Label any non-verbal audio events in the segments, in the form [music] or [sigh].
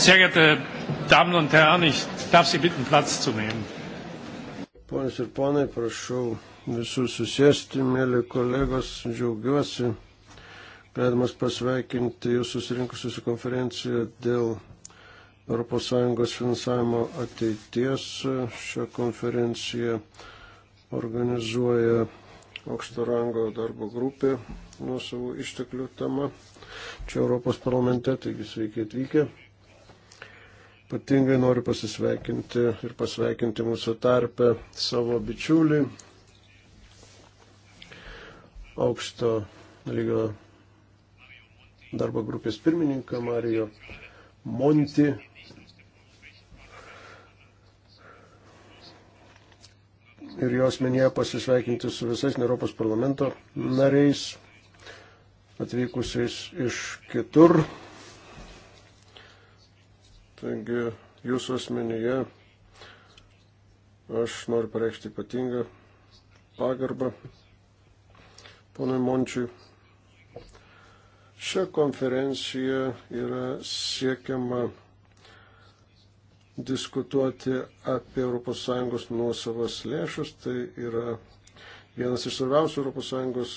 Sehr geehrte Damen und Herren, ich darf Sie bitten, Platz zu nehmen. Ponas ir ponai, prašau visus susėsti, mėly kolegos, džiaugiuosi, galėdamas pasveikinti jūs susirinkusius į konferenciją dėl ES finansavimo ateities. Šią konferenciją organizuoja aukšto rango darbo grupė nuo savo išteklių tema. Čia Europos parlamente, taigi sveiki atvykę. Patingai noriu pasisveikinti ir pasveikinti mūsų tarpę savo bičiulį, aukšto lygio darbo grupės pirmininką Marijo Monti. Ir jos minėjo pasisveikinti su visais Europos parlamento nariais atvykusiais iš kitur. Taigi jūsų asmenyje aš noriu pareikšti ypatingą pagarbą ponui Mončiui. Šią konferenciją yra siekiama diskutuoti apie ES nuosavas lėšas. Tai yra vienas iš svarbiausių ES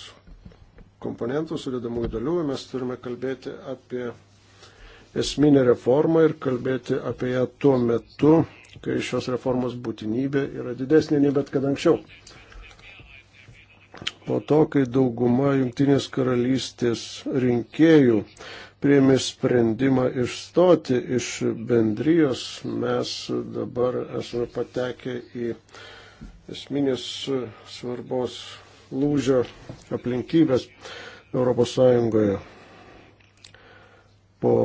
komponentų sudėdamųjų dalių. Mes turime kalbėti apie esminę reformą ir kalbėti apie ją tuo metu, kai šios reformos būtinybė yra didesnė nei bet kada anksčiau. Po to, kai dauguma Junktinės karalystės rinkėjų priėmė sprendimą išstoti iš bendrijos, mes dabar esame patekę į esminės svarbos lūžio aplinkybės Europos Sąjungoje. Po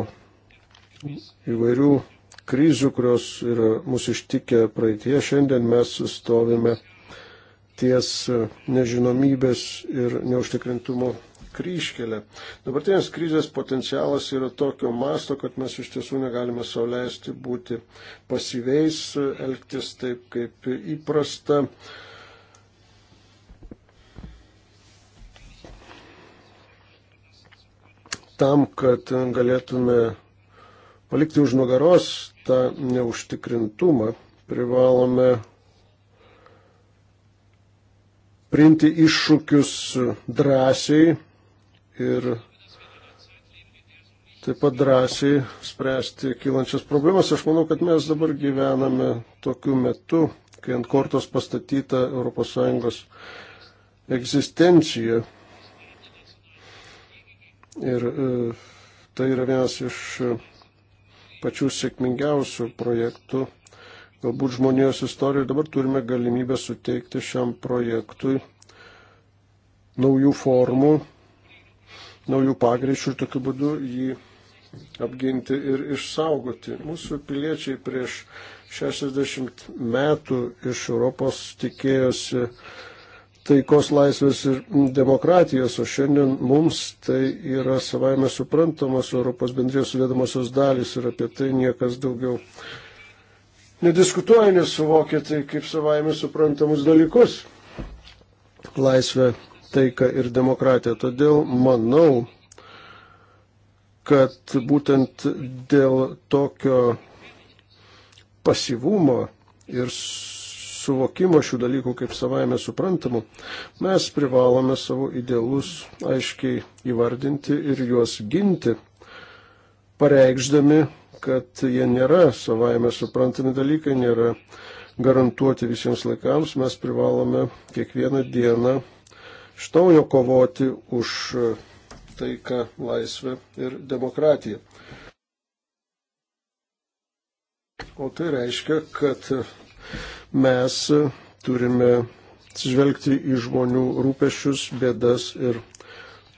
įvairių krizių, kurios yra mūsų ištikę praeitie, šiandien mes sustovime ties nežinomybės ir neužtikrintumo kryškelė. Dabartinės krizės potencialas yra tokio masto, kad mes iš tiesų negalime sauliaisti būti pasyviais, elgtis taip kaip įprasta. Tam, kad galėtume palikti už nugaros tą neužtikrintumą, privalome priimti iššūkius drąsiai ir taip pat drąsiai spręsti kylančias problemas. Aš manau, kad mes dabar gyvename tokiu metu, kai ant kortos pastatyta ES egzistencija. Ir e, tai yra vienas iš pačių sėkmingiausių projektų galbūt žmonijos istorijoje. Dabar turime galimybę suteikti šiam projektui naujų formų, naujų pagreičių ir tokiu būdu jį apginti ir išsaugoti. Mūsų piliečiai prieš 60 metų iš Europos tikėjosi taikos laisvės ir demokratijos, o šiandien mums tai yra savaime suprantamas Europos bendrijos sudėdamosios dalis ir apie tai niekas daugiau nediskutuoja, nesuvokia tai kaip savaime suprantamus dalykus. Laisvė, taika ir demokratija. Todėl manau, kad būtent dėl tokio pasivumo ir suvokimo šių dalykų kaip savaime suprantamų, mes privalome savo idealus aiškiai įvardinti ir juos ginti, pareikšdami, kad jie nėra savaime suprantami dalykai, nėra garantuoti visiems laikams, mes privalome kiekvieną dieną iš naujo kovoti už taiką, laisvę ir demokratiją. O tai reiškia, kad mes e, turime atsižvelgti į žmonių rūpešius, bėdas ir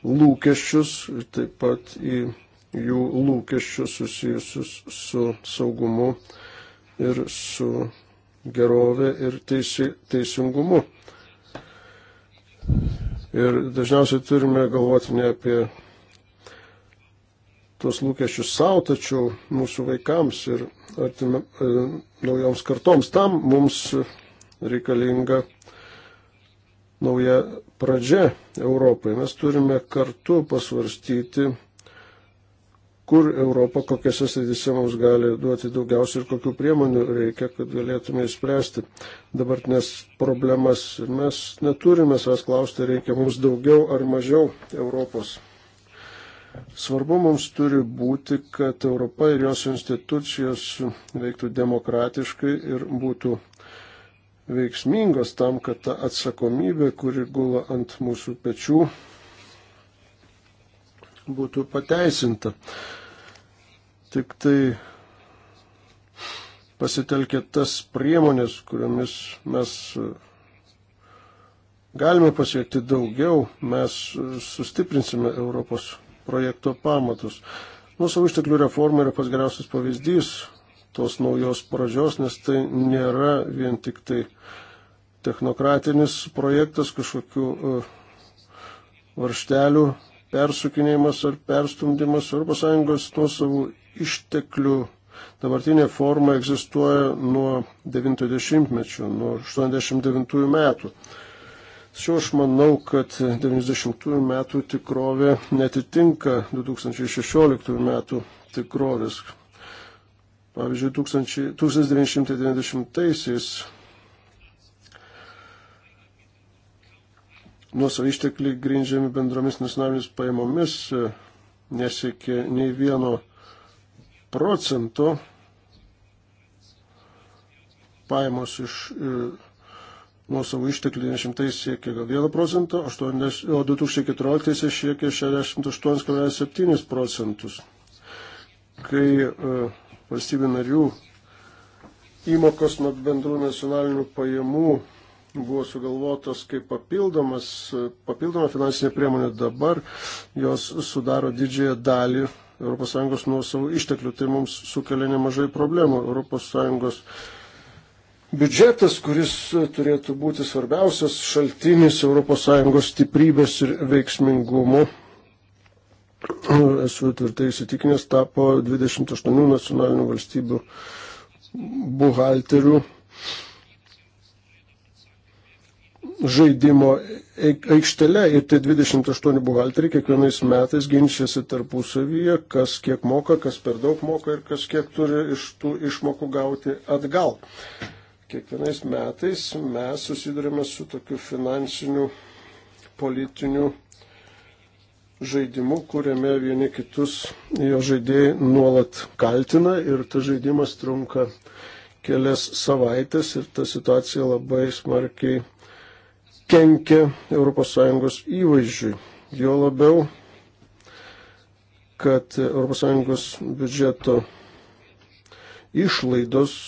lūkesčius, taip pat į jų lūkesčius susijusius su saugumu ir su gerovė ir teisi, teisingumu. Ir dažniausiai turime galvoti ne apie tuos lūkesčius savo, tačiau mūsų vaikams ir artime, e, naujoms kartoms. Tam mums reikalinga nauja pradžia Europai. Mes turime kartu pasvarstyti, kur Europa, kokiose srityse mums gali duoti daugiausiai ir kokių priemonių reikia, kad galėtume įspręsti dabartinės problemas. Ir mes neturime savęs klausti, reikia mums daugiau ar mažiau Europos Svarbu mums turi būti, kad Europa ir jos institucijos veiktų demokratiškai ir būtų veiksmingos tam, kad ta atsakomybė, kuri gula ant mūsų pečių, būtų pateisinta. Tik tai pasitelkė tas priemonės, kuriomis mes galime pasiekti daugiau, mes sustiprinsime Europos projekto pamatus. Mūsų išteklių reforma yra pats geriausias pavyzdys tos naujos pradžios, nes tai nėra vien tik tai technokratinis projektas, kažkokių e, varštelių persukinėjimas ar perstumdymas. Europos Sąjungos nuosavų išteklių dabartinė forma egzistuoja nuo 90-mečio, nuo 89 metų. Šiuo aš manau, kad 90 metų tikrovė netitinka 2016 metų tikrovės. Pavyzdžiui, 1990-aisiais nuosavai ištekliai grindžiami bendromis nacionalinės pajamomis e, nesiekė nei vieno procento pajamos iš e, nuosavų išteklių 90 siekia gal 1 procentą, o 2014 siekia 68,7 procentus. Kai e, valstybių narių įmokos nuo bendrų nacionalinių pajamų buvo sugalvotos kaip papildomas, papildoma finansinė priemonė dabar, jos sudaro didžiąją dalį ES nuo savo išteklių, tai mums sukelia nemažai problemų. ES biudžetas, kuris turėtų būti svarbiausias šaltinis ES stiprybės ir veiksmingumo, esu tvirtai įsitikinęs, tapo 28 nacionalinių valstybių buhalterių žaidimo aikštelė ir tie 28 buhalteriai kiekvienais metais ginčiasi tarpusavyje, kas kiek moka, kas per daug moka ir kas kiek turi iš tų išmokų gauti atgal. Kiekvienais metais mes susidurime su tokiu finansiniu, politiniu žaidimu, kuriame vieni kitus jo žaidėjai nuolat kaltina ir tas žaidimas trunka kelias savaitės ir ta situacija labai smarkiai kenkia ES įvaizdžiui. Jo labiau, kad ES biudžeto išlaidos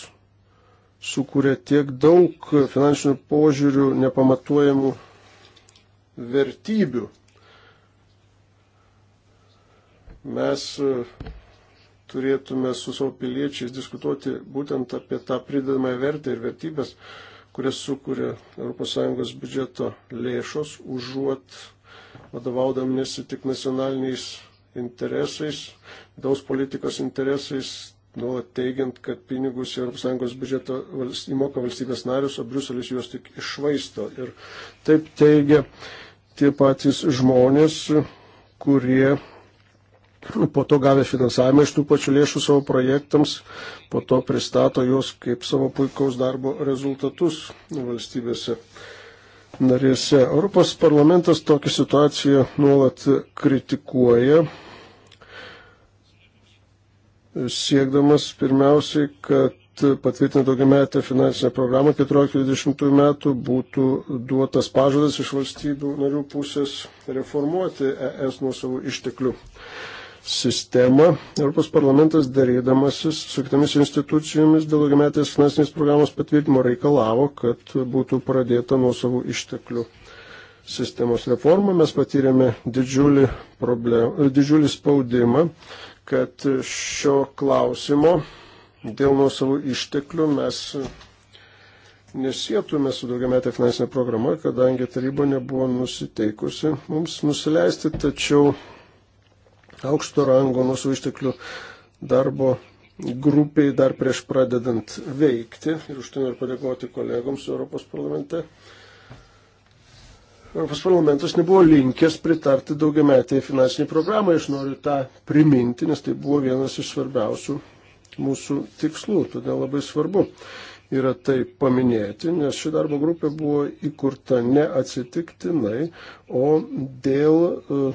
sukūrė tiek daug finansinių požiūrių nepamatuojamų vertybių. Mes e, turėtume su savo piliečiais diskutuoti būtent apie tą pridedamą vertę ir vertybės, kurias sukuria ES biudžeto lėšos, užuot vadovaudamėsi tik nacionaliniais interesais, daus politikos interesais, nuolat teigiant, kad pinigus ES biudžeto įmoka valstybės narius, o Bruselis juos tik išvaisto. Ir taip teigia tie patys žmonės, kurie po to gavę finansavimą iš tų pačių lėšų savo projektams, po to pristato juos kaip savo puikaus darbo rezultatus valstybėse narėse. Europos parlamentas tokią situaciją nuolat kritikuoja siekdamas pirmiausiai, kad patvirtinti daugiametę finansinę programą 14-20 metų būtų duotas pažadas iš valstybių narių pusės reformuoti ES nuo savo išteklių sistemą. Europos parlamentas darydamasis su kitomis institucijomis dėl daugiametės finansinės programos patvirtimo reikalavo, kad būtų pradėta nuo savo išteklių sistemos reforma. Mes patyrėme didžiulį, problem, didžiulį spaudimą kad šio klausimo dėl nuosavų išteklių mes nesijėtume su daugiametė finansinė programa, kadangi taryba nebuvo nusiteikusi mums nusileisti, tačiau aukšto rango nuosavų išteklių darbo grupiai dar prieš pradedant veikti. Ir už tai noriu padėkoti kolegoms Europos parlamente Europos parlamentas nebuvo linkęs pritarti daugiametėje finansiniai programai. Aš noriu tą priminti, nes tai buvo vienas iš svarbiausių mūsų tikslų. Todėl labai svarbu yra tai paminėti, nes ši darbo grupė buvo įkurta ne atsitiktinai, o dėl e, e,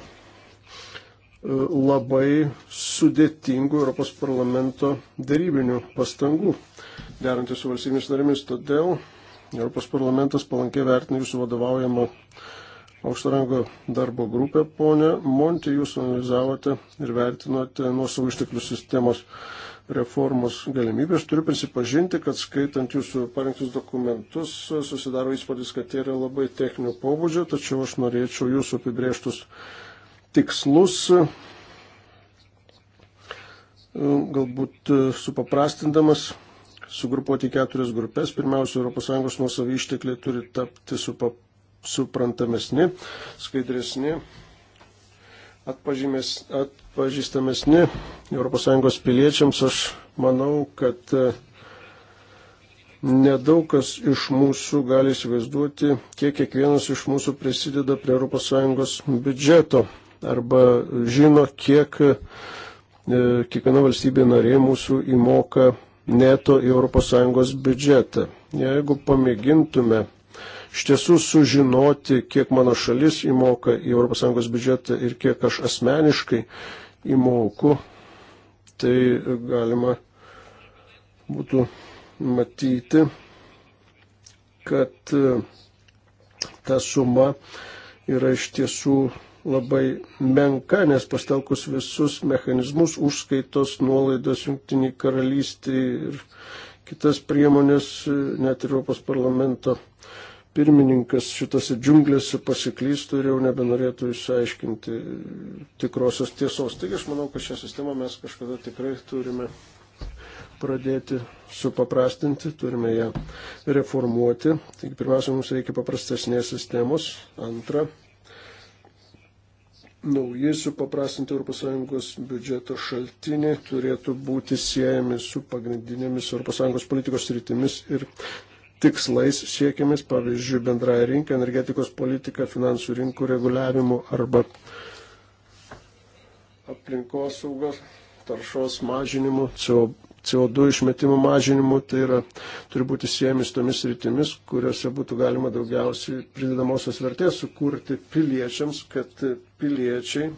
labai sudėtingų Europos parlamento darybinių pastangų derantis su valstybėmis narėmis. Todėl Europos parlamentas palankiai vertina jūsų vadovaujamą aukšto rango darbo grupę. Pone Monti, jūs analizavote ir vertinote nuosavų išteklių sistemos reformos galimybės. Turiu prisipažinti, kad skaitant jūsų parengtus dokumentus susidaro įspūdis, kad jie tai yra labai techninio pobūdžio, tačiau aš norėčiau jūsų apibrėžtus tikslus galbūt supaprastindamas sugrupuoti į keturias grupės. Pirmiausia, ES nuosavį ištekliai turi tapti supa, suprantamesni, skaidresni, atpažįstamesni ES piliečiams. Aš manau, kad e, nedaug kas iš mūsų gali įsivaizduoti, kiek kiekvienas iš mūsų prisideda prie ES biudžeto arba žino, kiek e, kiekviena valstybė narė mūsų įmoka neto į ES biudžetą. Jeigu pamėgintume iš tiesų sužinoti, kiek mano šalis įmoka į ES biudžetą ir kiek aš asmeniškai įmoku, tai galima būtų matyti, kad e, ta suma yra iš tiesų labai menka, nes pastelkus visus mechanizmus, užskaitos, nuolaidas Junktinį karalystį ir kitas priemonės, net ir Europos parlamento pirmininkas šitose džiunglėse pasiklystų ir jau nebenorėtų išsiaiškinti tikrosios tiesos. Taigi aš manau, kad šią sistemą mes kažkada tikrai turime pradėti supaprastinti, turime ją reformuoti. Taigi pirmiausia, mums reikia paprastesnės sistemos. Antra, nauji supaprastinti ES biudžeto šaltiniai turėtų būti siejami su pagrindinėmis ES politikos rytimis ir tikslais siekiamis, pavyzdžiui, bendrąją rinką, energetikos politiką, finansų rinkų reguliavimu arba aplinkosaugos, taršos mažinimu, CO CO2 išmetimų mažinimu, tai yra, turi būti siejami su tomis rytimis, kuriuose būtų galima daugiausiai pridedamosios vertės sukurti piliečiams, kad piliečiai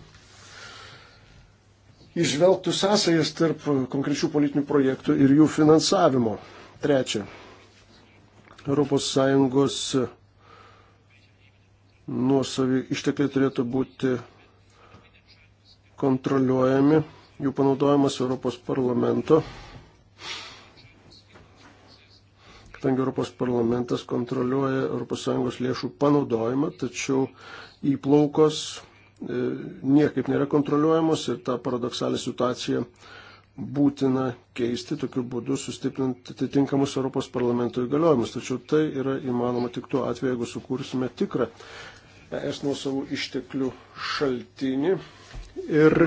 išvelgtų sąsajas tarp konkrečių politinių projektų ir jų finansavimo. Trečia, ES nuosavi ištekliai turėtų būti kontroliuojami, jų panaudojimas Europos parlamento kadangi Europos parlamentas kontroliuoja ES lėšų panaudojimą, tačiau įplaukos e, niekaip nėra kontroliuojamos ir tą paradoksalią situaciją būtina keisti, tokiu būdu sustiprinant atitinkamus Europos parlamento įgaliojimus. Tačiau tai yra įmanoma tik tuo atveju, jeigu sukursime tikrą es nuo savo išteklių šaltinį ir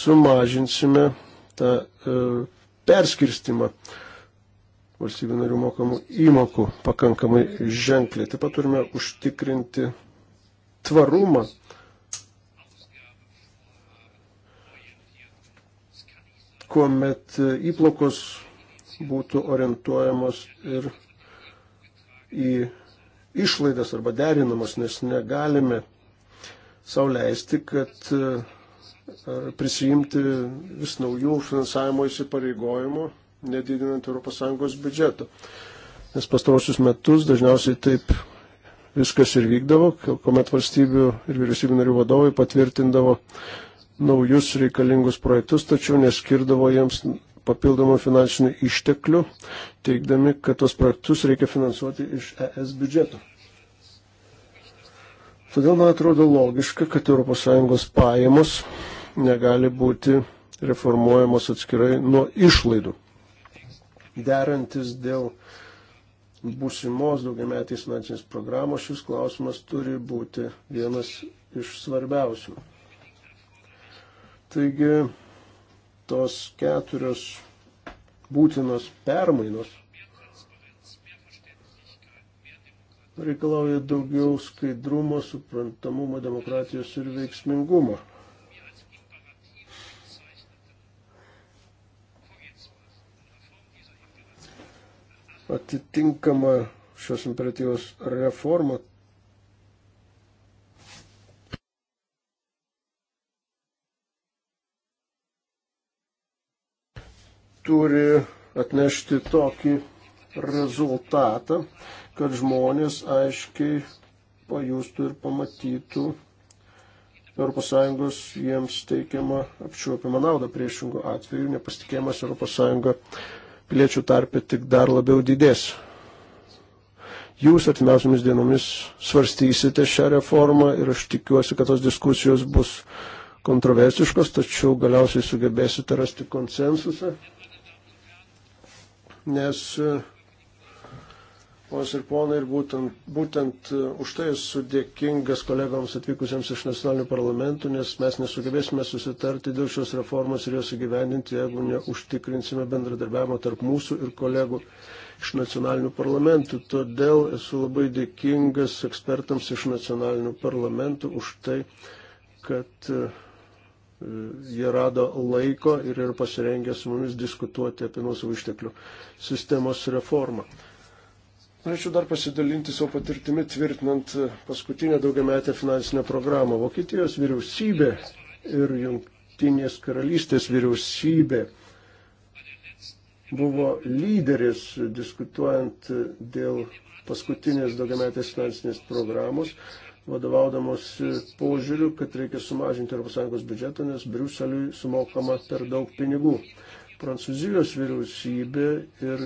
sumažinsime tą e, perskirstimą valstybių narių mokamų įmokų pakankamai ženkliai. Taip pat turime užtikrinti tvarumą. kuomet įplokos būtų orientuojamos ir į išlaidas arba derinamos, nes negalime sauliaisti, kad prisijimti vis naujų finansavimo įsipareigojimų nedidinant ES biudžeto. Nes pastarosius metus dažniausiai taip viskas ir vykdavo, kuomet valstybių ir vyriausybių narių vadovai patvirtindavo naujus reikalingus projektus, tačiau neskirdavo jiems papildomų finansinių išteklių, teikdami, kad tos projektus reikia finansuoti iš ES biudžeto. Todėl man atrodo logiška, kad ES pajamos negali būti reformuojamos atskirai nuo išlaidų derantis dėl būsimos daugiametės finansinės programos, šis klausimas turi būti vienas iš svarbiausių. Taigi tos keturios būtinos permainos reikalauja daugiau skaidrumo, suprantamumo, demokratijos ir veiksmingumo. atitinkama šios imperatyvos reforma turi atnešti tokį rezultatą, kad žmonės aiškiai pajustų ir pamatytų ES jiems teikiamą apčiuopiamą naudą. Priešingų atveju nepasitikėjimas ES piliečių tarpė tik dar labiau didės. Jūs artimiausiamis dienomis svarstysite šią reformą ir aš tikiuosi, kad tos diskusijos bus kontroversiškos, tačiau galiausiai sugebėsite rasti konsensusą, nes uh, Ponas ir ponai, ir būtent, būtent e, už tai esu dėkingas kolegoms atvykusiems iš nacionalinių parlamentų, nes mes nesugebėsime susitarti dėl šios reformos ir jos įgyvendinti, jeigu neužtikrinsime bendradarbiavimo tarp mūsų ir kolegų iš nacionalinių parlamentų. Todėl esu labai dėkingas ekspertams iš nacionalinių parlamentų už tai, kad e, jie rado laiko ir yra pasirengę su mumis diskutuoti apie mūsų išteklių sistemos reformą. Norėčiau dar pasidalinti savo patirtimi tvirtinant paskutinę daugiametę finansinę programą. Vokietijos vyriausybė ir Junktinės karalystės vyriausybė buvo lyderis diskutuojant dėl paskutinės daugiametės finansinės programos, vadovaudamos požiūriu, kad reikia sumažinti ES biudžetą, nes Briuseliui sumokama per daug pinigų. Prancūzijos vyriausybė ir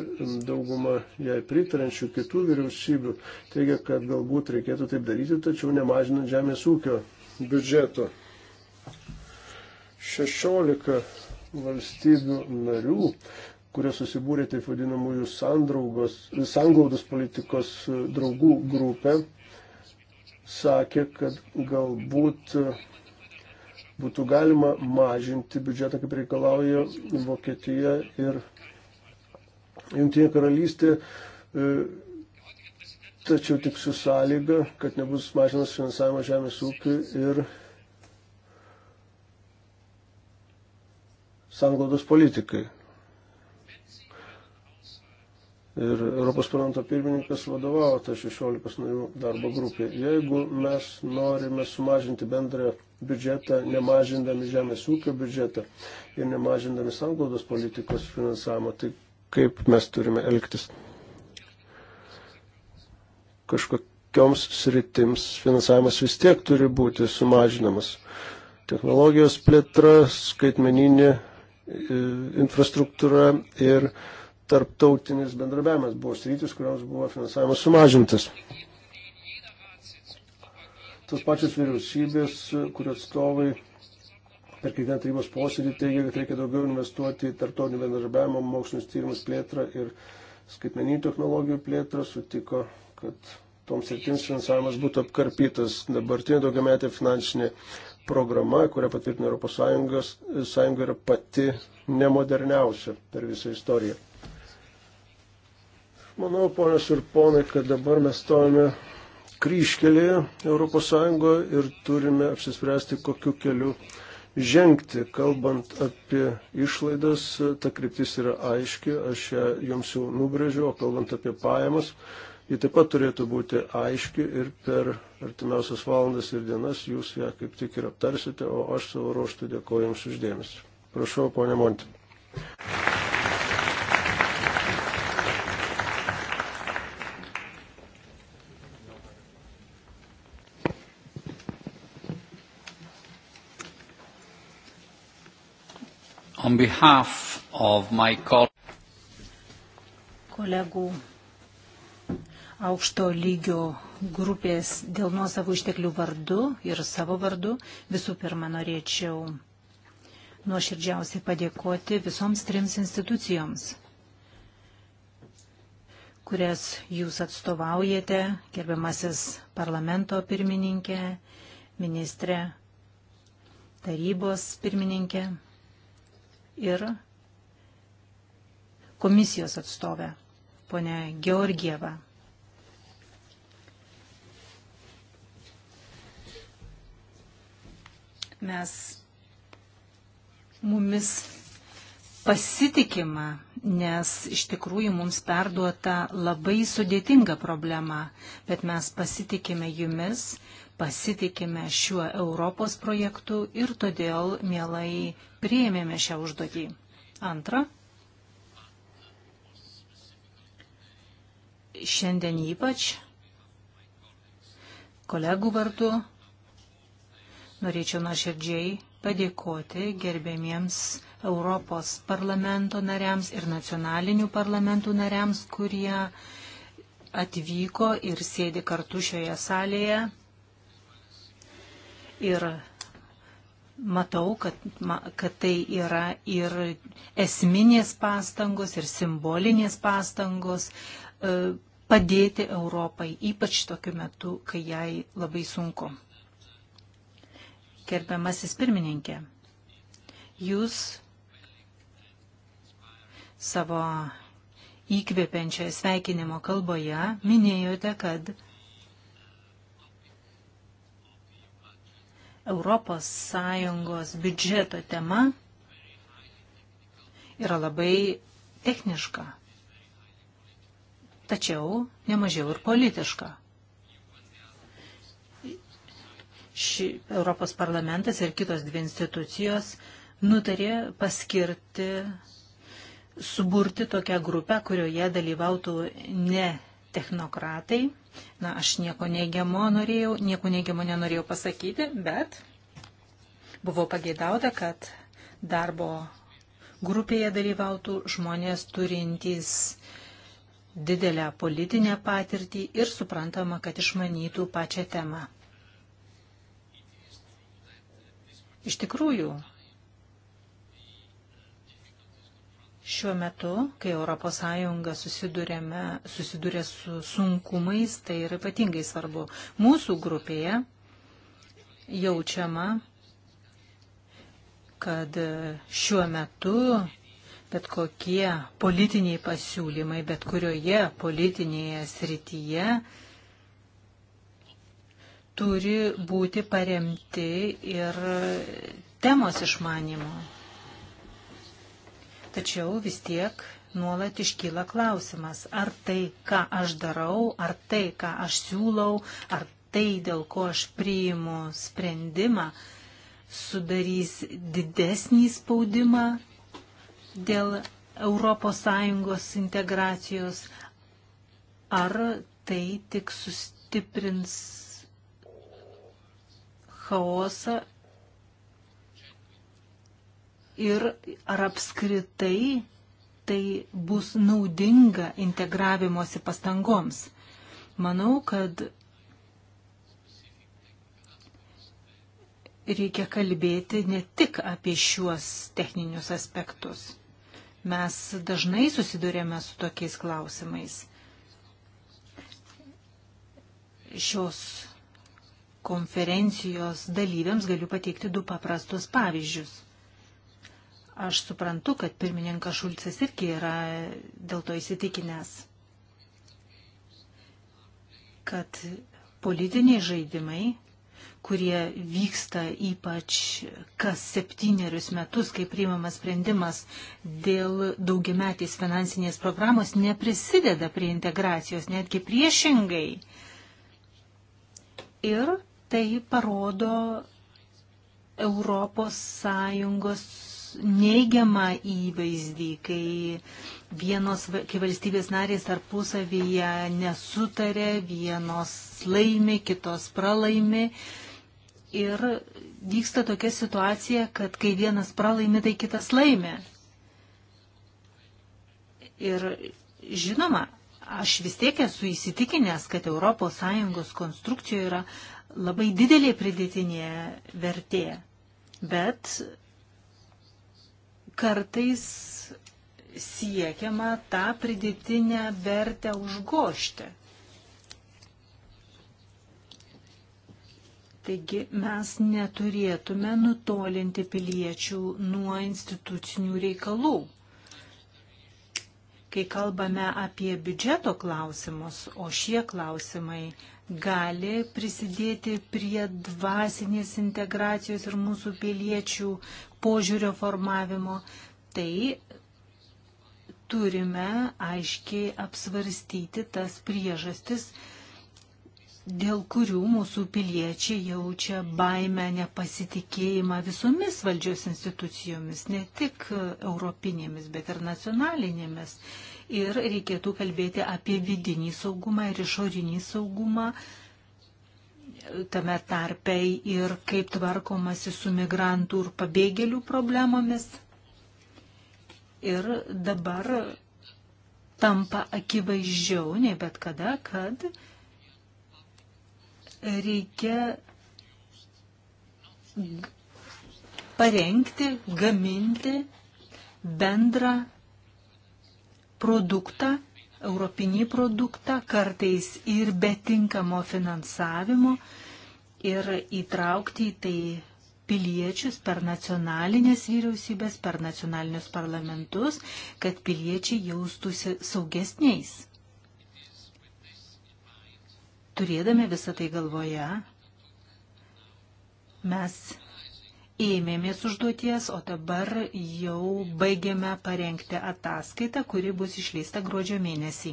dauguma jai pritarančių kitų vyriausybių teigia, kad galbūt reikėtų taip daryti, tačiau nemažinant žemės ūkio biudžeto. 16 valstybių narių, kurie susibūrė taip vadinamųjų sanglaudos politikos draugų grupę, sakė, kad galbūt būtų galima mažinti biudžetą, kaip reikalauja Vokietija ir Junktinė karalystė, e, tačiau tik su sąlyga, kad nebus mažinamas finansavimas žemės ūkiui ir sanglaudos politikai ir Europos parlamento pirmininkas vadovavo tą 16 narių darbo grupę. Jeigu mes norime sumažinti bendrą biudžetą, nemažindami žemės ūkio biudžetą ir nemažindami sanglaudos politikos finansavimo, tai kaip mes turime elgtis? Kažkokioms sritims finansavimas vis tiek turi būti sumažinamas. Technologijos plėtra, skaitmeninė e, infrastruktūra ir tarptautinis bendrabiavimas buvo sritis, kurios buvo finansavimas sumažintas. Tos pačios vyriausybės, kurio atstovai per kiekvieną tarybos posėdį teigia, kad reikia daugiau investuoti į tarptautinį bendradarbiavimą, mokslinius tyrimus plėtrą ir skaitmeninių technologijų plėtrą, sutiko, kad toms sritims finansavimas būtų apkarpytas. Dabartinė daugiametė finansinė programa, kurią patvirtino ES, sąjunga yra pati nemoderniausia per visą istoriją. Manau, ponios ir ponai, kad dabar mes stojame kryškelėje ES ir turime apsispręsti, kokiu keliu žengti. Kalbant apie išlaidas, ta kryptis yra aiški, aš ją jums jau nubrėžiau, o kalbant apie pajamas, ji taip pat turėtų būti aiški ir per artimiausias valandas ir dienas jūs ją kaip tik ir aptarsite, o aš savo ruoštų dėkoju jums uždėmesi. Prašau, ponė Monti. On behalf of my kolegų aukšto lygio grupės dėl nuosavų išteklių vardu ir savo vardu visų pirma norėčiau nuoširdžiausiai padėkoti visoms trims institucijoms, kurias jūs atstovaujate, gerbiamasis parlamento pirmininkė, ministrė, tarybos pirmininkė ir komisijos atstovę, ponę Georgievą. Mes mumis pasitikima, nes iš tikrųjų mums perduota labai sudėtinga problema, bet mes pasitikime jumis, pasitikime šiuo Europos projektu ir todėl mielai priėmėme šią užduotį. Antra, šiandien ypač kolegų vardu norėčiau nuoširdžiai padėkoti gerbėmiems Europos parlamento nariams ir nacionalinių parlamentų nariams, kurie atvyko ir sėdi kartu šioje salėje Ir matau, kad, kad tai yra ir esminės pastangos, ir simbolinės pastangos e, padėti Europai, ypač tokiu metu, kai jai labai sunku. Gerbiamasis pirmininkė, jūs savo įkvepiančioje sveikinimo kalboje minėjote, kad ES biudžeto tema yra labai techniška, tačiau nemažiau ir politiška. Ši Europos parlamentas ir kitos dvi institucijos nutarė paskirti, suburti tokią grupę, kurioje dalyvautų ne technokratai. Na, aš nieko neigiamo norėjau, nieko neigiamo nenorėjau pasakyti, bet buvo pageidauta, kad darbo grupėje dalyvautų žmonės turintys didelę politinę patirtį ir suprantama, kad išmanytų pačią temą. Iš tikrųjų, Šiuo metu, kai ES susiduria su sunkumais, tai yra ypatingai svarbu. Mūsų grupėje jaučiama, kad šiuo metu bet kokie politiniai pasiūlymai, bet kurioje politinėje srityje turi būti paremti ir temos išmanimo. Tačiau vis tiek nuolat iškyla klausimas, ar tai, ką aš darau, ar tai, ką aš siūlau, ar tai, dėl ko aš priimu sprendimą, sudarys didesnį spaudimą dėl ES integracijos, ar tai tik sustiprins chaosą ir ar apskritai tai bus naudinga integravimosi pastangoms. Manau, kad reikia kalbėti ne tik apie šiuos techninius aspektus. Mes dažnai susidurėme su tokiais klausimais. Šios konferencijos dalyviams galiu pateikti du paprastus pavyzdžius. Aš suprantu, kad pirmininkas Šulcas irgi yra dėl to įsitikinęs, kad politiniai žaidimai, kurie vyksta ypač kas septynerius metus, kai priimamas sprendimas dėl daugiametės finansinės programos, neprisideda prie integracijos, netgi priešingai. Ir tai parodo Europos Sąjungos neigiamą įvaizdį, kai vienos, kai valstybės narės tarpusavyje nesutarė, vienos laimi, kitos pralaimi. Ir vyksta tokia situacija, kad kai vienas pralaimi, tai kitas laimi. Ir žinoma, aš vis tiek esu įsitikinęs, kad ES konstrukcijoje yra labai didelė pridėtinė vertė. Bet kartais siekiama tą pridėtinę vertę užgošti. Taigi mes neturėtume nutolinti piliečių nuo institucinių reikalų. Kai kalbame apie biudžeto klausimus, o šie klausimai gali prisidėti prie dvasinės integracijos ir mūsų piliečių požiūrio formavimo, tai turime aiškiai apsvarstyti tas priežastis, dėl kurių mūsų piliečiai jaučia baimę, nepasitikėjimą visomis valdžios institucijomis, ne tik europinėmis, bet ir nacionalinėmis. Ir reikėtų kalbėti apie vidinį saugumą ir išorinį saugumą tame tarpe ir kaip tvarkomasi su migrantų ir pabėgėlių problemomis. Ir dabar tampa akivaizdžiau nei bet kada, kad reikia parengti, gaminti bendrą produktą, europinį produktą, kartais ir betinkamo finansavimo ir įtraukti į tai piliečius per nacionalinės vyriausybės, per nacionalinius parlamentus, kad piliečiai jaustųsi saugesniais. Turėdami visą tai galvoje, mes ėmėmės užduoties, o dabar jau baigėme parengti ataskaitą, kuri bus išleista gruodžio mėnesį.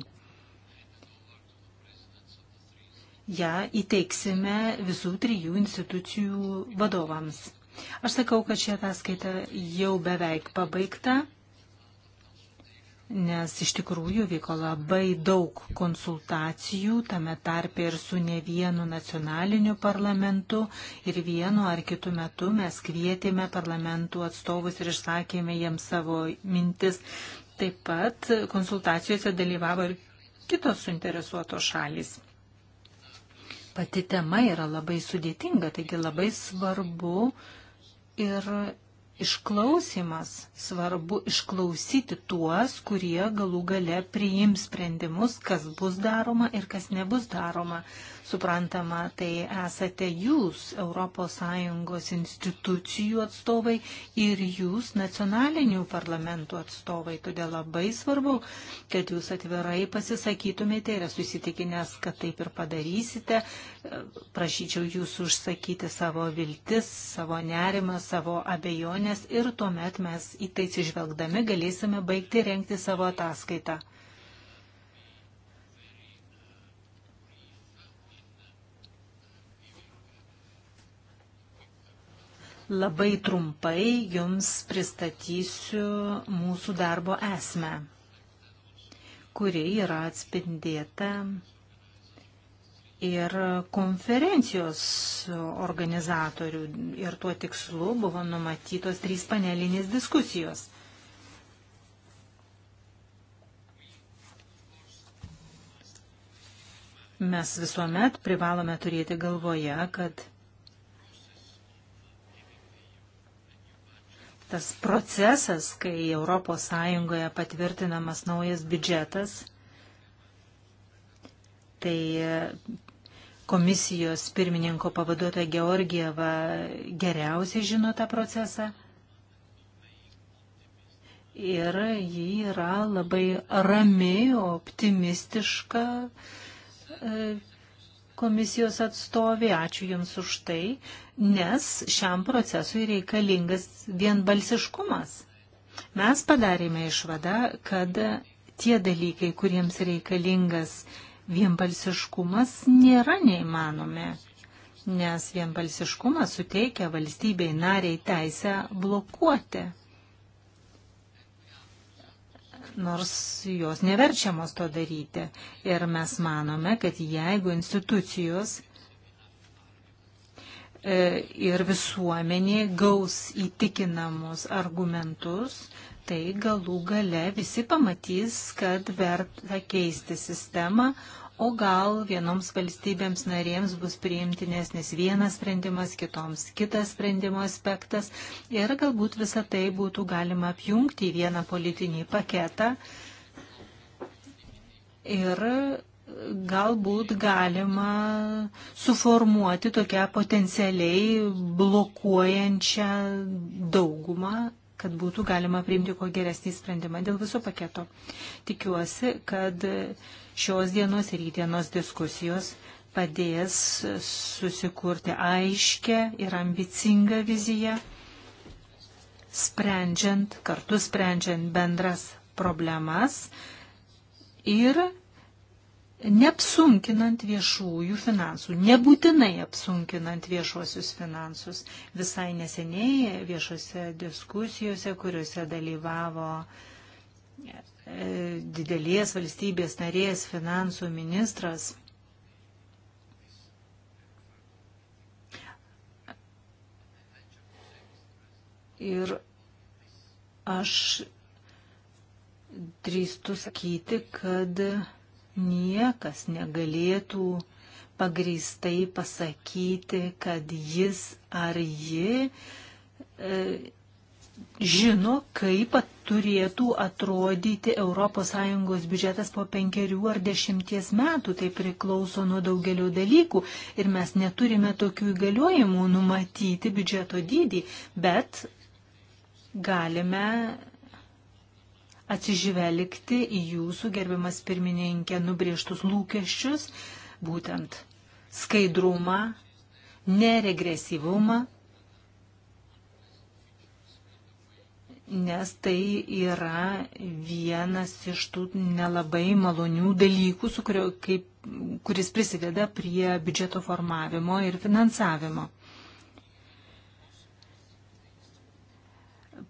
Ja įteiksime visų trijų institucijų vadovams. Aš sakau, kad ši ataskaita jau beveik pabaigta nes iš tikrųjų vyko labai daug konsultacijų, tame tarpe ir su ne vienu nacionaliniu parlamentu ir vienu ar kitu metu mes kvietėme parlamentų atstovus ir išsakėme jiems savo mintis. Taip pat konsultacijose dalyvavo ir kitos suinteresuotos šalis. Pati tema yra labai sudėtinga, taigi labai svarbu ir išklausimas. Svarbu išklausyti tuos, kurie galų gale priims sprendimus, kas bus daroma ir kas nebus daroma. Suprantama, tai esate jūs ES institucijų atstovai ir jūs nacionalinių parlamentų atstovai. Todėl labai svarbu, kad jūs atvirai pasisakytumėte ir esu įsitikinęs, kad taip ir padarysite. Prašyčiau jūsų užsakyti savo viltis, savo nerimą, savo abejonės ir tuomet mes į tai atsižvelgdami galėsime baigti renkti savo ataskaitą. Labai trumpai jums pristatysiu mūsų darbo esmę, kuri yra atspindėta ir konferencijos organizatorių. Ir tuo tikslu buvo numatytos trys panelinės diskusijos. Mes visuomet privalome turėti galvoje, kad tas procesas, kai ES patvirtinamas naujas biudžetas, tai komisijos pirmininko pavaduotoja Georgieva geriausiai žino tą procesą. Ir ji yra labai rami, optimistiška e, komisijos atstovė. Ačiū Jums už tai nes šiam procesui reikalingas vienbalsiškumas. Mes padarėme išvadą, kad tie dalykai, kuriems reikalingas vienbalsiškumas, nėra neįmanomi, nes vienbalsiškumas suteikia valstybei nariai teisę blokuoti nors jos neverčiamos to daryti. Ir mes manome, kad jeigu institucijos E, ir visuomenė gaus įtikinamus argumentus, tai galų gale visi pamatys, kad verta keisti sistemą, o gal vienoms valstybėms narėms bus priimtinesnis vienas sprendimas, kitoms kitas sprendimo aspektas ir galbūt visą tai būtų galima apjungti į vieną politinį paketą ir galbūt galima suformuoti tokią potencialiai blokuojančią daugumą, kad būtų galima priimti kuo geresnį sprendimą dėl viso paketo. Tikiuosi, kad šios dienos ir įdienos diskusijos padės susikurti aiškę ir ambicingą viziją, sprendžiant, kartu sprendžiant bendras problemas ir neapsunkinant viešųjų finansų, nebūtinai apsunkinant viešuosius finansus. Visai neseniai viešose diskusijose, kuriuose dalyvavo e, didelės valstybės narės finansų ministras, ir aš drįstu sakyti, kad niekas negalėtų pagrįstai pasakyti, kad jis ar ji e, žino, kaip turėtų atrodyti ES biudžetas po penkerių ar dešimties metų. Tai priklauso nuo daugelio dalykų ir mes neturime tokių įgaliojimų numatyti biudžeto dydį, bet galime atsižvelgti į jūsų gerbiamas pirmininkė nubrėžtus lūkesčius, būtent skaidrumą, neregresyvumą, nes tai yra vienas iš tų nelabai malonių dalykų, su kurio, kaip, kuris prisideda prie biudžeto formavimo ir finansavimo.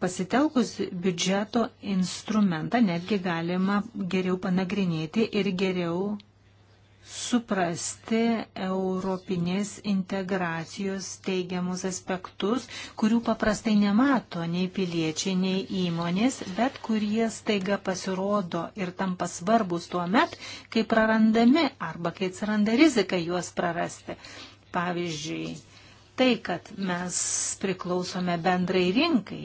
Pasitelkus biudžeto instrumentą netgi galima geriau panagrinėti ir geriau suprasti europinės integracijos teigiamus aspektus, kurių paprastai nemato nei piliečiai, nei įmonės, bet kurie staiga pasirodo ir tampa svarbus tuo met, kai prarandami arba kai atsiranda rizika juos prarasti. Pavyzdžiui, tai, kad mes priklausome bendrai rinkai,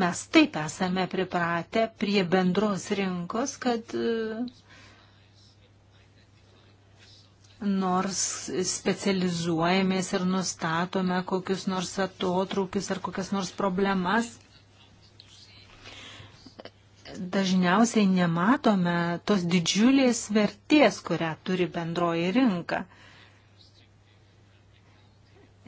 mes taip esame pripratę prie bendros rinkos, kad e, nors specializuojamės ir nustatome kokius nors atotrukius ar kokias nors problemas, dažniausiai nematome tos didžiulės vertės, kurią turi bendroji rinka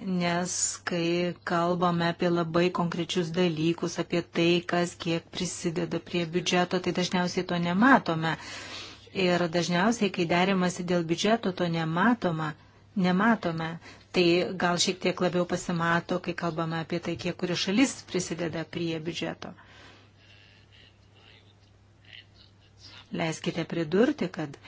nes kai kalbame apie labai konkrečius dalykus, apie tai, kas kiek prisideda prie biudžeto, tai dažniausiai to nematome. Ir dažniausiai, kai derimasi dėl biudžeto, to nematoma, nematome. Tai gal šiek tiek labiau pasimato, kai kalbame apie tai, kiek kuri šalis prisideda prie biudžeto. Leiskite pridurti, kad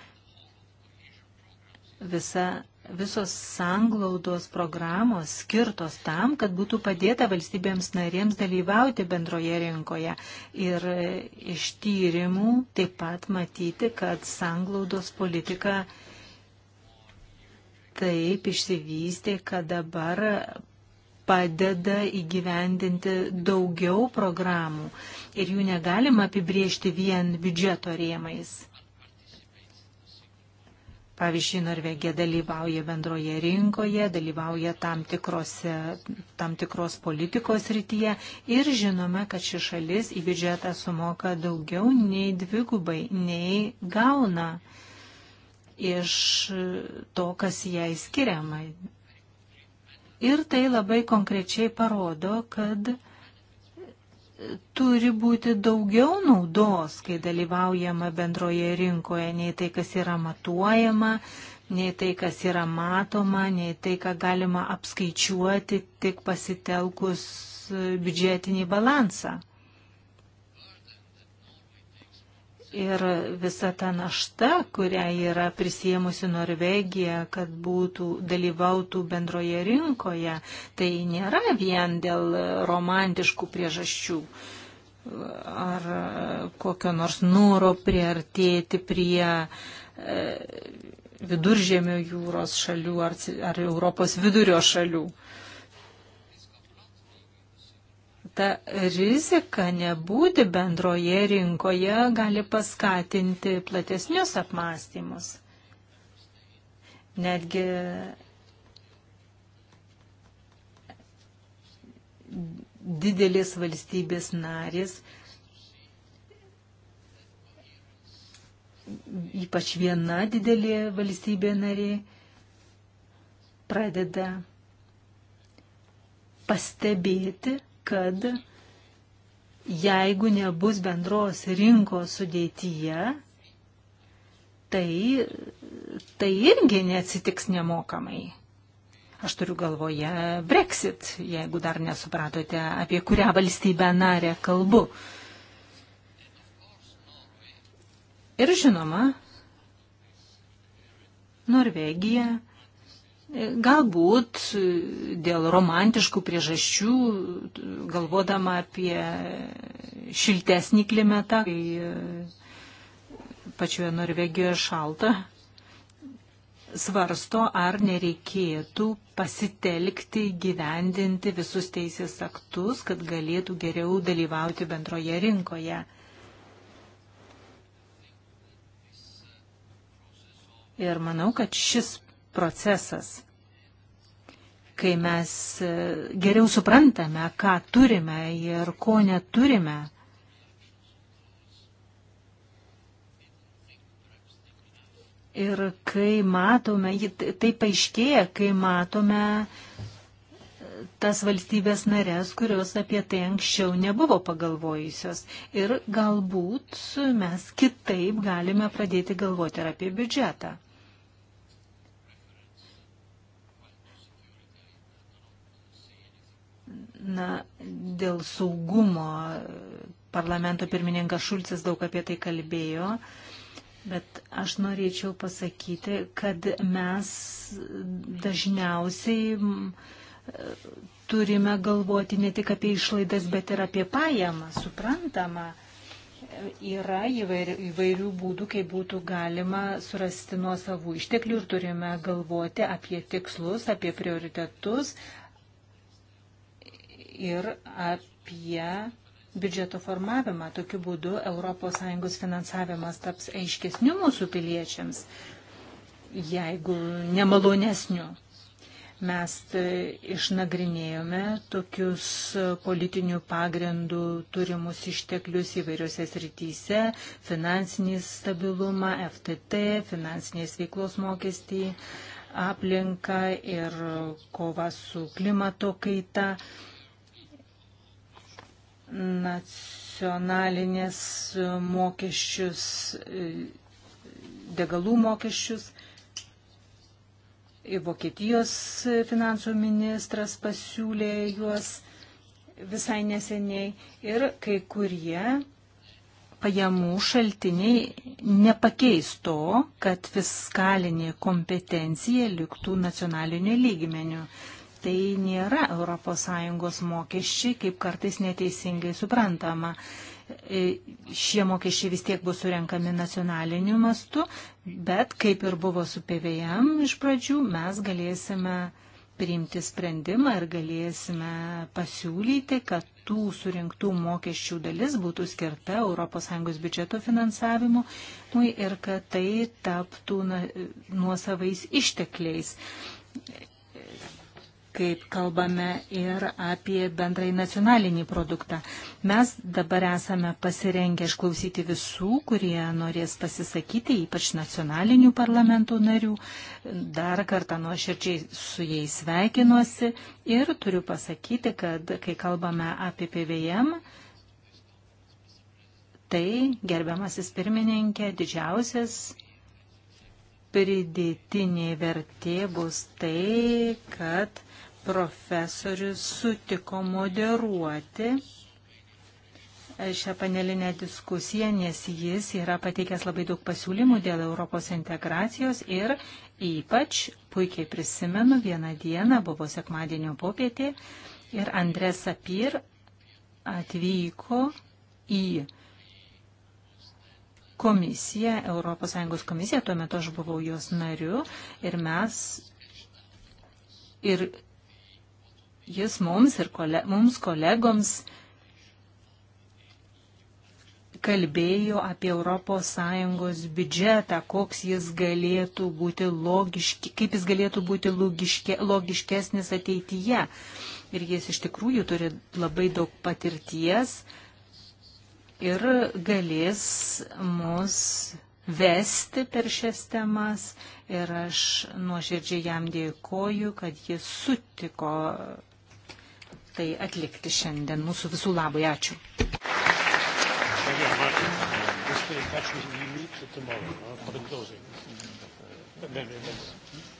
visa visos sanglaudos programos skirtos tam, kad būtų padėta valstybėms narėms dalyvauti bendroje rinkoje. Ir e, iš tyrimų taip pat matyti, kad sanglaudos politika taip išsivystė, kad dabar padeda įgyvendinti daugiau programų ir jų negalima apibriežti vien biudžeto rėmais. Pavyzdžiui, Norvegija dalyvauja bendroje rinkoje, dalyvauja tam, tikrose, tam tikros politikos rytyje ir žinome, kad ši šalis į biudžetą sumoka daugiau nei dvigubai, nei gauna iš to, kas jai skiriama. Ir tai labai konkrečiai parodo, kad turi būti daugiau naudos, kai dalyvaujama bendroje rinkoje, nei tai, kas yra matuojama, nei tai, kas yra matoma, nei tai, ką galima apskaičiuoti tik pasitelkus biudžetinį balansą. Ir visa ta našta, kurią yra prisėmusi Norvegija, kad būtų dalyvautų bendroje rinkoje, tai nėra vien dėl romantiškų priežasčių ar kokio nors noro priartėti prie e, viduržėmio jūros šalių ar, ar Europos vidurio šalių. ta rizika nebūti bendroje rinkoje gali paskatinti platesnius apmąstymus. Netgi didelės valstybės narės, ypač viena didelė valstybė narė, pradeda pastebėti, kad jeigu nebus bendros rinkos sudėtyje, tai, tai irgi neatsitiks nemokamai. Aš turiu galvoje Brexit, jeigu dar nesupratote, apie kurią valstybę narę kalbu. Ir žinoma, Norvegija Galbūt dėl romantiškų priežasčių, galvodama apie šiltesnį klimatą, kai e, pačioje Norvegijoje šalta, svarsto, ar nereikėtų pasitelkti gyvendinti visus teisės aktus, kad galėtų geriau dalyvauti bendroje rinkoje. Ir manau, kad šis procesas, kai mes e, geriau suprantame, ką turime ir ko neturime. Ir kai matome, tai paaiškėja, kai matome e, tas valstybės narės, kurios apie tai anksčiau nebuvo pagalvojusios. Ir galbūt mes kitaip galime pradėti galvoti ir apie biudžetą. Na, dėl saugumo parlamento pirmininkas Šulcis daug apie tai kalbėjo, bet aš norėčiau pasakyti, kad mes dažniausiai turime galvoti ne tik apie išlaidas, bet ir apie pajamą, suprantama. Yra įvairių, įvairių būdų, kaip būtų galima surasti nuo savų išteklių ir turime galvoti apie tikslus, apie prioritetus, ir apie biudžeto formavimą. Tokiu būdu ES finansavimas taps aiškesniu mūsų piliečiams, jeigu nemalonesniu. Mes e, išnagrinėjome tokius politinių pagrindų turimus išteklius įvairiose srityse - finansinį stabilumą, FTT, finansinės veiklos mokestį, aplinką ir kovą su klimato kaita nacionalinės mokesčius, degalų mokesčius. Vokietijos finansų ministras pasiūlė juos visai neseniai ir kai kurie pajamų šaltiniai nepakeis to, kad fiskalinė kompetencija liktų nacionaliniu lygmeniu tai nėra ES mokesčiai, kaip kartais neteisingai suprantama. E, šie mokesčiai vis tiek bus surenkami nacionaliniu mastu, bet kaip ir buvo su PVM iš pradžių, mes galėsime priimti sprendimą ir galėsime pasiūlyti, kad tų surinktų mokesčių dalis būtų skirta ES biudžeto finansavimui ir kad tai taptų nuosavais ištekliais kaip kalbame ir apie bendrai nacionalinį produktą. Mes dabar esame pasirengę išklausyti visų, kurie norės pasisakyti, ypač nacionalinių parlamentų narių. Dar kartą nuoširdžiai su jais sveikinuosi ir turiu pasakyti, kad kai kalbame apie PVM, tai, gerbiamasis pirmininkė, didžiausias pridėtinė vertė bus tai, kad profesorius sutiko moderuoti šią panelinę diskusiją, nes jis yra pateikęs labai daug pasiūlymų dėl Europos integracijos ir ypač puikiai prisimenu vieną dieną, buvo sekmadienio popietė ir Andres Sapir atvyko į komisiją, ES komisiją, tuo metu aš buvau jos nariu ir mes ir jis mums ir kole, mums kolegoms kalbėjo apie ES biudžetą, koks jis galėtų būti logiški, kaip jis galėtų būti logiške, logiškesnis ateityje. Ir jis iš tikrųjų turi labai daug patirties ir galės mus vesti per šias temas ir aš nuoširdžiai jam dėkoju, kad jis sutiko tai atlikti šiandien mūsų visų labai. Ačiū. Thank you.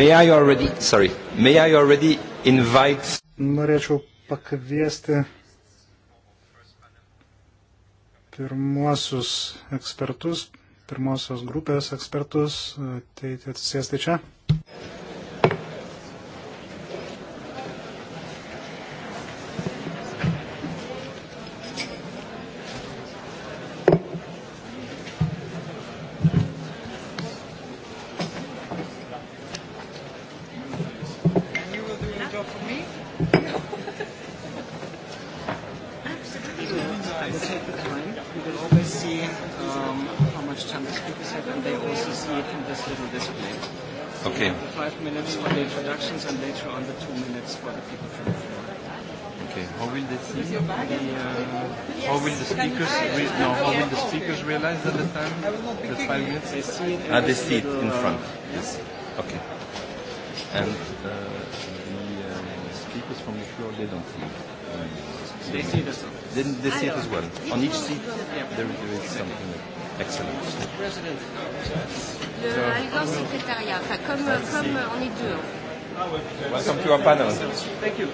May I already, sorry, may I already invite... Norėčiau pakviesti pirmuosius ekspertus, pirmosios grupės ekspertus ateiti atsisėsti čia. Panama. Thank you.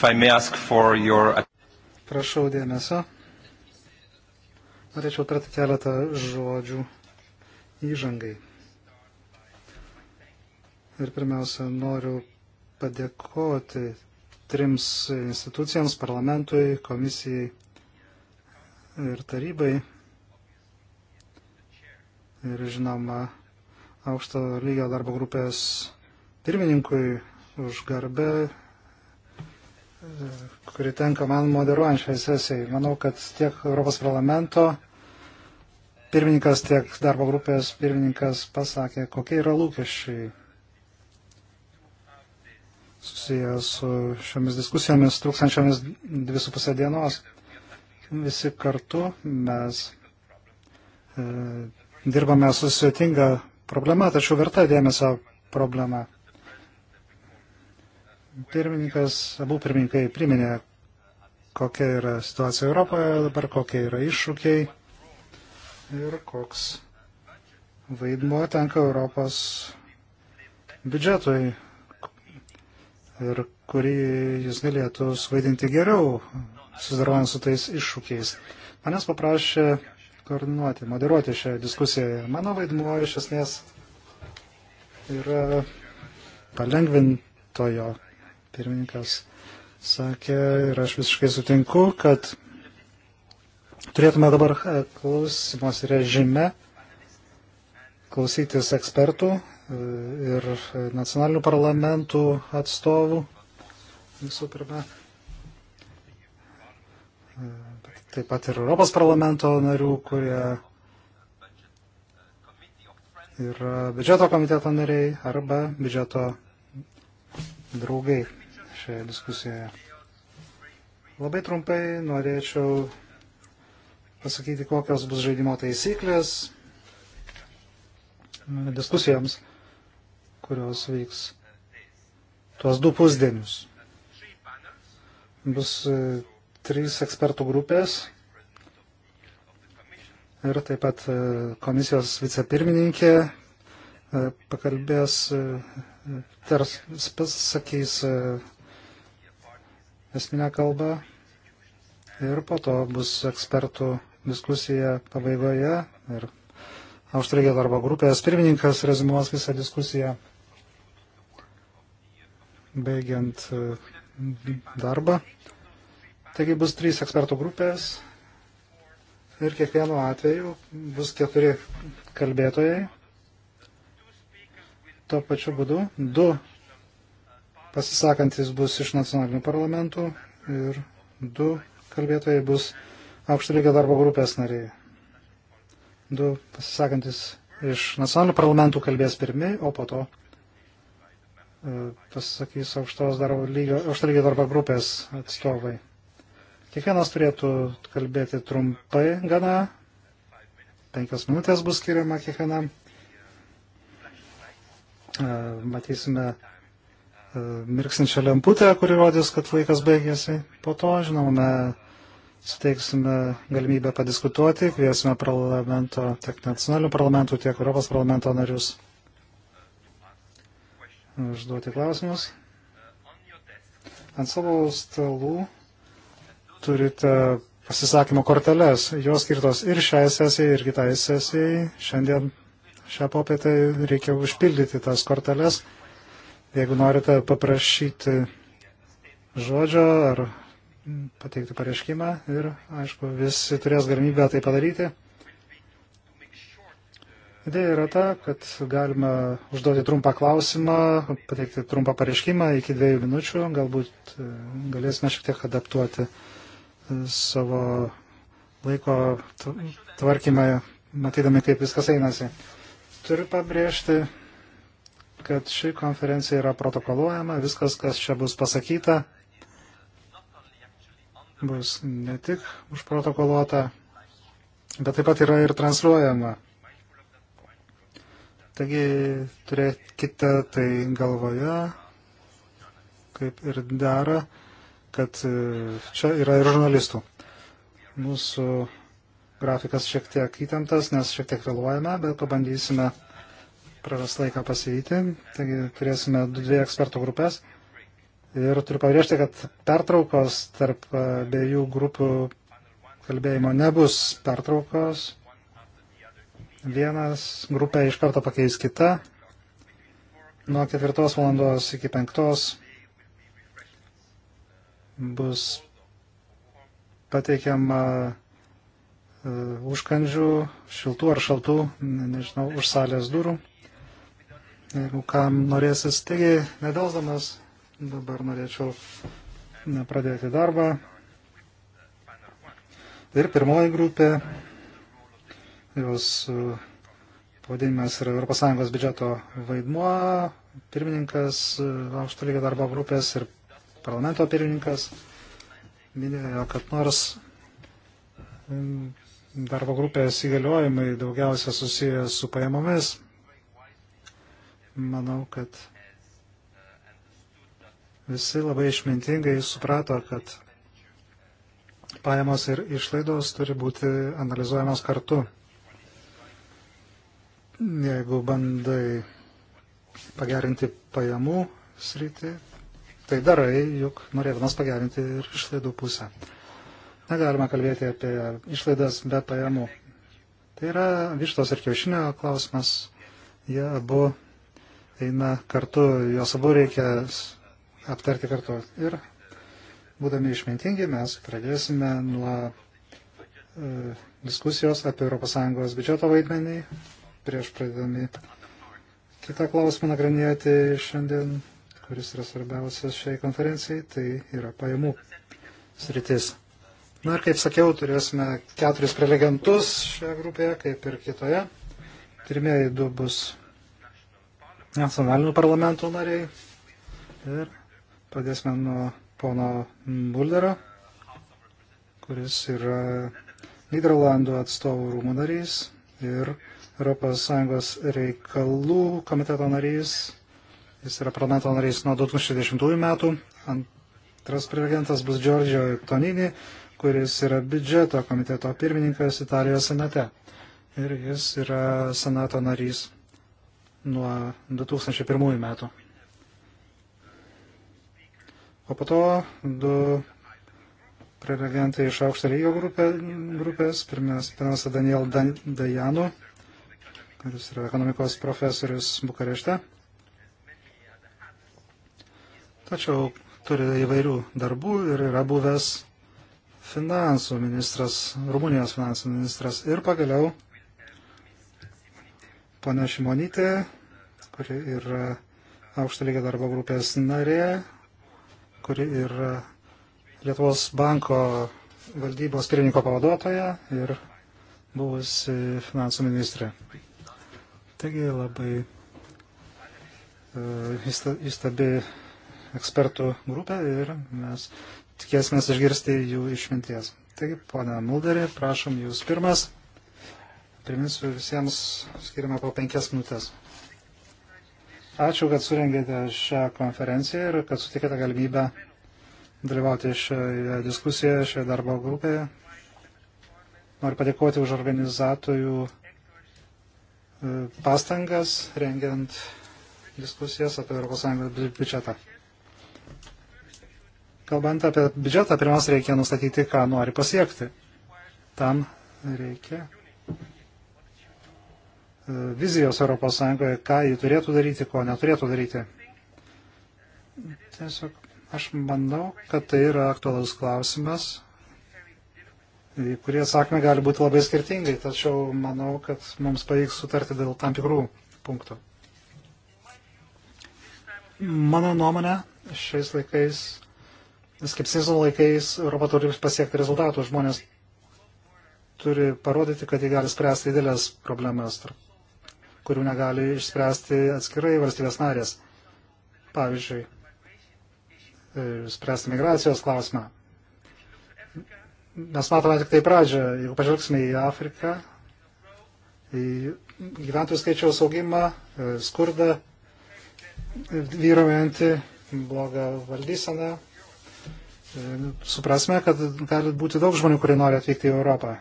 your... Prašau dėmesio. Norėčiau tarti keletą žodžių įžangai. Ir pirmiausia, noriu padėkoti trims institucijams, parlamentui, komisijai ir tarybai. Ir žinoma, aukšto lygio darbo grupės pirmininkui už garbę kuri tenka man moderuojant šiai sesijai. Manau, kad tiek Europos parlamento pirmininkas, tiek darbo grupės pirmininkas pasakė, kokie yra lūkesčiai susiję su šiomis diskusijomis trūkstančiomis dvi su pusę dienos. Visi kartu mes e, dirbame su sudėtinga problema, tačiau verta dėmesio problema. Pirmininkas, abu pirmininkai priminė, kokia yra situacija Europoje dabar, kokie yra iššūkiai ir koks vaidmuo tenka Europos biudžetui ir kurį jis galėtų suvaidinti geriau, susidarojant su tais iššūkiais. Manęs paprašė koordinuoti, moderuoti šią diskusiją. Mano vaidmuo iš esmės yra palengvintojo pirmininkas sakė, ir aš visiškai sutinku, kad turėtume dabar e, klausimos režime klausytis ekspertų e, ir e, nacionalinių parlamentų atstovų visų pirma. Taip pat ir Europos parlamento narių, kurie yra biudžeto komiteto nariai arba biudžeto draugai šioje diskusijoje. Labai trumpai norėčiau pasakyti, kokios bus žaidimo taisyklės diskusijoms, kurios vyks tuos du pusdienius. Bus e, trys ekspertų grupės ir taip pat e, komisijos vicepirmininkė pakalbės, e, tars, sakys e, esminę kalbą ir po to bus ekspertų diskusija pabaigoje ir Austrija darbo grupės pirmininkas rezumuos visą diskusiją baigiant e, darbą. Taigi bus trys ekspertų grupės ir kiekvienu atveju bus keturi kalbėtojai tuo pačiu būdu du pasisakantis bus iš nacionalinių parlamentų ir du kalbėtojai bus aukšto lygio darbo grupės nariai. Du pasisakantis iš nacionalinių parlamentų kalbės pirmi, o po to e, pasakys aukštos darbo lygio, aukšto lygio darbo grupės atstovai. Kiekvienas turėtų kalbėti trumpai gana, penkios minutės bus skiriama kiekvienam matysime mirksinčią lemputę, kuri rodys, kad laikas baigėsi. Po to, žinoma, suteiksime galimybę padiskutuoti, kviesime parlamento, tiek nacionalinių parlamentų, tiek Europos parlamento narius užduoti klausimus. Ant savo stalų turite pasisakymo korteles. Jos skirtos ir šiai sesijai, ir kitai sesijai. Šiandien šią popietę reikia užpildyti tas korteles. Jeigu norite paprašyti žodžio ar pateikti pareiškimą ir, aišku, visi turės galimybę tai padaryti. Idėja yra ta, kad galima užduoti trumpą klausimą, pateikti trumpą pareiškimą iki dviejų minučių, galbūt e, galėsime šiek tiek adaptuoti e, savo laiko tvarkymą, matydami, kaip viskas einasi. Turiu pabrėžti, kad ši konferencija yra protokoluojama, viskas, kas čia bus pasakyta, bus ne tik užprotokoluota, bet taip pat yra ir transliuojama. Taigi turėkite tai galvoje, kaip ir dera, kad e, čia yra ir žurnalistų. Mūsų grafikas šiek tiek įtemptas, nes šiek tiek vėluojame, bet pabandysime praras laiką pasivyti. Taigi turėsime dvi ekspertų grupės. Ir turiu pabrėžti, kad pertraukos tarp abiejų grupių kalbėjimo nebus pertraukos. Vienas grupė iš karto pakeis kita. Nuo ketvirtos valandos iki penktos bus pateikiama E, užkandžių, šiltų ar šaltų, nežinau, už salės durų. Jeigu kam norėsis, taigi nedelsdamas, dabar norėčiau pradėti darbą. Ir pirmoji grupė, jos e, pavadinimas yra ES biudžeto vaidmuo, pirmininkas, e, aukšto lygio darbo grupės ir parlamento pirmininkas minėjo, kad nors darbo grupės įgaliojimai daugiausia susiję su pajamomis. Manau, kad visi labai išmintingai suprato, kad pajamos ir išlaidos turi būti analizuojamos kartu. Jeigu bandai pagerinti pajamų sritį, tai darai, juk norėdamas pagerinti ir išlaidų pusę. Negalima kalbėti apie išlaidas be pajamų. Tai yra vištos ir kiaušinio klausimas. Jie abu eina kartu, jos abu reikia aptarti kartu. Ir būdami išmintingi, mes pradėsime nuo e, diskusijos apie ES biudžeto vaidmenį, prieš pradedami kitą klausimą nagrinėti šiandien, kuris yra svarbiausias šiai konferencijai, tai yra pajamų sritis. Na ir kaip sakiau, turėsime keturis prelegentus šioje grupėje, kaip ir kitoje. Pirmieji du bus nacionalinių parlamentų nariai. Ir pradėsime nuo pono Muldero, kuris yra Niderlandų atstovų rūmų narys ir ES reikalų komiteto narys. Jis yra parlamento narys nuo 2010 metų. Antras prelegentas bus Giorgio Tonini kuris yra biudžeto komiteto pirmininkas Italijos senate. Ir jis yra senato narys nuo 2001 metų. O po to du prelegentai iš aukšto lygio grupė, grupės, pirmiausia Daniel Dan, Dajanu, kuris yra ekonomikos profesorius Bukarešte. Tačiau turi įvairių darbų ir yra buvęs finansų ministras, Rumunijos finansų ministras ir pagaliau ponia Šimonytė, kuri yra aukšto lygio darbo grupės narė, kuri yra Lietuvos banko valdybos pirmininko pavaduotoja ir buvusi finansų ministrė. Taigi labai e, įstabi ekspertų grupė ir mes tikėsime išgirsti jų išminties. Taigi, ponia Mulderį, prašom jūs pirmas. Priminsiu visiems, skiriame po penkias minutės. Ačiū, kad surengėte šią konferenciją ir kad sutikėte galimybę dalyvauti šioje diskusijoje, šioje darbo grupėje. Noriu padėkoti už organizatorių e, pastangas rengiant diskusijas apie ES biudžetą. Kalbant apie biudžetą, pirmiausia, reikia nustatyti, ką nori pasiekti. Tam reikia e, vizijos Europos Sąjungoje, ką ji turėtų daryti, ko neturėtų daryti. Tiesiog aš manau, kad tai yra aktualus klausimas, į kurį atsakymai gali būti labai skirtingai, tačiau manau, kad mums pavyks sutarti dėl tam tikrų punktų. Mano nuomonė, šiais laikais skepsizmo laikais Europa turi pasiekti rezultatų. Žmonės turi parodyti, kad jie gali spręsti didelės problemas, kurių negali išspręsti atskirai valstybės narės. Pavyzdžiui, e, spręsti migracijos klausimą. Mes matome tik tai pradžią. Jeigu pažvelgsime į Afriką, į gyventojų skaičiaus augimą, e, skurdą, vyraujantį blogą valdyseną, suprasme, kad gali būti daug žmonių, kurie nori atvykti į Europą.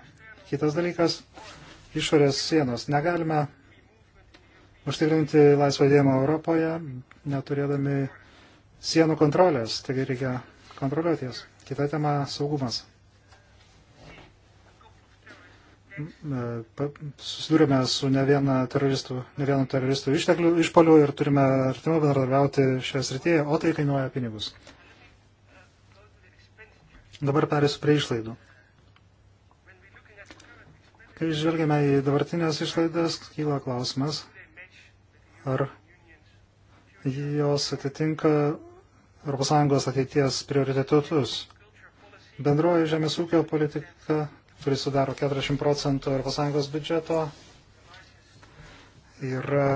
Kitas dalykas - išorės sienos. Negalime užtikrinti laisvą judėjimą Europoje, neturėdami sienų kontrolės, taigi reikia kontroliuoti jas. Kita tema - saugumas. E, susidūrėme su ne, teroristų, ne vienu teroristų išteklių išpoliu ir turime artimiau bendradarbiauti šioje srityje, o tai kainuoja pinigus. Dabar perėsiu prie išlaidų. Kai žvelgiame į dabartinės išlaidas, kyla klausimas, ar jos atitinka ES ateities prioritetus. Bendroji žemės ūkio politika, kuri sudaro 40 procentų ES biudžeto, yra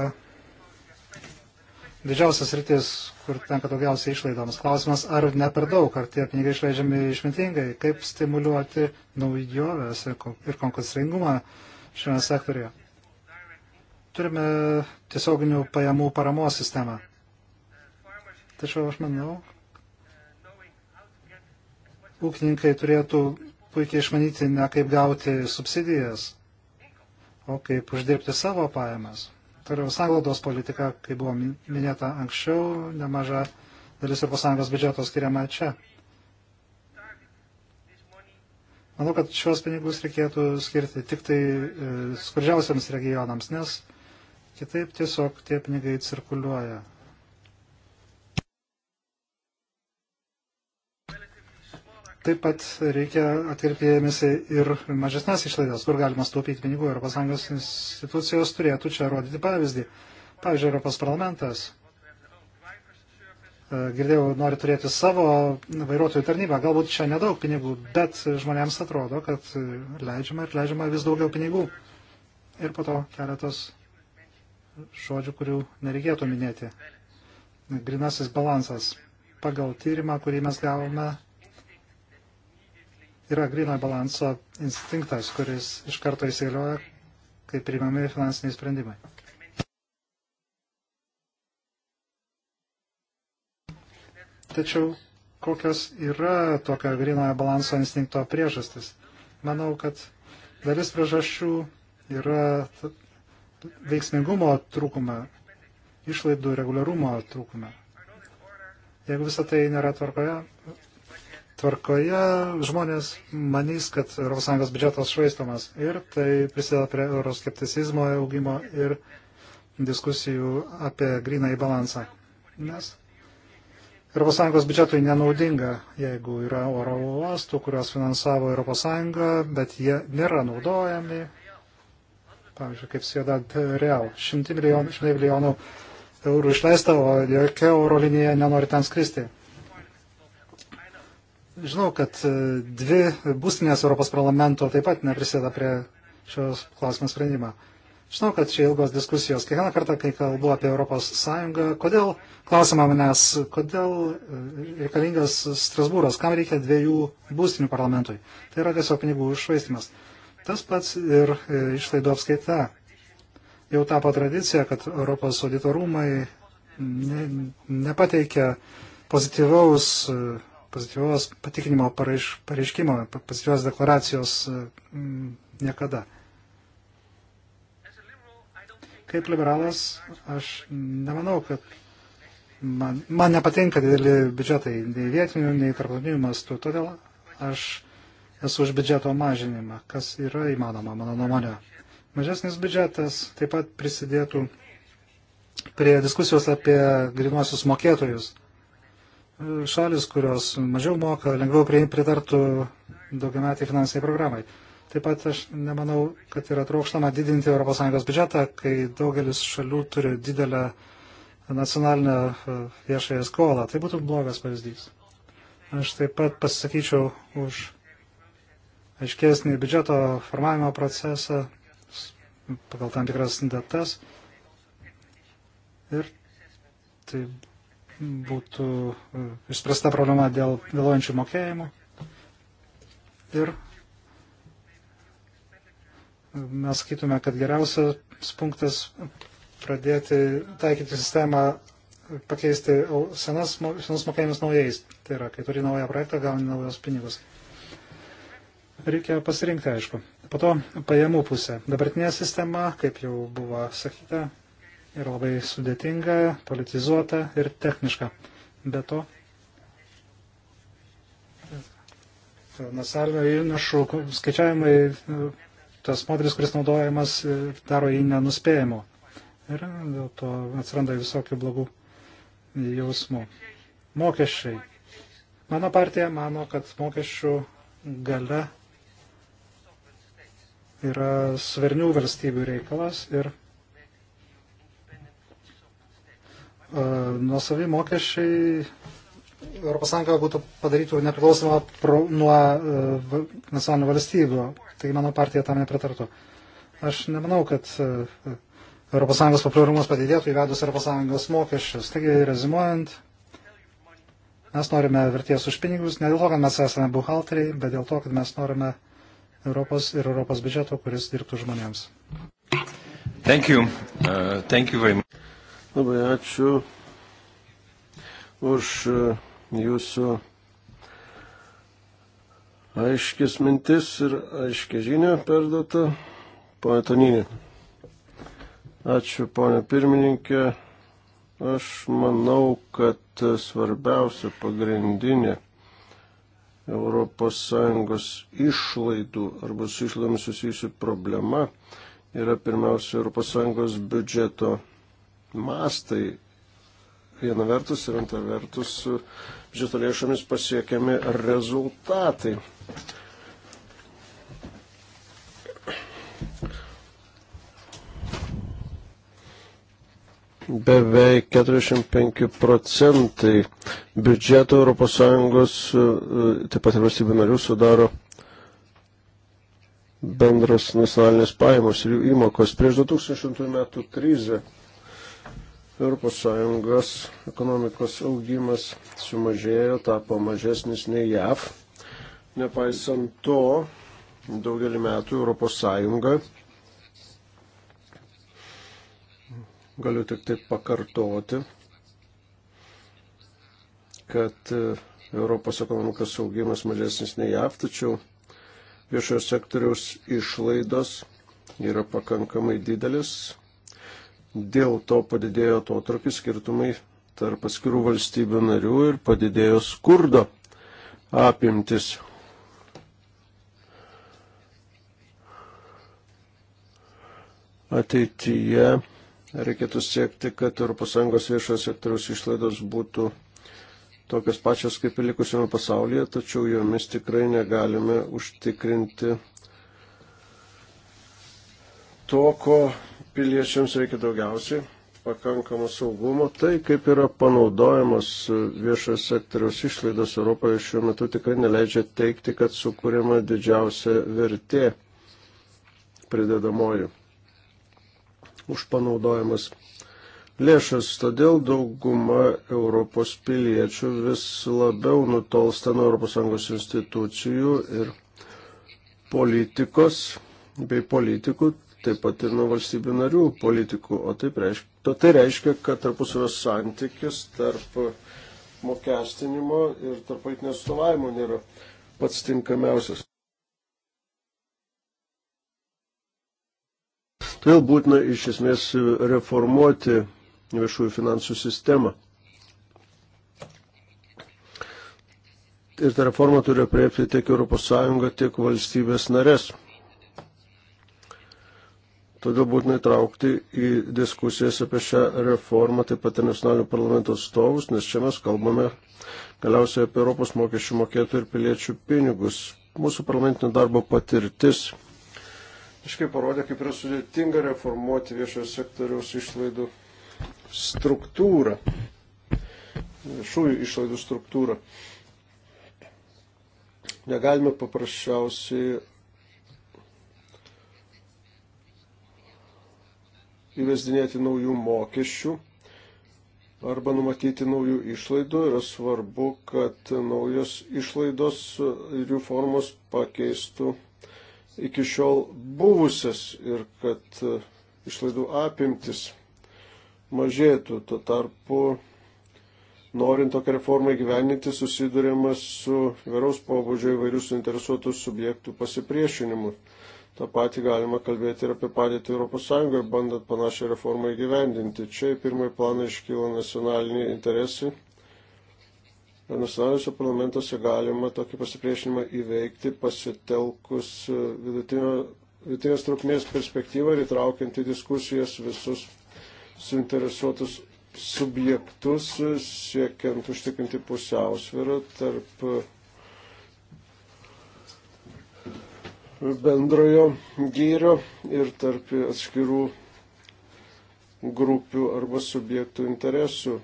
didžiausias rytis, kur tenka daugiausiai išlaidoms. Klausimas, ar ne per daug, ar tie pinigai išleidžiami išmintingai, kaip stimuliuoti naujoves ir konkursingumą šiame sektorėje. Turime tiesioginių pajamų paramos sistemą. Tačiau aš manau, ūkininkai turėtų puikiai išmanyti ne kaip gauti subsidijas, o kaip uždirbti savo pajamas. Toliau sąglaudos politika, kaip buvo minėta anksčiau, nemaža dalis Europos Sąjungos biudžeto skiriama čia. Manau, kad šios pinigus reikėtų skirti tik tai e, skurdžiausiams regionams, nes kitaip tiesiog tie pinigai cirkuliuoja. Taip pat reikia atkirpti dėmesį ir mažesnės išlaidas, kur galima staupyti pinigų. ES institucijos turėtų čia rodyti pavyzdį. Pavyzdžiui, Europos parlamentas. E, girdėjau, nori turėti savo vairuotojų tarnybą. Galbūt čia nedaug pinigų, bet žmonėms atrodo, kad leidžiama ir leidžiama vis daugiau pinigų. Ir po to keletas žodžių, kurių nereikėtų minėti. Grinasis balansas. Pagal tyrimą, kurį mes gavome, yra grino balanso instinktas, kuris iš karto įsigalioja, kai priimami finansiniai sprendimai. Tačiau kokios yra tokio grinojo balanso instinkto priežastis? Manau, kad dalis priežasčių yra veiksmingumo trūkume, išlaidų reguliarumo trūkume. Jeigu visą tai nėra tvarkoje, tvarkoje, žmonės manys, kad ES biudžetas švaistomas ir tai prisideda prie euroskepticizmo augimo ir diskusijų apie grinąjį balansą. Nes ES biudžetui nenaudinga, jeigu yra oro uostų, kuriuos finansavo ES, bet jie nėra naudojami. Pavyzdžiui, kaip Siedat Real, 100 milijonų, 100 milijonų eurų išleista, o jokia oro linija nenori ten skristi. Žinau, kad e, dvi būstinės Europos parlamento taip pat neprisėda prie šios klausimų sprendimą. Žinau, kad čia ilgos diskusijos. Kiekvieną kartą, kai kalbu apie Europos Sąjungą, kodėl, klausimą manęs, kodėl e, reikalingas Strasbūras, kam reikia dviejų būstinių parlamentui. Tai yra tiesiog pinigų išvaistimas. Tas pats ir e, išlaidų apskaita. Jau tapo tradicija, kad Europos auditorumai ne, nepateikia pozityvaus pozityvios patikinimo pareiš, pareiškimo, pozityvios deklaracijos e, niekada. Kaip liberalas, aš nemanau, kad man, man nepatinka dideli biudžetai nei vietinių, nei tarptautinių mastų, todėl aš esu už biudžeto mažinimą, kas yra įmanoma, mano nuomonė. Mažesnis biudžetas taip pat prisidėtų prie diskusijos apie grinuosius mokėtojus šalis, kurios mažiau moka, lengviau pritartų daugiametį finansiniai programai. Taip pat aš nemanau, kad yra trokštama didinti ES biudžetą, kai daugelis šalių turi didelę nacionalinę e, viešąją skolą. Tai būtų blogas pavyzdys. Aš taip pat pasisakyčiau už aiškesnį biudžeto formavimo procesą pagal tam tikras datas. Ir tai būtų e, išspręsta problema dėl vėluojančių mokėjimų. Ir mes sakytume, kad geriausias punktas pradėti taikyti sistemą, pakeisti senas, senas mokėjimus naujais. Tai yra, kai turi naują projektą, gauni naujos pinigus. Reikia pasirinkti, aišku. Po to pajamų pusė. Dabartinė sistema, kaip jau buvo sakyta, yra labai sudėtinga, politizuota ir techniška. Be to, nacionalinio įnašų skaičiavimai, tas modelis, kuris naudojamas, daro jį nenuspėjimu. Ir dėl to atsiranda visokių blogų jausmų. Mokesčiai. Mano partija mano, kad mokesčių gale yra svernių valstybių reikalas ir E, nuosavi mokesčiai ES būtų padarytų nepriklausomą nuo e, nacionalinių valstybių. Tai mano partija tam nepritartų. Aš nemanau, kad ES populiarumas padidėtų įvedus ES mokesčius. Taigi, rezimuojant, mes norime verties už pinigus, ne dėl to, kad mes esame buhalteriai, bet dėl to, kad mes norime Europos ir Europos biudžeto, kuris dirbtų žmonėms. Thank you. Uh, thank you very much. Labai ačiū už e, jūsų aiškis mintis ir aiškį žinę perduotą. Pane Toninė. Ačiū, ponė pirmininkė. Aš manau, kad svarbiausia pagrindinė ES išlaidų arba su išlaidomis susijusi problema yra pirmiausia ES biudžeto mastai viena vertus ir antra vertus biudžeto lėšomis pasiekiami rezultatai. Beveik 45 procentai biudžeto ES, e, taip pat ir valstybių narių, sudaro bendras nacionalinės pajamos ir jų įmokos. Prieš 2008 metų krizę ES ekonomikos augimas sumažėjo, tapo mažesnis nei JAV. Nepaisant to, daugelį metų ES, galiu tik taip pakartoti, kad e, Europos ekonomikos augimas mažesnis nei JAV, tačiau viešojo sektoriaus išlaidos yra pakankamai didelis, Dėl to padidėjo to trukis skirtumai tarp atskirų valstybių narių ir padidėjo skurdo apimtis. Ateityje reikėtų siekti, kad ES viešojo sektoriaus išlaidos būtų tokios pačios kaip ir likusiame pasaulyje, tačiau jomis tikrai negalime užtikrinti to, ko piliečiams reikia daugiausiai pakankamo saugumo. Tai, kaip yra panaudojamos viešojo sektoriaus išlaidos Europoje šiuo metu tikrai neleidžia teikti, kad sukūrima didžiausia vertė pridedamoji už panaudojamas lėšas. Todėl dauguma Europos piliečių vis labiau nutolsta nuo ES institucijų ir politikos bei politikų taip pat ir nuo valstybių narių politikų. O tai reiškia, tai reiškia kad tarpusavio santykis tarp mokestinimo ir tarp politinio atstovavimo nėra pats tinkamiausias. Todėl tai būtina iš esmės reformuoti viešųjų finansų sistemą. Ir ta reforma turi apriepti tiek ES, tiek valstybės narės. Todėl būtinai traukti į diskusijas apie šią reformą taip pat ir nacionalinių parlamentų atstovus, nes čia mes kalbame galiausiai apie Europos mokesčių mokėtų ir piliečių pinigus. Mūsų parlamentinio darbo patirtis iškai parodė, kaip yra sudėtinga reformuoti viešojo sektoriaus išlaidų struktūrą, viešųjų išlaidų struktūrą. Negalime paprasčiausiai įvesdinėti naujų mokesčių arba numatyti naujų išlaidų. Yra svarbu, kad naujos išlaidos ir jų formos pakeistų iki šiol buvusias ir kad išlaidų apimtis mažėtų. Tuo tarpu, norint tokią reformą įgyveninti, susidurėma su vėraus pobūdžio įvairių suinteresuotų subjektų pasipriešinimu tą patį galima kalbėti ir apie padėtį ES, bandant panašią reformą įgyvendinti. Čia į pirmąjį planą iškyla nacionaliniai interesai. Ir nacionaliniuose parlamentuose galima tokį pasipriešinimą įveikti pasitelkus vidutinės trukmės perspektyvą ir įtraukiant į diskusijas visus suinteresuotus subjektus, siekiant užtikrinti pusiausvyrą tarp bendrojo gyrio ir tarp atskirų grupių arba subjektų interesų.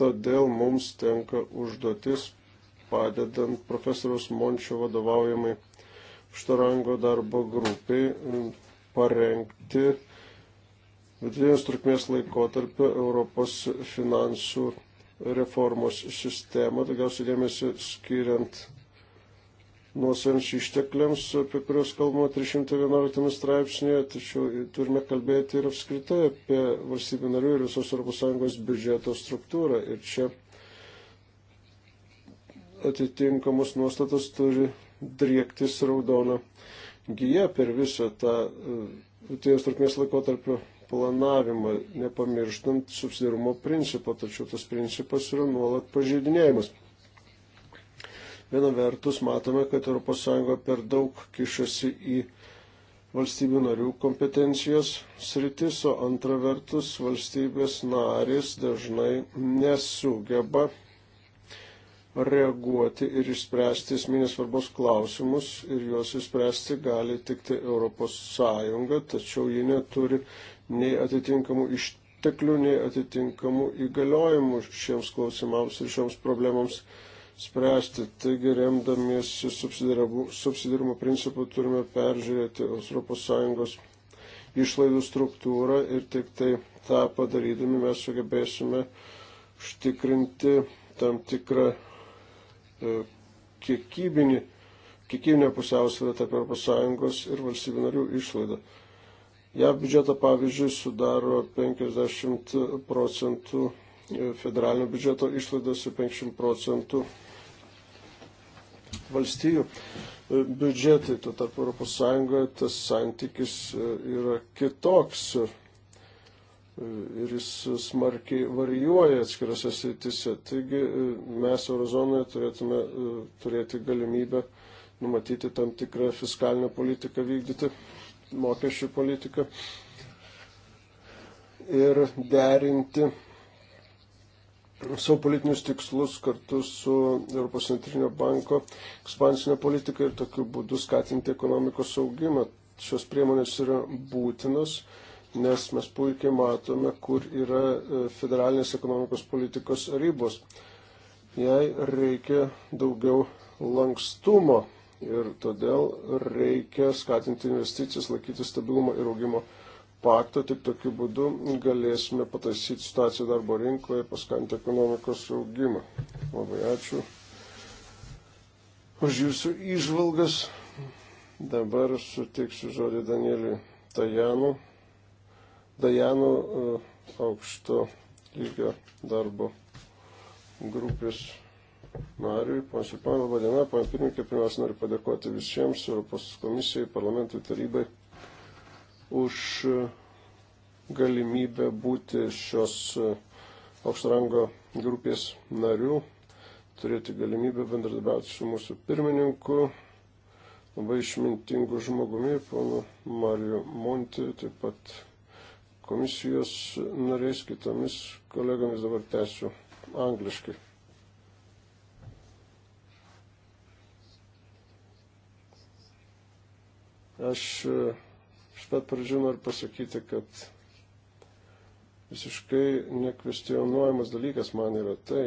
Todėl mums tenka užduotis, padedant profesoriaus Mončio vadovaujamai Štarango darbo grupiai, parengti vidutinės trukmės laikotarpio Europos finansų reformos sistemą, daugiausiai dėmesį skiriant nuosaviems ištekliams, apie kuriuos kalbama 311 straipsnėje, tačiau turime kalbėti ir apskritai apie valstybių narių ir visos ES biudžeto struktūrą. Ir čia atitinkamos nuostatos turi driektis raudoną giją per visą tą e, ties trukmės laikotarpio planavimą, nepamirštant subsidirumo principo, tačiau tas principas yra nuolat pažeidinėjimas. Viena vertus matome, kad ES per daug kišasi į valstybių narių kompetencijos sritis, o antra vertus valstybės narės dažnai nesugeba reaguoti ir išspręsti esminės svarbos klausimus ir juos išspręsti gali tik tai Europos Sąjunga, tačiau ji neturi nei atitinkamų išteklių, nei atitinkamų įgaliojimų šiems klausimams ir šioms problemams spręsti. Taigi, remdamiesi subsidiarumo principu, turime peržiūrėti ES išlaidų struktūrą ir tik tai tą padarydami mes sugebėsime užtikrinti tam tikrą e, kiekybinį, kiekybinę pusiausvyrą tarp ES ir valstybių narių išlaidą. Ja biudžetą pavyzdžiui sudaro 50 procentų e, federalinio biudžeto išlaidos ir 50 procentų valstybių e, biudžetai. Tuo tarpu ES tas santykis e, yra kitoks e, ir jis smarkiai varijuoja atskirose sritise. Taigi mes eurozonoje turėtume turėti galimybę numatyti tam tikrą fiskalinę politiką vykdyti, mokesčių politiką ir derinti savo politinius tikslus kartu su Europos centrinio banko ekspansinė politika ir tokiu būdu skatinti ekonomikos augimą. Šios priemonės yra būtinos, nes mes puikiai matome, kur yra e, federalinės ekonomikos politikos ribos. Jai reikia daugiau lankstumo ir todėl reikia skatinti investicijas, laikyti stabilumo ir augimo pakto, tik tokiu būdu galėsime pataisyti situaciją darbo rinkoje, paskanti ekonomikos augimą. Labai ačiū už jūsų išvalgas. Dabar sutiksiu žodį Danieliui Tajanu, Dajanu e, aukšto lygio darbo grupės nariui. Panašiai, pan, laba diena, pan pirmininkė, pirmiausia noriu padėkoti visiems Europos komisijai, parlamentui, tarybai už e, galimybę būti šios e, aukštrango grupės narių, turėti galimybę bendradarbiauti su mūsų pirmininku, labai išmintingu žmogumi, ponu Mariju Monti, taip pat komisijos nariais, kitomis kolegomis dabar tęsiu angliškai. Aš uh, Iš pat pradžių noriu pasakyti, kad visiškai nekvestionuojamas dalykas man yra tai,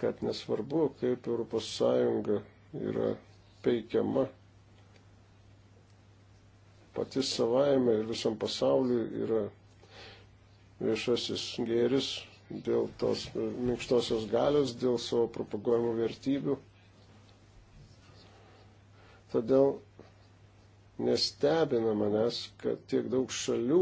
kad nesvarbu, kaip ES yra peikiama pati savaime ir visam pasauliu yra viešasis gėris dėl tos minkštosios galios, dėl savo propaguojamų vertybių. Todėl Nestebina manęs, kad tiek daug šalių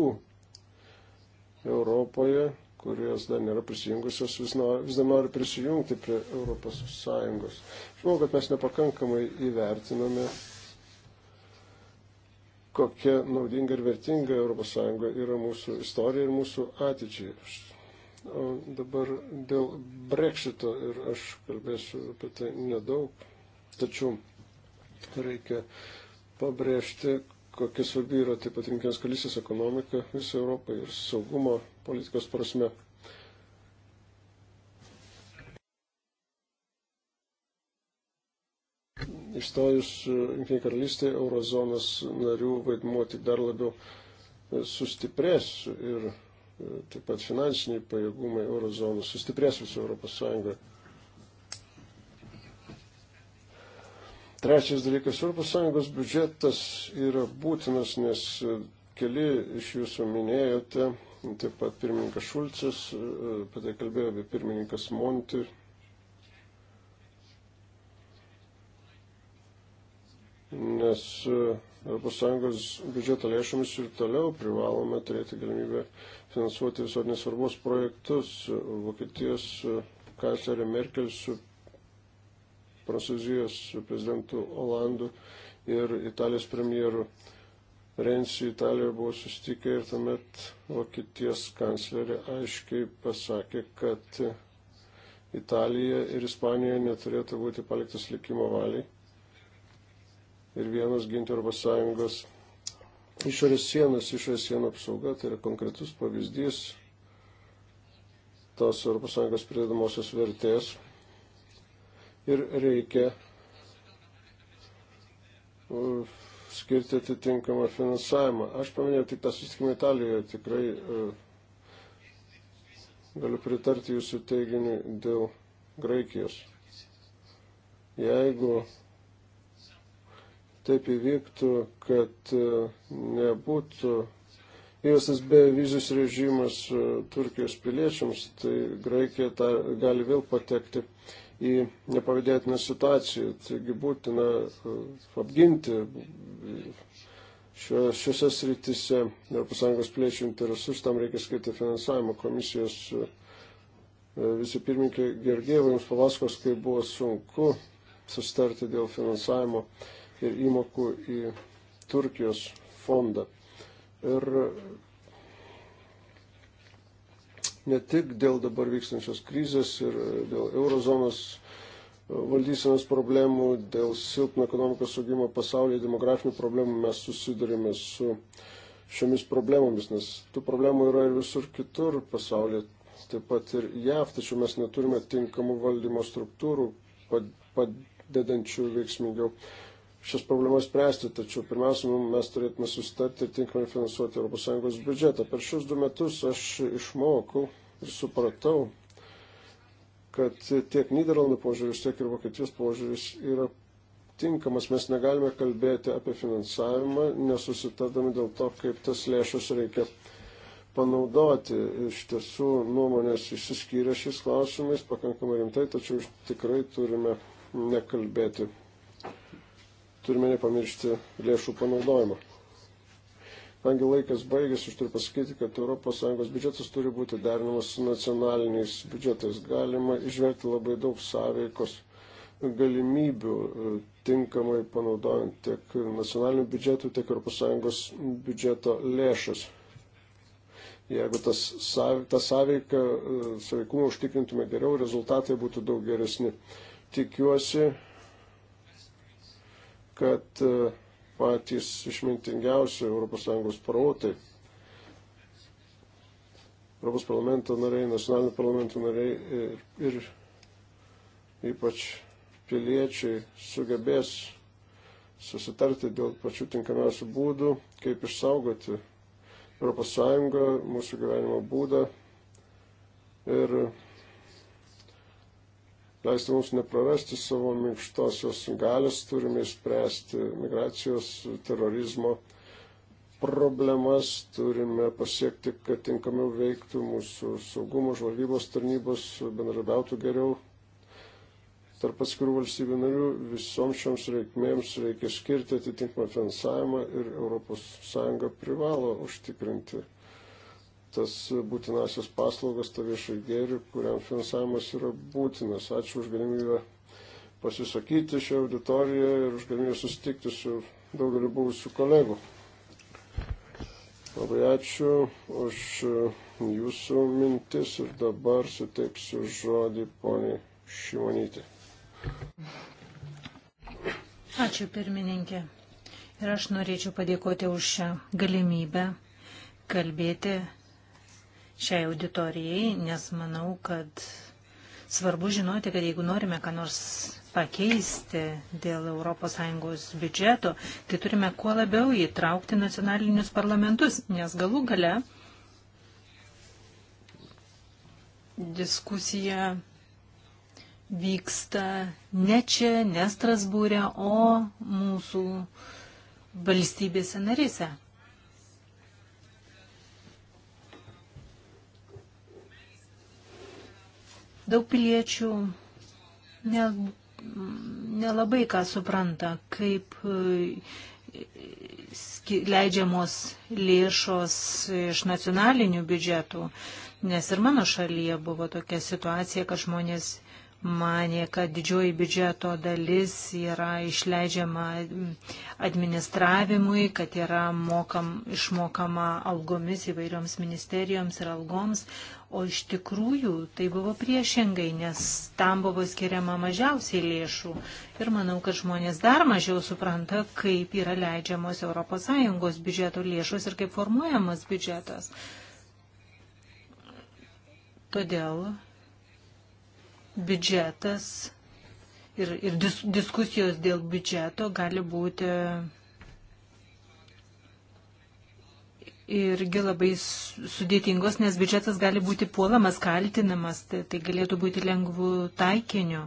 Europoje, kurios dar nėra prisijungusios, vis, nor, vis dar nori prisijungti prie Europos Sąjungos. Žinau, kad mes nepakankamai įvertiname, kokia naudinga ir vertinga Europos Sąjunga yra mūsų istorija ir mūsų ateičiai. O dabar dėl breksito ir aš kalbėsiu apie tai nedaug, tačiau reikia pabrėžti, kokia svarbi yra taip pat rinkės kalysės ekonomika visą Europą ir saugumo politikos prasme. Įstojus Junkinė karalystė, eurozonos narių vaidmuo tik dar labiau sustiprės ir taip pat finansiniai pajėgumai eurozonos sustiprės viso Europos Sąjungoje. Trečias dalykas, ES biudžetas yra būtinas, nes e, keli iš jūsų minėjote, taip pat pirmininkas Šulcis, e, apie tai kalbėjo apie pirmininkas Monti. Nes ES biudžeto lėšomis ir toliau privalome turėti galimybę finansuoti visuotinės svarbos projektus. E, Vokietijos kanclerė Merkel su Prancūzijos prezidentu Olandu ir Italijos premjeru Renzi Italijoje buvo susitikę ir tuomet Vokietijos kanclerė aiškiai pasakė, kad Italija ir Ispanija neturėtų būti paliktas likimo valiai ir vienas ginti Europos Sąjungos išorės sienas, išorės sienų apsauga, tai yra konkretus pavyzdys tos Europos Sąjungos pridedamosios vertės ir reikia skirti atitinkamą finansavimą. Aš paminėjau tik tą susitikimą Italijoje, tikrai galiu pritarti jūsų teiginiui dėl Graikijos. Jeigu taip įvyktų, kad e, nebūtų įvestas bevizis režimas e, Turkijos piliečiams, tai Graikija ta, gali vėl patekti į nepavydėtinę situaciją. Taigi būtina e, apginti šio, šiuose srityse ES plėčių interesus, tam reikia skirti finansavimo komisijos. E, Visi pirmininkai Gergėvai jums papasakos, kaip buvo sunku sustarti dėl finansavimo ir įmokų į Turkijos fondą. Ir ne tik dėl dabar vykstančios krizės ir e, dėl eurozonos e, valdysenos problemų, dėl silpno ekonomikos augimo pasaulyje, demografinių problemų mes susidurime su šiomis problemomis, nes tų problemų yra ir visur kitur pasaulyje, taip pat ir JAV, tačiau mes neturime tinkamų valdymo struktūrų padedančių veiksmingiau šias problemas spręsti, tačiau pirmiausia, mes turėtume sustarti ir tinkamai finansuoti ES biudžetą. Per šius du metus aš išmokau ir supratau, kad tiek Niderlandų požiūris, tiek ir Vokietijos požiūris yra tinkamas. Mes negalime kalbėti apie finansavimą, nesusitardami dėl to, kaip tas lėšas reikia panaudoti. Iš tiesų nuomonės išsiskyrė šiais klausimais pakankamai rimtai, tačiau tikrai turime nekalbėti turime nepamiršti lėšų panaudojimo. Kadangi laikas baigėsi, aš turiu pasakyti, kad ES biudžetas turi būti derinamas su nacionaliniais biudžetais. Galima išverti labai daug sąveikos galimybių e, tinkamai panaudojant tiek nacionalinių biudžetų, tiek ES biudžeto lėšas jeigu tas, tą sąveiką, e, sąveikumą užtikrintume geriau, rezultatai būtų daug geresni. Tikiuosi, kad e, patys išmintingiausi ES protai, ES parlamento nariai, nacionalinio parlamento nariai ir, ir ypač piliečiai sugebės susitarti dėl pačių tinkamiausių būdų, kaip išsaugoti ES, mūsų gyvenimo būdą ir leisti mums neprarasti savo minkštosios galios, turime spręsti migracijos, terorizmo problemas, turime pasiekti, kad tinkamiau veiktų mūsų saugumo žvalgybos tarnybos, bendradarbiautų geriau. Tarp atskirų valstybių narių visoms šioms reikmėms reikia skirti atitinkamą finansavimą ir ES privalo užtikrinti tas būtinasis paslaugas, tą viešą gėrį, kuriam finansavimas yra būtinas. Ačiū už galimybę pasisakyti šią auditoriją ir už galimybę susitikti su daugeliu buvusių kolegų. Labai ačiū už jūsų mintis ir dabar suteiksiu žodį poniai Šimonytė. Ačiū pirmininkė. Ir aš norėčiau padėkoti už šią galimybę kalbėti šiai auditorijai, nes manau, kad svarbu žinoti, kad jeigu norime ką nors pakeisti dėl ES biudžeto, tai turime kuo labiau įtraukti nacionalinius parlamentus, nes galų gale diskusija vyksta ne čia, ne Strasbūrė, o mūsų valstybėse narise. Daug piliečių ne, nelabai ką supranta, kaip e, leidžiamos lėšos iš nacionalinių biudžetų, nes ir mano šalyje buvo tokia situacija, kad žmonės manė, kad didžioji biudžeto dalis yra išleidžiama administravimui, kad yra mokam, išmokama algomis įvairioms ministerijoms ir algoms, o iš tikrųjų tai buvo priešingai, nes tam buvo skiriama mažiausiai lėšų. Ir manau, kad žmonės dar mažiau supranta, kaip yra leidžiamos ES biudžeto lėšos ir kaip formuojamas biudžetas. Todėl biudžetas ir, ir dis, diskusijos dėl biudžeto gali būti irgi labai sudėtingos, nes biudžetas gali būti puolamas, kaltinamas, tai, tai galėtų būti lengvų taikiniu.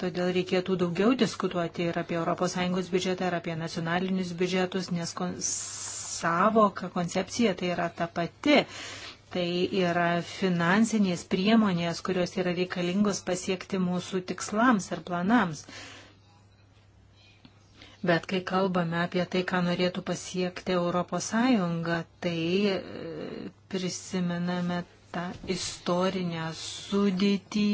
Todėl reikėtų daugiau diskutuoti ir apie ES biudžetą, ir apie nacionalinius biudžetus, nes kon savoka, koncepcija tai yra ta pati. Uh, Tai yra finansinės priemonės, kurios yra reikalingos pasiekti mūsų tikslams ir planams. Bet kai kalbame apie tai, ką norėtų pasiekti ES, tai e, prisimename tą istorinę sudėtį,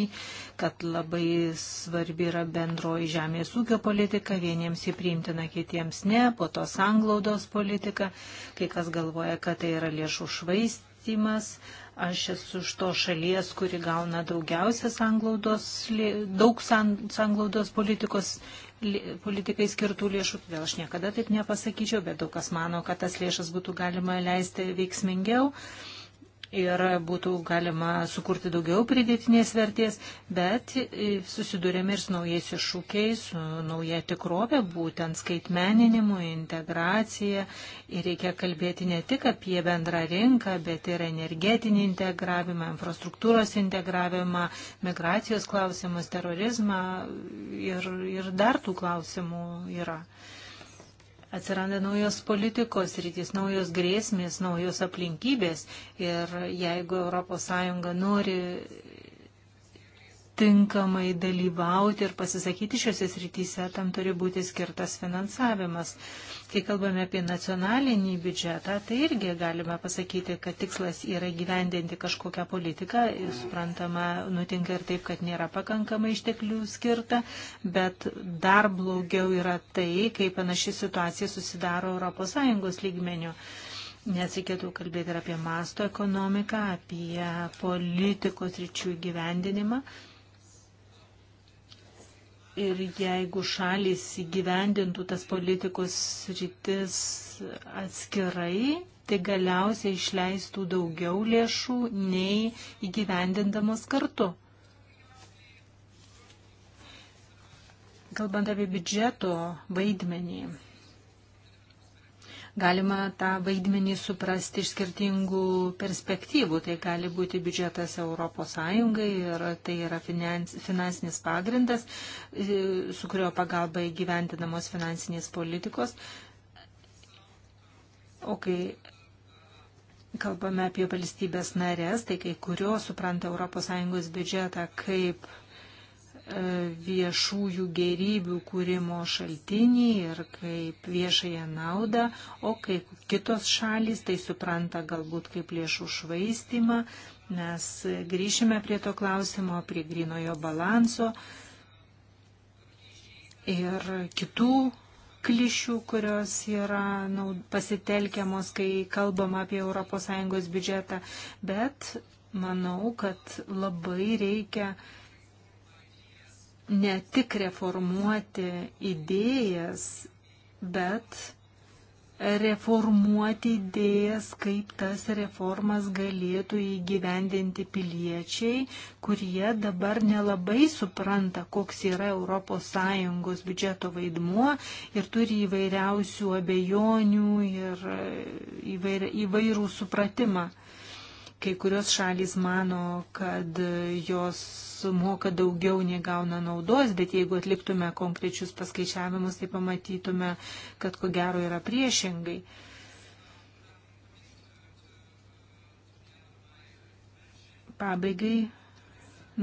kad labai svarbi yra bendroji žemės ūkio politika, vieniems jį priimtina, kitiems ne, po to sanglaudos politika, kai kas galvoja, kad tai yra lėšų švaist, vystimas. Aš esu iš to šalies, kuri gauna daugiausia sanglaudos, daug sanglaudos politikos, politikai skirtų lėšų, todėl aš niekada taip nepasakyčiau, bet daug kas mano, kad tas lėšas būtų galima leisti veiksmingiau. Uh, ir būtų galima sukurti daugiau pridėtinės vertės, bet susidurėme ir su naujais iššūkiais, su nauja tikrovė, būtent skaitmeninimu, integracija. Ir reikia kalbėti ne tik apie bendrą rinką, bet ir energetinį integravimą, infrastruktūros integravimą, migracijos klausimus, terorizmą ir, ir dar tų klausimų yra atsiranda naujos politikos rytis, naujos grėsmės, naujos aplinkybės ir jeigu ES nori tinkamai dalyvauti ir pasisakyti šiuose srityse, tam turi būti skirtas finansavimas. Kai kalbame apie nacionalinį biudžetą, tai irgi galime pasakyti, kad tikslas yra gyvendinti kažkokią politiką. Suprantama, nutinka ir taip, kad nėra pakankamai išteklių skirta, bet dar blogiau yra tai, kai panaši situacija susidaro ES lygmenių. Nes reikėtų kalbėti ir apie masto ekonomiką, apie politikos ryčių gyvendinimą. Ir jeigu šalis įgyvendintų tas politikos rytis atskirai, tai galiausiai išleistų daugiau lėšų nei įgyvendindamos kartu. Kalbant apie biudžeto vaidmenį, Galima tą vaidmenį suprasti iš skirtingų perspektyvų. Tai gali būti biudžetas ES ir tai yra finansinis pagrindas, e, su kurio pagalba įgyventinamos finansinės politikos. O kai kalbame apie valstybės narės, tai kai kurios supranta ES biudžetą kaip E, viešųjų gerybių kūrimo šaltinį ir kaip viešąją naudą, o kaip kitos šalys tai supranta galbūt kaip lėšų švaistimą. Mes grįšime prie to klausimo, prie grinojo balanso ir kitų klišių, kurios yra nu, pasitelkiamos, kai kalbam apie ES biudžetą, bet manau, kad labai reikia uh, ne tik reformuoti idėjas, bet reformuoti idėjas, kaip tas reformas galėtų įgyvendinti piliečiai, kurie dabar nelabai supranta, koks yra ES biudžeto vaidmuo ir turi įvairiausių abejonių ir įvair, įvairų supratimą. Kai kurios šalys mano, kad jos moka daugiau nei gauna naudos, bet jeigu atliktume konkrečius paskaičiavimus, tai pamatytume, kad ko gero yra priešingai. Pabaigai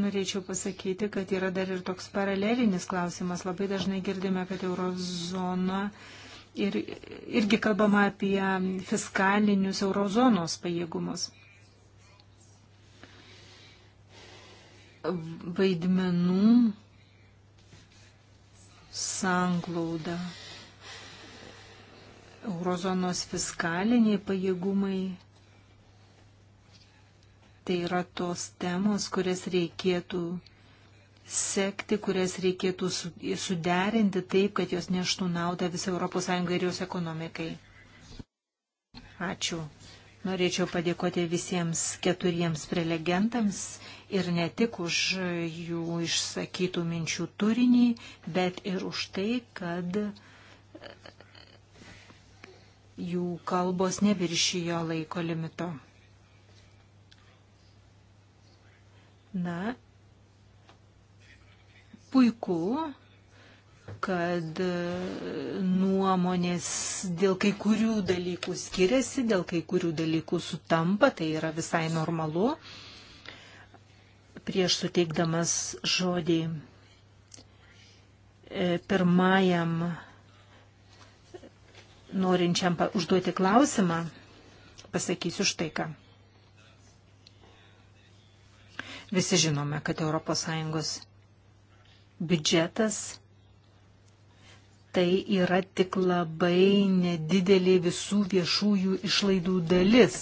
Norėčiau pasakyti, kad yra dar ir toks paralelinis klausimas. Labai dažnai girdime, kad eurozona ir, irgi kalbama apie fiskalinius eurozonos pajėgumus. vaidmenų sanglauda. Eurozonos fiskaliniai pajėgumai tai yra tos temos, kurias reikėtų sekti, kurias reikėtų suderinti taip, kad jos neštų naudą visai ES ir jos ekonomikai. Ačiū. Norėčiau padėkoti visiems keturiems prelegentams ir ne tik už jų išsakytų minčių turinį, bet ir už tai, kad jų kalbos neviršijo laiko limito. Na, puiku, kad nuomonės dėl kai kurių dalykų skiriasi, dėl kai kurių dalykų sutampa, tai yra visai normalu. Uh, prieš suteikdamas žodį e, pirmajam norinčiam užduoti klausimą, pasakysiu štai ką. Visi žinome, kad ES biudžetas tai yra tik labai nedidelė visų viešųjų išlaidų dalis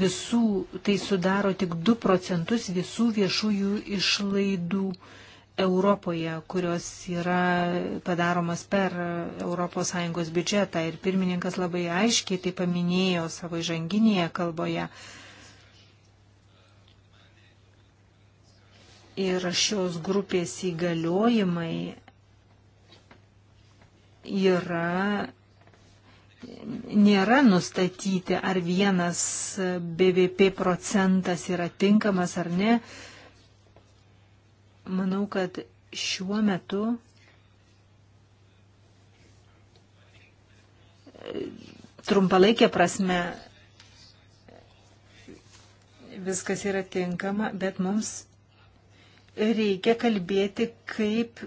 visų, tai sudaro tik 2 procentus visų viešųjų išlaidų Europoje, kurios yra padaromas per ES biudžetą. Ir pirmininkas labai aiškiai tai paminėjo savo žanginėje kalboje. Ir šios grupės įgaliojimai yra nėra nustatyti, ar vienas BVP procentas yra tinkamas ar ne. Manau, kad šiuo metu e, trumpalaikė prasme viskas yra tinkama, bet mums reikia kalbėti, kaip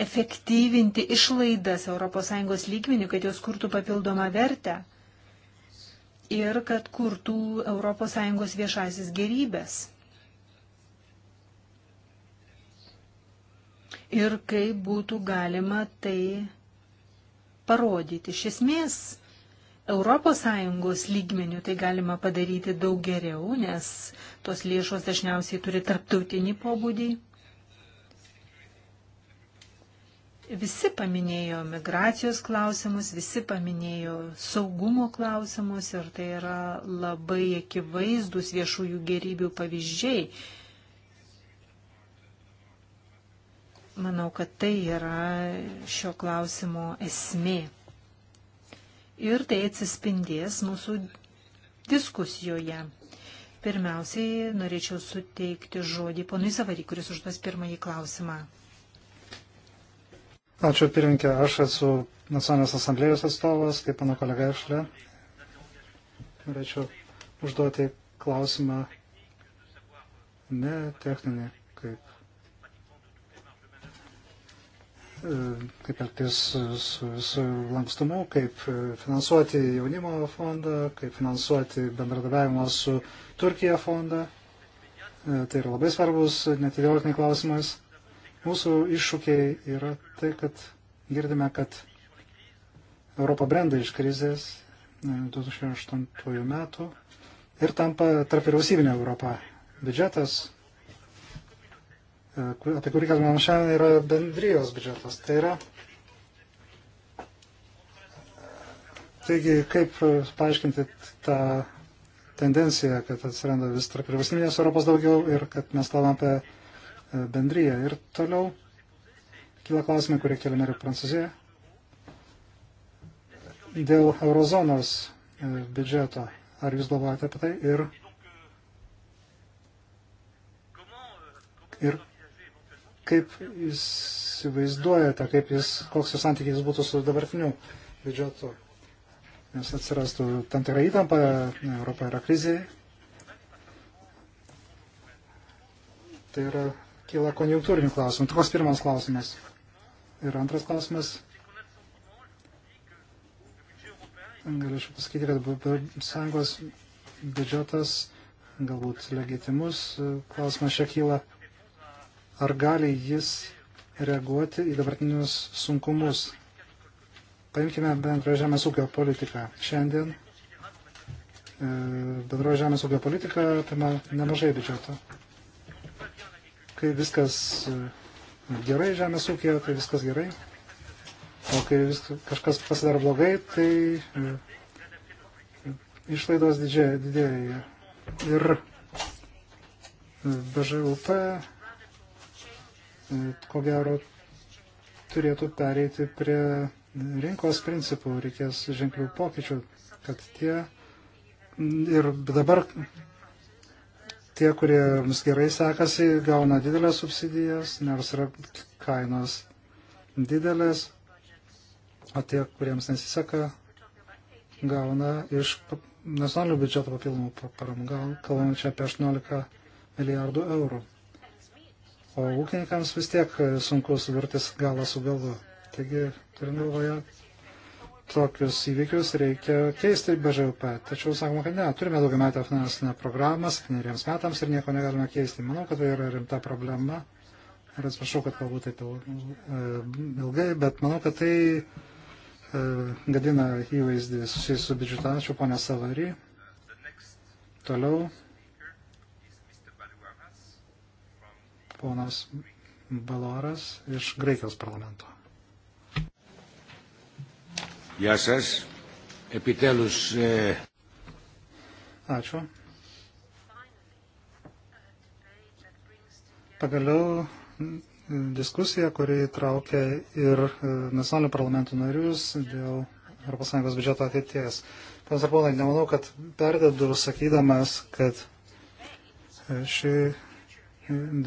efektyvinti išlaidas ES lygmenių, kad jos kurtų papildomą vertę ir kad kurtų ES viešasis gerybės. Ir kaip būtų galima tai parodyti. Iš esmės, ES lygmenių tai galima padaryti daug geriau, nes tos lėšos dažniausiai turi tarptautinį pobūdį. Visi paminėjo migracijos klausimus, visi paminėjo saugumo klausimus ir tai yra labai akivaizdus viešųjų gerybių pavyzdžiai. Manau, kad tai yra šio klausimo esmė. Ir tai atsispindės mūsų diskusijoje. Pirmiausiai norėčiau suteikti žodį ponui Savary, kuris užduos pirmąjį klausimą. Ačiū pirinkė, aš esu Nacionalinės asamblėjos atstovas, kaip mano kolega Ešlė. Norėčiau užduoti klausimą ne techninį, kaip, e, kaip elgtis su, su lankstumu, kaip finansuoti jaunimo fondą, kaip finansuoti bendradarbiavimą su Turkija fondą. E, tai yra labai svarbus netidėliotiniai klausimais. Mūsų iššūkiai yra tai, kad girdime, kad Europa brenda iš krizės 2008 e, metų ir tampa tarp vyriausybinė Europa. Biudžetas, e, apie kurį kalbame šiandien, yra bendrijos biudžetas. Tai yra Taigi, kaip e, paaiškinti tą tendenciją, kad atsiranda vis tarp vyriausybinės Europos daugiau ir kad mes kalbame apie E, bendryje. Ir toliau kyla klausimai, kurie keliami ir Prancūzija. Dėl eurozonos e, biudžeto. Ar jūs galvojate apie tai? Ir, ir kaip įsivaizduojate, kaip jis, koks jis santykis būtų su dabartiniu biudžetu? Nes atsirastų tam tikra įtampa, Europa yra krizėje. Tai yra kyla konjunktūrinių klausimų. Toks pirmas klausimas. Ir antras klausimas. Galėčiau pasakyti, kad sąjungos biudžetas galbūt legitimus. E, klausimas čia kyla, ar gali jis reaguoti į dabartinius sunkumus. Paimkime bendrojo žemės ūkio politiką. Šiandien e, bendrojo žemės ūkio politika apima nemažai biudžeto. Kai viskas e, gerai žemės ūkėje, tai viskas gerai. O kai vis, kažkas pasidaro blogai, tai e, išlaidos didėja. Ir e, BŽUP ko gero turėtų pereiti prie rinkos principų, reikės ženklių pokyčių, kad tie ir dabar tie, kuriems gerai sekasi, gauna didelės subsidijas, nors yra kainos didelės, o tie, kuriems nesiseka, gauna iš nacionalinio biudžeto papildomų paramų, kalbant čia apie 18 milijardų eurų. O ūkininkams vis tiek sunku suvirtis galą su galu. Taigi, turint galvoje, tokius įvykius reikia keisti BŽUP. Tačiau sakoma, kad ne, turime daugiametę finansinę programą septyneriems metams ir nieko negalime keisti. Manau, kad tai yra rimta problema. Ir atsiprašau, kad galbūt taip e, ilgai, bet manau, kad tai e, gadina įvaizdį susijęs su biudžetu. Ačiū, ponė Savary. Toliau. Ponas Baloras iš Graikijos parlamento. Γεια σας. Επιτέλους... Ε... Ačiū. Pagaliau mm, diskusija, kuri traukia ir e, nacionalinių parlamentų narius dėl ES biudžeto ateities. Panas Arponai, nemanau, kad perdedu sakydamas, kad e, ši e,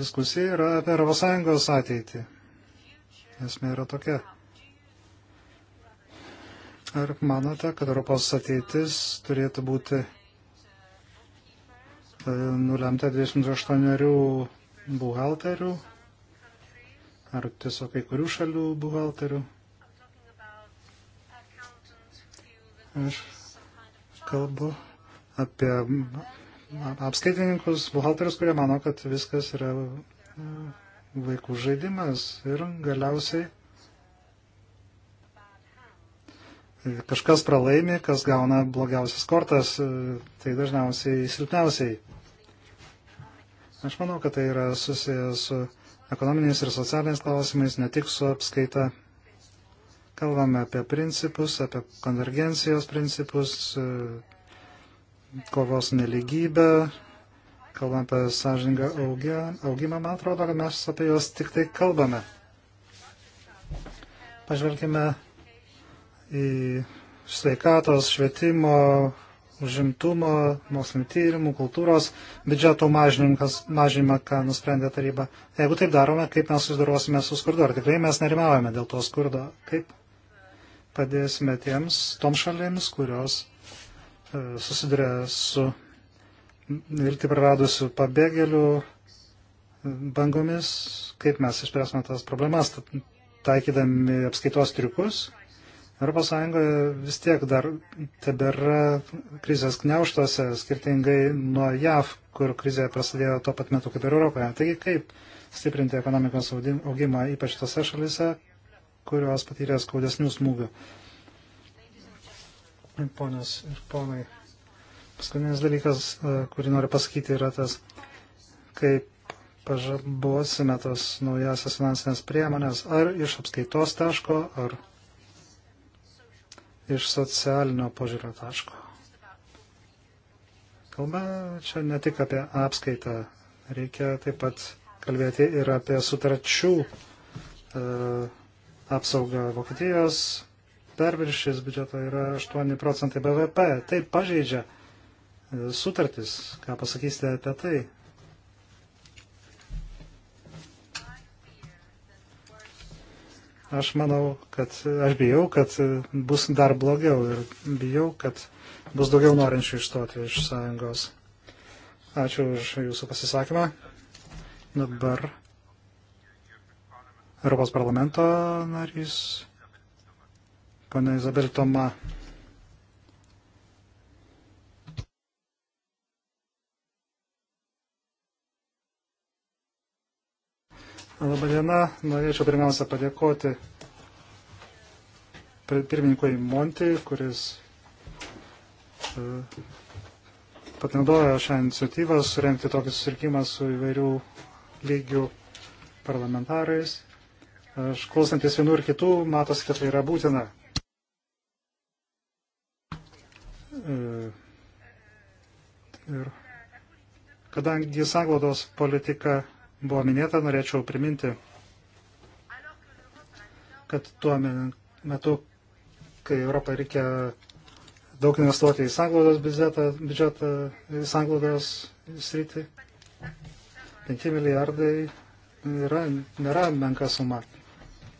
diskusija yra apie ES ateitį. Esmė yra tokia. Ar manote, kad Europos ateitis turėtų būti e, nulemta 28 buhalterių ar tiesiog kai kurių šalių buhalterių? Aš kalbu apie apskaitininkus, buhalterius, kurie mano, kad viskas yra e, vaikų žaidimas ir galiausiai kažkas pralaimi, kas gauna blogiausias kortas, e, tai dažniausiai silpniausiai. Aš manau, kad tai yra susijęs su ekonominiais ir socialiniais klausimais, ne tik su apskaita. Kalbame apie principus, apie konvergencijos principus, e, kovos neligybę, kalbame apie sąžiningą augimą, man atrodo, kad mes apie juos tik tai kalbame. Pažvelkime į sveikatos, švietimo, užimtumo, mokslinio tyrimų, kultūros biudžeto mažinimą, ką nusprendė taryba. Jeigu taip darome, kaip mes susidorosime su skurdu? Ar tikrai mes nerimaujame dėl to skurdo? Kaip padėsime tiems, toms šalėms, kurios e, susiduria su vilti praradusių pabėgėlių e, bangomis? Kaip mes išspręsime tas problemas, taikydami apskaitos triukus? ES vis tiek dar tebėra krizės kneuštose, skirtingai nuo JAV, kur krizė prasidėjo tuo pat metu kaip ir Europoje. Taigi kaip stiprinti ekonomikos augimą, ypač tose šalise, kurios patyrė skaudesnių smūgių. Ponios ir ponai, paskutinis dalykas, e, kurį noriu pasakyti, yra tas, kaip pažabosime tos naujasias finansinės priemonės, ar iš apskaitos taško, ar iš socialinio požiūrio taško. Kalba čia ne tik apie apskaitą, reikia taip pat kalbėti ir apie sutarčių e, apsaugą Vokietijos. Perviršis biudžeto yra 8 procentai BVP. Tai pažeidžia e, sutartis. Ką pasakysite apie tai? Aš manau, kad aš bijau, kad bus dar blogiau ir bijau, kad bus daugiau norinčių išstoti iš sąjungos. Ačiū už jūsų pasisakymą. Dabar Europos parlamento narys, pana Izabel Toma. Labadiena, norėčiau pirmiausia padėkoti pirmininkui Monti, kuris e, patinaudojo šią iniciatyvą surenkti tokį susirkimą su įvairių lygių parlamentarais. Aš klausantis vienų ir kitų, matosi, kad tai yra būtina. E, ir kadangi sanglaudos politika buvo minėta, norėčiau priminti, kad tuo metu, kai Europai reikia daug investuoti į sanglaudos biudžetą, biudžetą į sanglaudos sritį, 5 milijardai yra, nėra menka suma.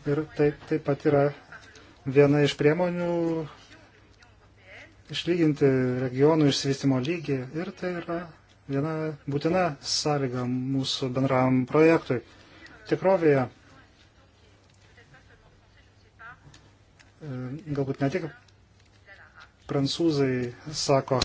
Ir tai taip pat yra viena iš priemonių išlyginti regionų išsivystimo lygį ir tai yra viena būtina sąlyga mūsų bendram projektui. Tikrovėje e, galbūt ne tik prancūzai sako,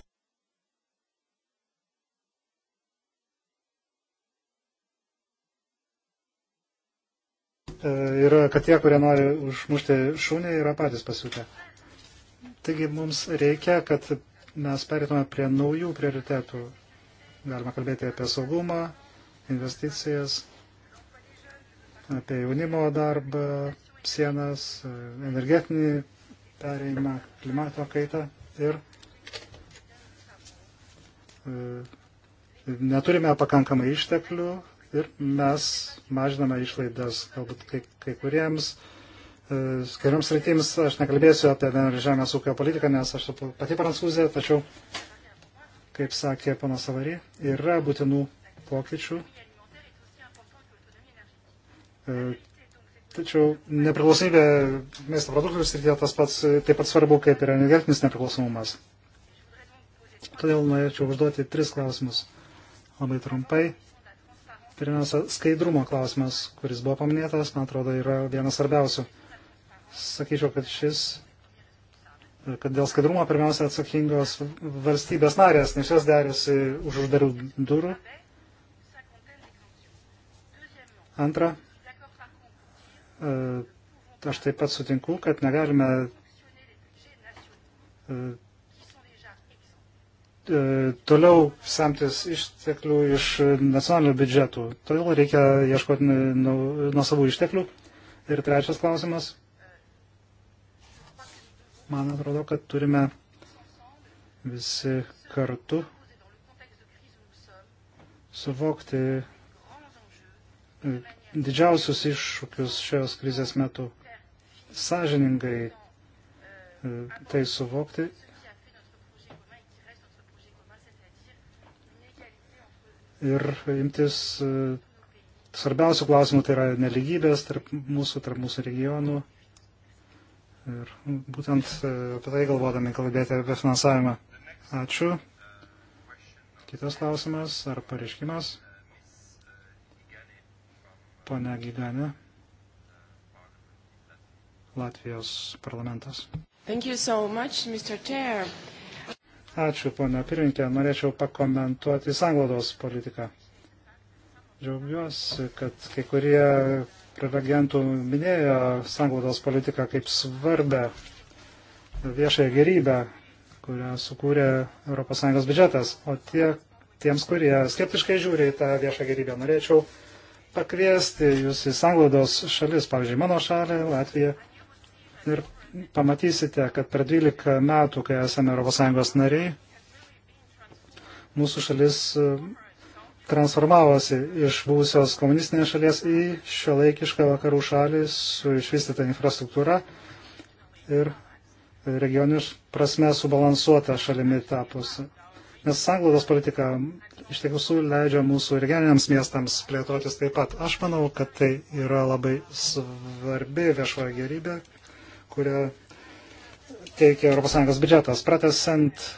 Ir e, kad tie, kurie nori užmušti šunį, yra patys pasiūtę. Taigi mums reikia, kad mes perėtume prie naujų prioritetų Galima kalbėti apie saugumą, investicijas, apie jaunimo darbą, sienas, energetinį pereimą, klimato kaitą ir e, neturime pakankamai išteklių ir mes mažiname išlaidas galbūt kai, kai kuriems. E, skiriams rytims aš nekalbėsiu apie žemės ūkio politiką, nes aš pati prancūzė, tačiau kaip sakė pana Savarė, yra būtinų pokyčių. E, tačiau nepriklausomybė maisto produktų srityje tas pats taip pat svarbu kaip ir energetinis nepriklausomumas. Todėl norėčiau užduoti tris klausimus labai trumpai. Pirmiausia, skaidrumo klausimas, kuris buvo paminėtas, man atrodo, yra vienas svarbiausių. Sakyčiau, kad šis kad dėl skaidrumo pirmiausia atsakingos valstybės narės, nes jos derėsi už uždarių durų. Antra, e, aš taip pat sutinku, kad negalime e, e, toliau semtis išteklių iš nacionalinių biudžetų. Todėl reikia ieškoti nuo savų išteklių. Ir trečias klausimas Man atrodo, kad turime visi kartu suvokti e, didžiausius iššūkius šios krizės metu. Sažiningai e, tai suvokti. Ir imtis e, svarbiausių klausimų, tai yra neligybės tarp mūsų, tarp mūsų regionų, Ir būtent e, apie tai galvodami kalbėti apie finansavimą. Ačiū. Kitas klausimas ar pareiškimas. Pone Giganė, Latvijos parlamentas. Thank you so much, Mr. Chair. Ačiū, ponia pirminkė. Norėčiau pakomentuoti sanglaudos politiką. Džiaugiuosi, kad kai kurie prelegentų minėjo sanglaudos politiką kaip svarbę viešąją gerybę, kurią sukūrė ES biudžetas. O tie, tiems, kurie skeptiškai žiūri į tą viešą gerybę, norėčiau pakviesti jūs į sanglaudos šalis, pavyzdžiui, mano šalį, Latviją. Ir pamatysite, kad per 12 metų, kai esame ES nariai, mūsų šalis transformavosi iš buvusios komunistinės šalies į šiuolaikišką vakarų šalį su išvystyta infrastruktūra ir regioniš prasme subalansuota šalimi tapus. Nes sanglaudos politika iš tiesų leidžia mūsų regioniniams miestams plėtotis taip pat. Aš manau, kad tai yra labai svarbi viešoji gerybė, kurią teikia ES biudžetas. Pratesant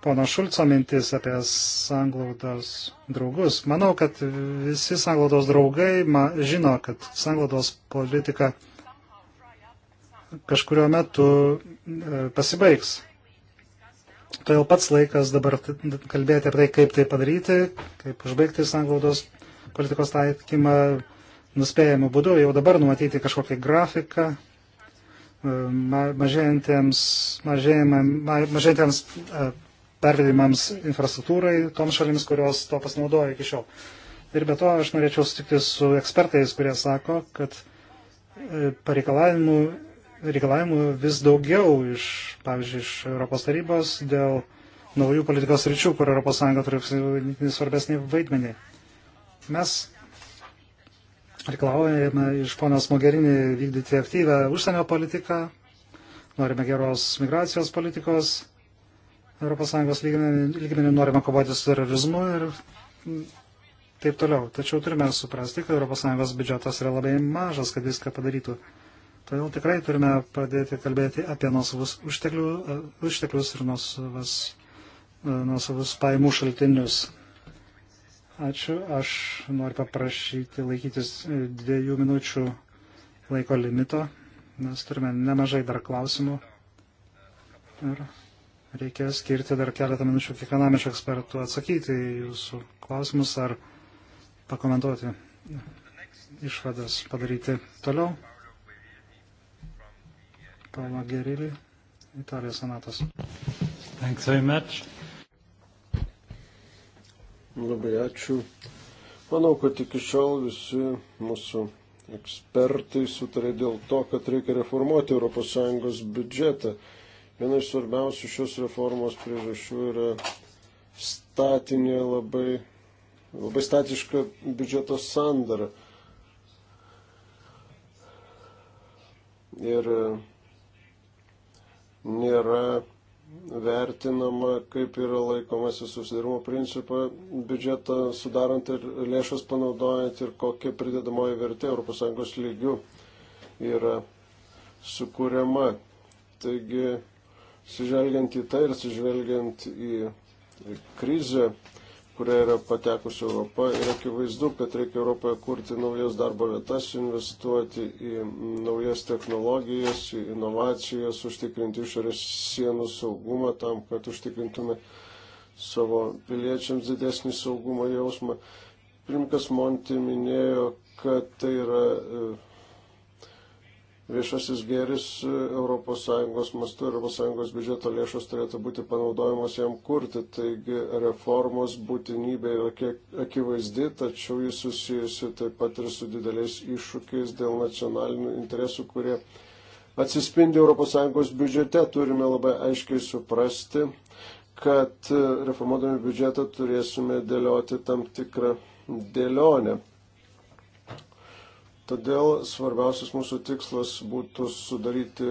pono Šulco mintis apie sanglaudos draugus. Manau, kad visi sanglaudos draugai ma, žino, kad sanglaudos politika kažkurio metu e, pasibaigs. Todėl pats laikas dabar kalbėti apie tai, kaip tai padaryti, kaip užbaigti sanglaudos politikos taikymą nuspėjamų būdų, jau dabar numatyti kažkokią grafiką, e, mažėjantiems, mažėjantiems e, pervedimams infrastruktūrai toms šalims, kurios to pasinaudoja iki šiol. Ir be to aš norėčiau sutikti su ekspertais, kurie sako, kad e, pareikalavimų reikalavimų vis daugiau iš, pavyzdžiui, iš Europos tarybos dėl naujų politikos ryčių, kur ES turi svarbesnį vaidmenį. Mes reikalaujame iš ponios Mogherini vykdyti aktyvę užsienio politiką, norime geros migracijos politikos, ES lygmenį norime kovoti su terorizmu ir taip toliau. Tačiau turime suprasti, kad ES biudžetas yra labai mažas, kad viską padarytų. Todėl tikrai turime pradėti kalbėti apie nuosavus išteklius ir nuosavus, nuosavus paimų šaltinius. Ačiū. Aš noriu paprašyti laikytis dviejų minučių laiko limito, nes turime nemažai dar klausimų. Ir reikia skirti dar keletą minučių kiekvienam iš ekspertų atsakyti į jūsų klausimus ar pakomentuoti išvadas padaryti toliau. Paula Gerilį, Italijos senatas. Thanks very much. Labai ačiū. Manau, kad iki šiol visi mūsų ekspertai sutarė dėl to, kad reikia reformuoti ES biudžetą. Viena iš svarbiausių šios reformos priežasčių yra statinė labai, labai statiška biudžeto sandara. Ir e, nėra vertinama, kaip yra laikomasi susidarimo principą biudžetą sudarant ir lėšas panaudojant ir kokia pridedamoji vertė ES lygių yra sukūriama. Taigi Sižvelgiant į tai ir sižvelgiant į krizę, kuria yra patekusi Europa, yra akivaizdu, kad reikia Europoje kurti naujas darbo vietas, investuoti į naujas technologijas, į inovacijas, užtikrinti išorės sienų saugumą tam, kad užtikrintume savo piliečiams didesnį saugumo jausmą. Pirmkas Monti minėjo, kad tai yra e, viešasis geris ES mastu ir ES biudžeto lėšos turėtų būti panaudojamos jam kurti. Taigi reformos būtinybė akivaizdi, tačiau jis susijusi taip pat ir su dideliais iššūkiais dėl nacionalinių interesų, kurie atsispindi ES biudžete. Turime labai aiškiai suprasti, kad e, reformuodami biudžetą turėsime dėlioti tam tikrą dėlionę Todėl svarbiausias mūsų tikslas būtų sudaryti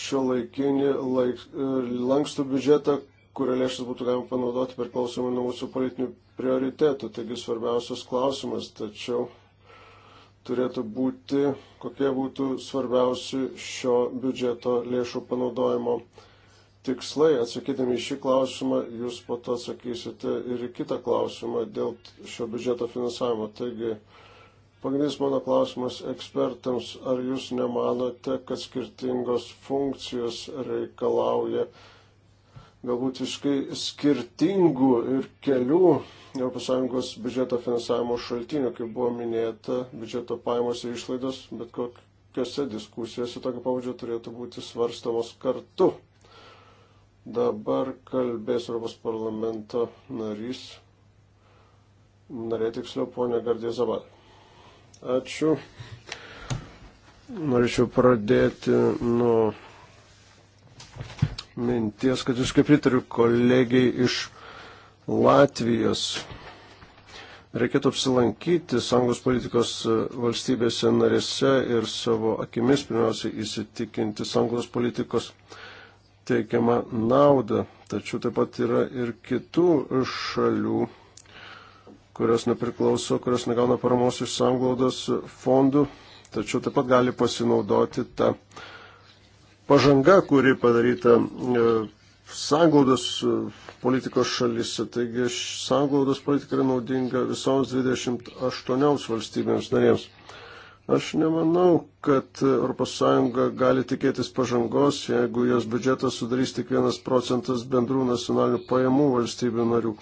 šio laikinį laik, lankstų biudžetą, kurio lėšas būtų galima panaudoti priklausomai nuo mūsų politinių prioritetų. Taigi svarbiausias klausimas, tačiau turėtų būti, kokie būtų svarbiausi šio biudžeto lėšų panaudojimo tikslai. Atsakydami į šį klausimą, jūs po to atsakysite ir į kitą klausimą dėl šio biudžeto finansavimo. Taigi, Pagrindinis mano klausimas ekspertams, ar jūs nemanote, kad skirtingos funkcijos reikalauja galbūt iškai skirtingų ir kelių ES biudžeto finansavimo šaltinių, kaip buvo minėta, biudžeto pajamos ir išlaidos, bet kokiuose diskusijose tokio pavadžio turėtų būti svarstamos kartu. Dabar kalbės Europos parlamento narys, narė tiksliau, ponė Gardė Zabalė. Ačiū. Norėčiau pradėti nuo minties, kad visiškai pritariu kolegiai iš Latvijos. Reikėtų apsilankyti sąjungos politikos valstybėse narėse ir savo akimis pirmiausiai įsitikinti sąjungos politikos teikiamą naudą. Tačiau taip pat yra ir kitų šalių kurios nepriklauso, kurios negauna paramos iš sanglaudos fondų, tačiau taip pat gali pasinaudoti tą pažanga, kuri padaryta e, sanglaudos e, politikos šalise. Taigi sanglaudos politika yra naudinga visoms 28 valstybėms narėms. Aš nemanau, kad ES gali tikėtis pažangos, jeigu jos biudžetas sudarys tik vienas procentas bendrų nacionalinių pajamų valstybių narių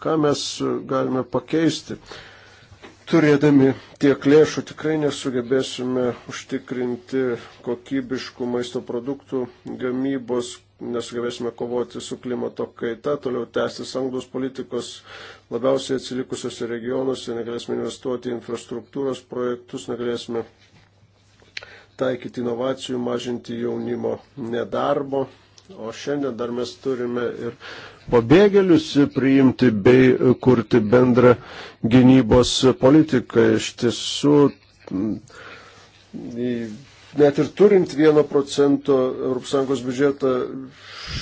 ką mes galime pakeisti. Turėdami tiek lėšų tikrai nesugebėsime užtikrinti kokybiškų maisto produktų gamybos, nesugebėsime kovoti su klimato kaita, toliau tęsti sanglos politikos labiausiai atsilikusiose regionuose, negalėsime investuoti į infrastruktūros projektus, negalėsime taikyti inovacijų, mažinti jaunimo nedarbo. O šiandien dar mes turime ir pabėgėlius priimti bei kurti bendrą gynybos politiką. Iš tiesų, net ir turint 1 procento ES biudžetą,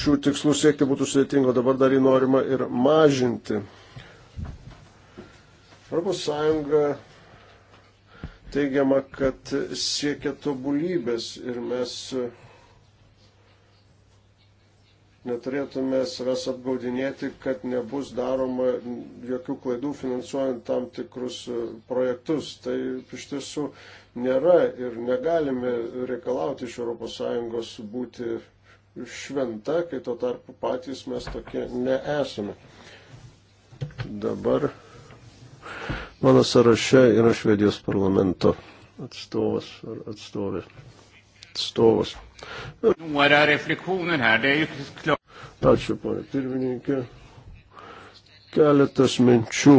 šių tikslų siekti būtų sudėtinga, dabar dar jį norima ir mažinti. ES teigiama, kad siekia tobulybės ir mes neturėtume savęs apgaudinėti, kad nebus daroma jokių klaidų finansuojant tam tikrus e, projektus. Tai iš tiesų nėra ir negalime reikalauti iš ES būti šventa, kai tuo tarpu patys mes tokie nesame. Dabar mano sąraše yra Švedijos parlamento atstovas ar atstovė. Atstovas. Ačiū, ponė pirmininkė. Keletas minčių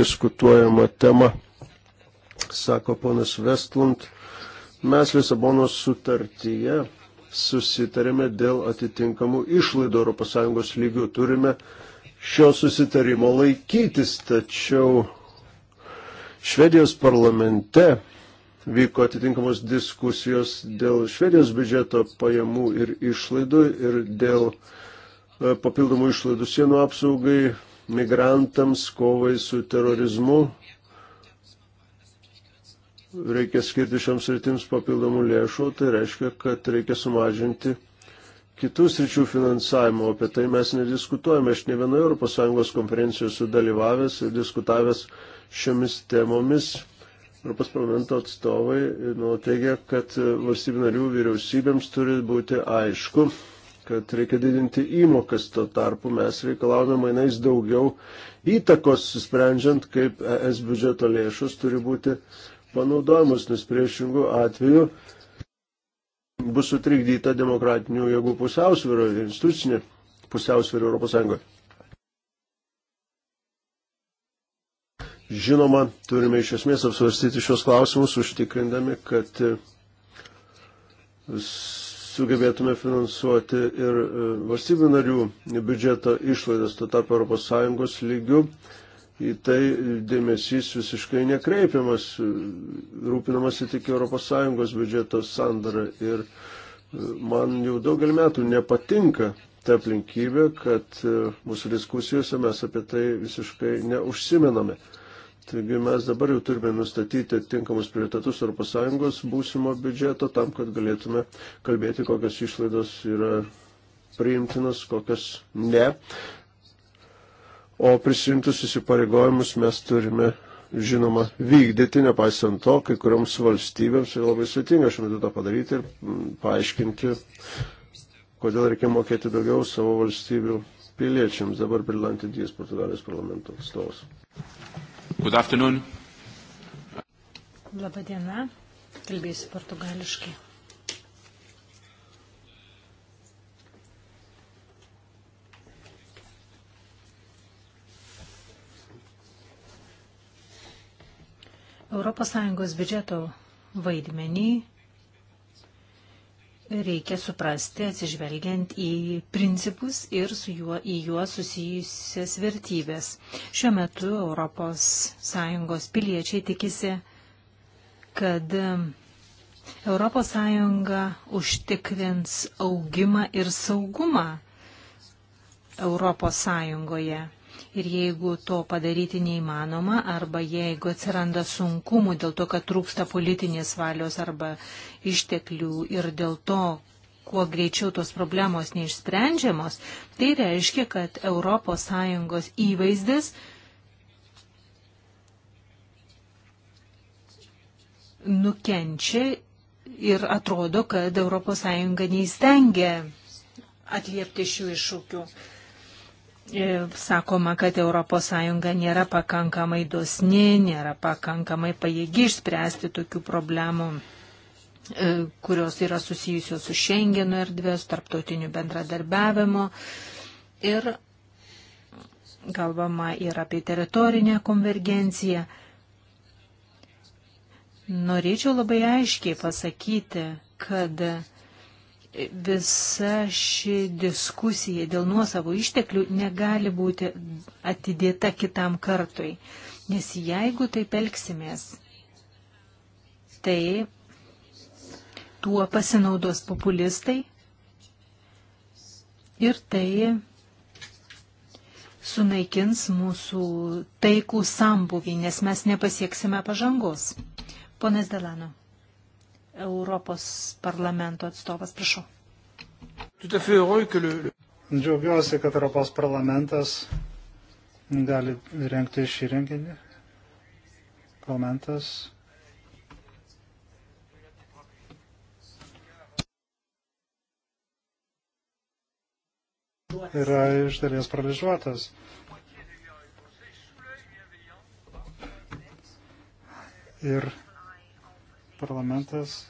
diskutuojama tema, sako ponas Vestlund. Mes Lisabonos sutartyje susitarėme dėl atitinkamų išlaidų ES lygių. Turime šio susitarimo laikytis, tačiau Švedijos parlamente vyko atitinkamos diskusijos dėl Švedijos biudžeto pajamų ir išlaidų ir dėl e, papildomų išlaidų sienų apsaugai, migrantams, kovai su terorizmu. Reikia skirti šioms rytims papildomų lėšų, tai reiškia, kad reikia sumažinti kitus ryčių finansavimo. Apie tai mes nediskutuojame. Aš ne vienoje ES konferencijoje sudalyvavęs ir diskutavęs šiomis temomis Europos parlamento atstovai nu, teigia, kad valstybių narių vyriausybėms turi būti aišku, kad reikia didinti įmokas. Tuo tarpu mes reikalavome mainais daugiau įtakos, sprendžiant, kaip ES biudžeto lėšos turi būti panaudojamos, nes priešingų atveju bus sutrikdyta demokratinių jėgų pusiausvyrą, institucinė pusiausvyrą Europos Sąjungoje. Žinoma, turime iš esmės apsvarstyti šios klausimus, užtikrindami, kad e, sugebėtume finansuoti ir e, valstybių narių biudžeto išlaidas, to tarp ES lygių. Į tai dėmesys visiškai nekreipiamas, rūpinamas tik ES biudžeto sandara. Ir e, man jau daugelį metų nepatinka ta aplinkybė, kad mūsų diskusijose mes apie tai visiškai neužsimename. Taigi mes dabar jau turime nustatyti tinkamus prioritetus ES būsimo biudžeto tam, kad galėtume kalbėti, kokias išlaidos yra priimtinas, kokias ne. O prisimtus įsipareigojimus mes turime, žinoma, vykdyti, nepaisant to, kai kurioms valstybėms yra labai sudėtinga šiuo metu tą padaryti ir mm, paaiškinti, kodėl reikia mokėti daugiau savo valstybių piliečiams. Dabar brilantintys Portugalijos parlamento atstovas. Good afternoon. Labą dieną. Kalbėsiu portugališkai. Europos Sąjungos biudžeto vaidmenį reikia suprasti atsižvelgiant į principus ir su juo, į juos susijusias vertybės. Šiuo metu ES piliečiai tikisi, kad um, ES užtikrins augimą ir saugumą ES. Ir jeigu to padaryti neįmanoma, arba jeigu atsiranda sunkumų dėl to, kad trūksta politinės valios arba išteklių ir dėl to, kuo greičiau tos problemos neišsprendžiamos, tai reiškia, kad ES įvaizdis nukenčia ir atrodo, kad ES neįstengia atliepti šių iššūkių. E, sakoma, kad ES nėra pakankamai dosni, nėra pakankamai pajėgi išspręsti tokių problemų, e, kurios yra susijusios su Schengeno erdvės, tarptautiniu bendradarbiavimu. Ir kalbama ir apie teritorinę konvergenciją. Norėčiau labai aiškiai pasakyti, kad visa ši diskusija dėl nuosavų išteklių negali būti atidėta kitam kartui. Nes jeigu taip elgsimės, tai tuo pasinaudos populistai ir tai sunaikins mūsų taikų sambuvį, nes mes nepasieksime pažangos. Ponas Delano. Europos parlamento atstovas. Prašau. Džiaugiuosi, kad Europos parlamentas gali rengti šį renginį. Komentas. Yra iš dalies paralyžiuotas. Ir parlamentas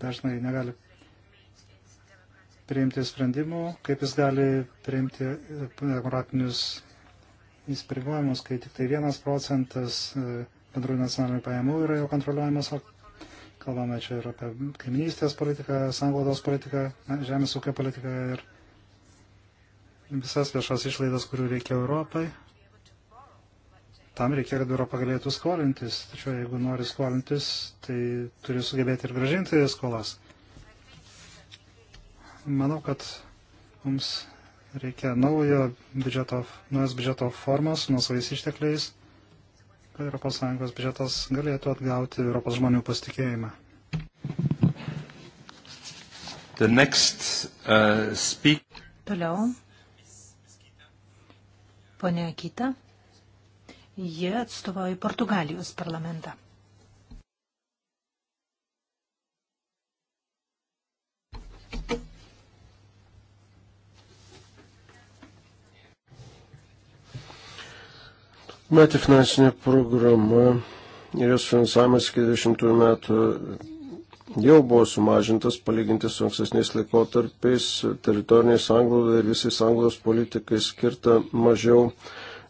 dažnai negali priimti sprendimų, kaip jis gali priimti demokratinius įsipareigojimus, kai tik tai vienas procentas e, bendrų nacionalinių pajamų yra jau kontroliuojamas, o kalbame čia ir apie kaiminystės politiką, sanglaudos politiką, žemės ūkio politiką ir visas viešas išlaidas, kurių reikia Europai. Tam reikia, kad Europa galėtų skolintis, tačiau jeigu nori skolintis, tai turi sugebėti ir gražinti skolas. Manau, kad mums reikia naujo biudžeto, naujos biudžeto formos, nuosavais ištekliais, kad ES biudžetas galėtų atgauti Europos žmonių pasitikėjimą. The next, uh, speak... Toliau. Pone Akita. Jie atstovauja Portugalijos parlamentą. Matė finansinė programa ir jos finansavimas iki 20 metų jau buvo sumažintas palyginti su ankstesniais laikotarpiais, teritoriniai sanglauda ir visai sanglaudos politikai skirta mažiau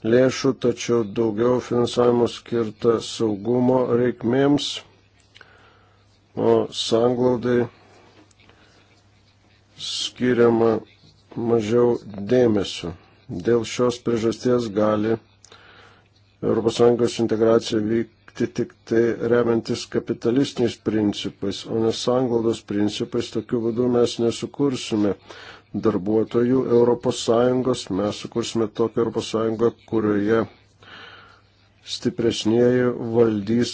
lėšų, tačiau daugiau finansavimo skirta saugumo reikmėms, o sanglaudai skiriama mažiau dėmesio. Dėl šios priežasties gali ES integracija vykti tik tai remiantis kapitalistiniais principais, o ne sanglaudos principais. Tokiu būdu mes nesukursime darbuotojų ES. Mes sukursime tokią ES, kurioje stipresnieji valdys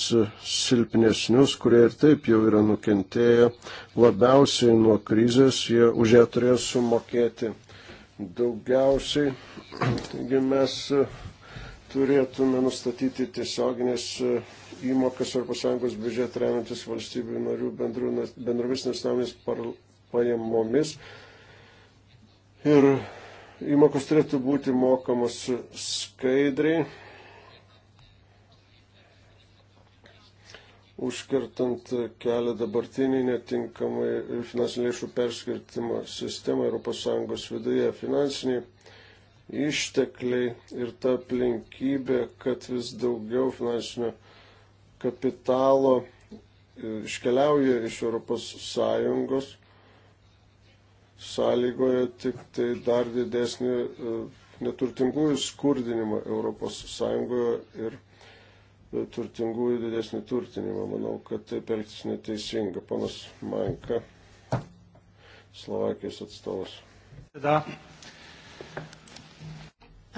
silpnesnius, kurie ir taip jau yra nukentėję labiausiai nuo krizės, jie už ją turės sumokėti daugiausiai. Taigi mes turėtume nustatyti tiesioginės įmokas Europos Sąjungos biudžetą remiantis valstybių narių bendromis nacionalinės pajamomis ir įmokos turėtų būti mokamos skaidriai, užkertant kelią dabartinį netinkamai finansinių lėšų perskirtimo sistemą ES viduje. Finansiniai ištekliai ir ta aplinkybė, kad vis daugiau finansinio kapitalo iškeliauja iš ES sąlygoja tik tai dar didesnį e, neturtingųjų skurdinimą Europos Sąjungoje ir e, turtingųjų didesnį turtinimą. Manau, kad taip elgtis neteisinga. Panas Manka, Slovakijos atstovas. Da.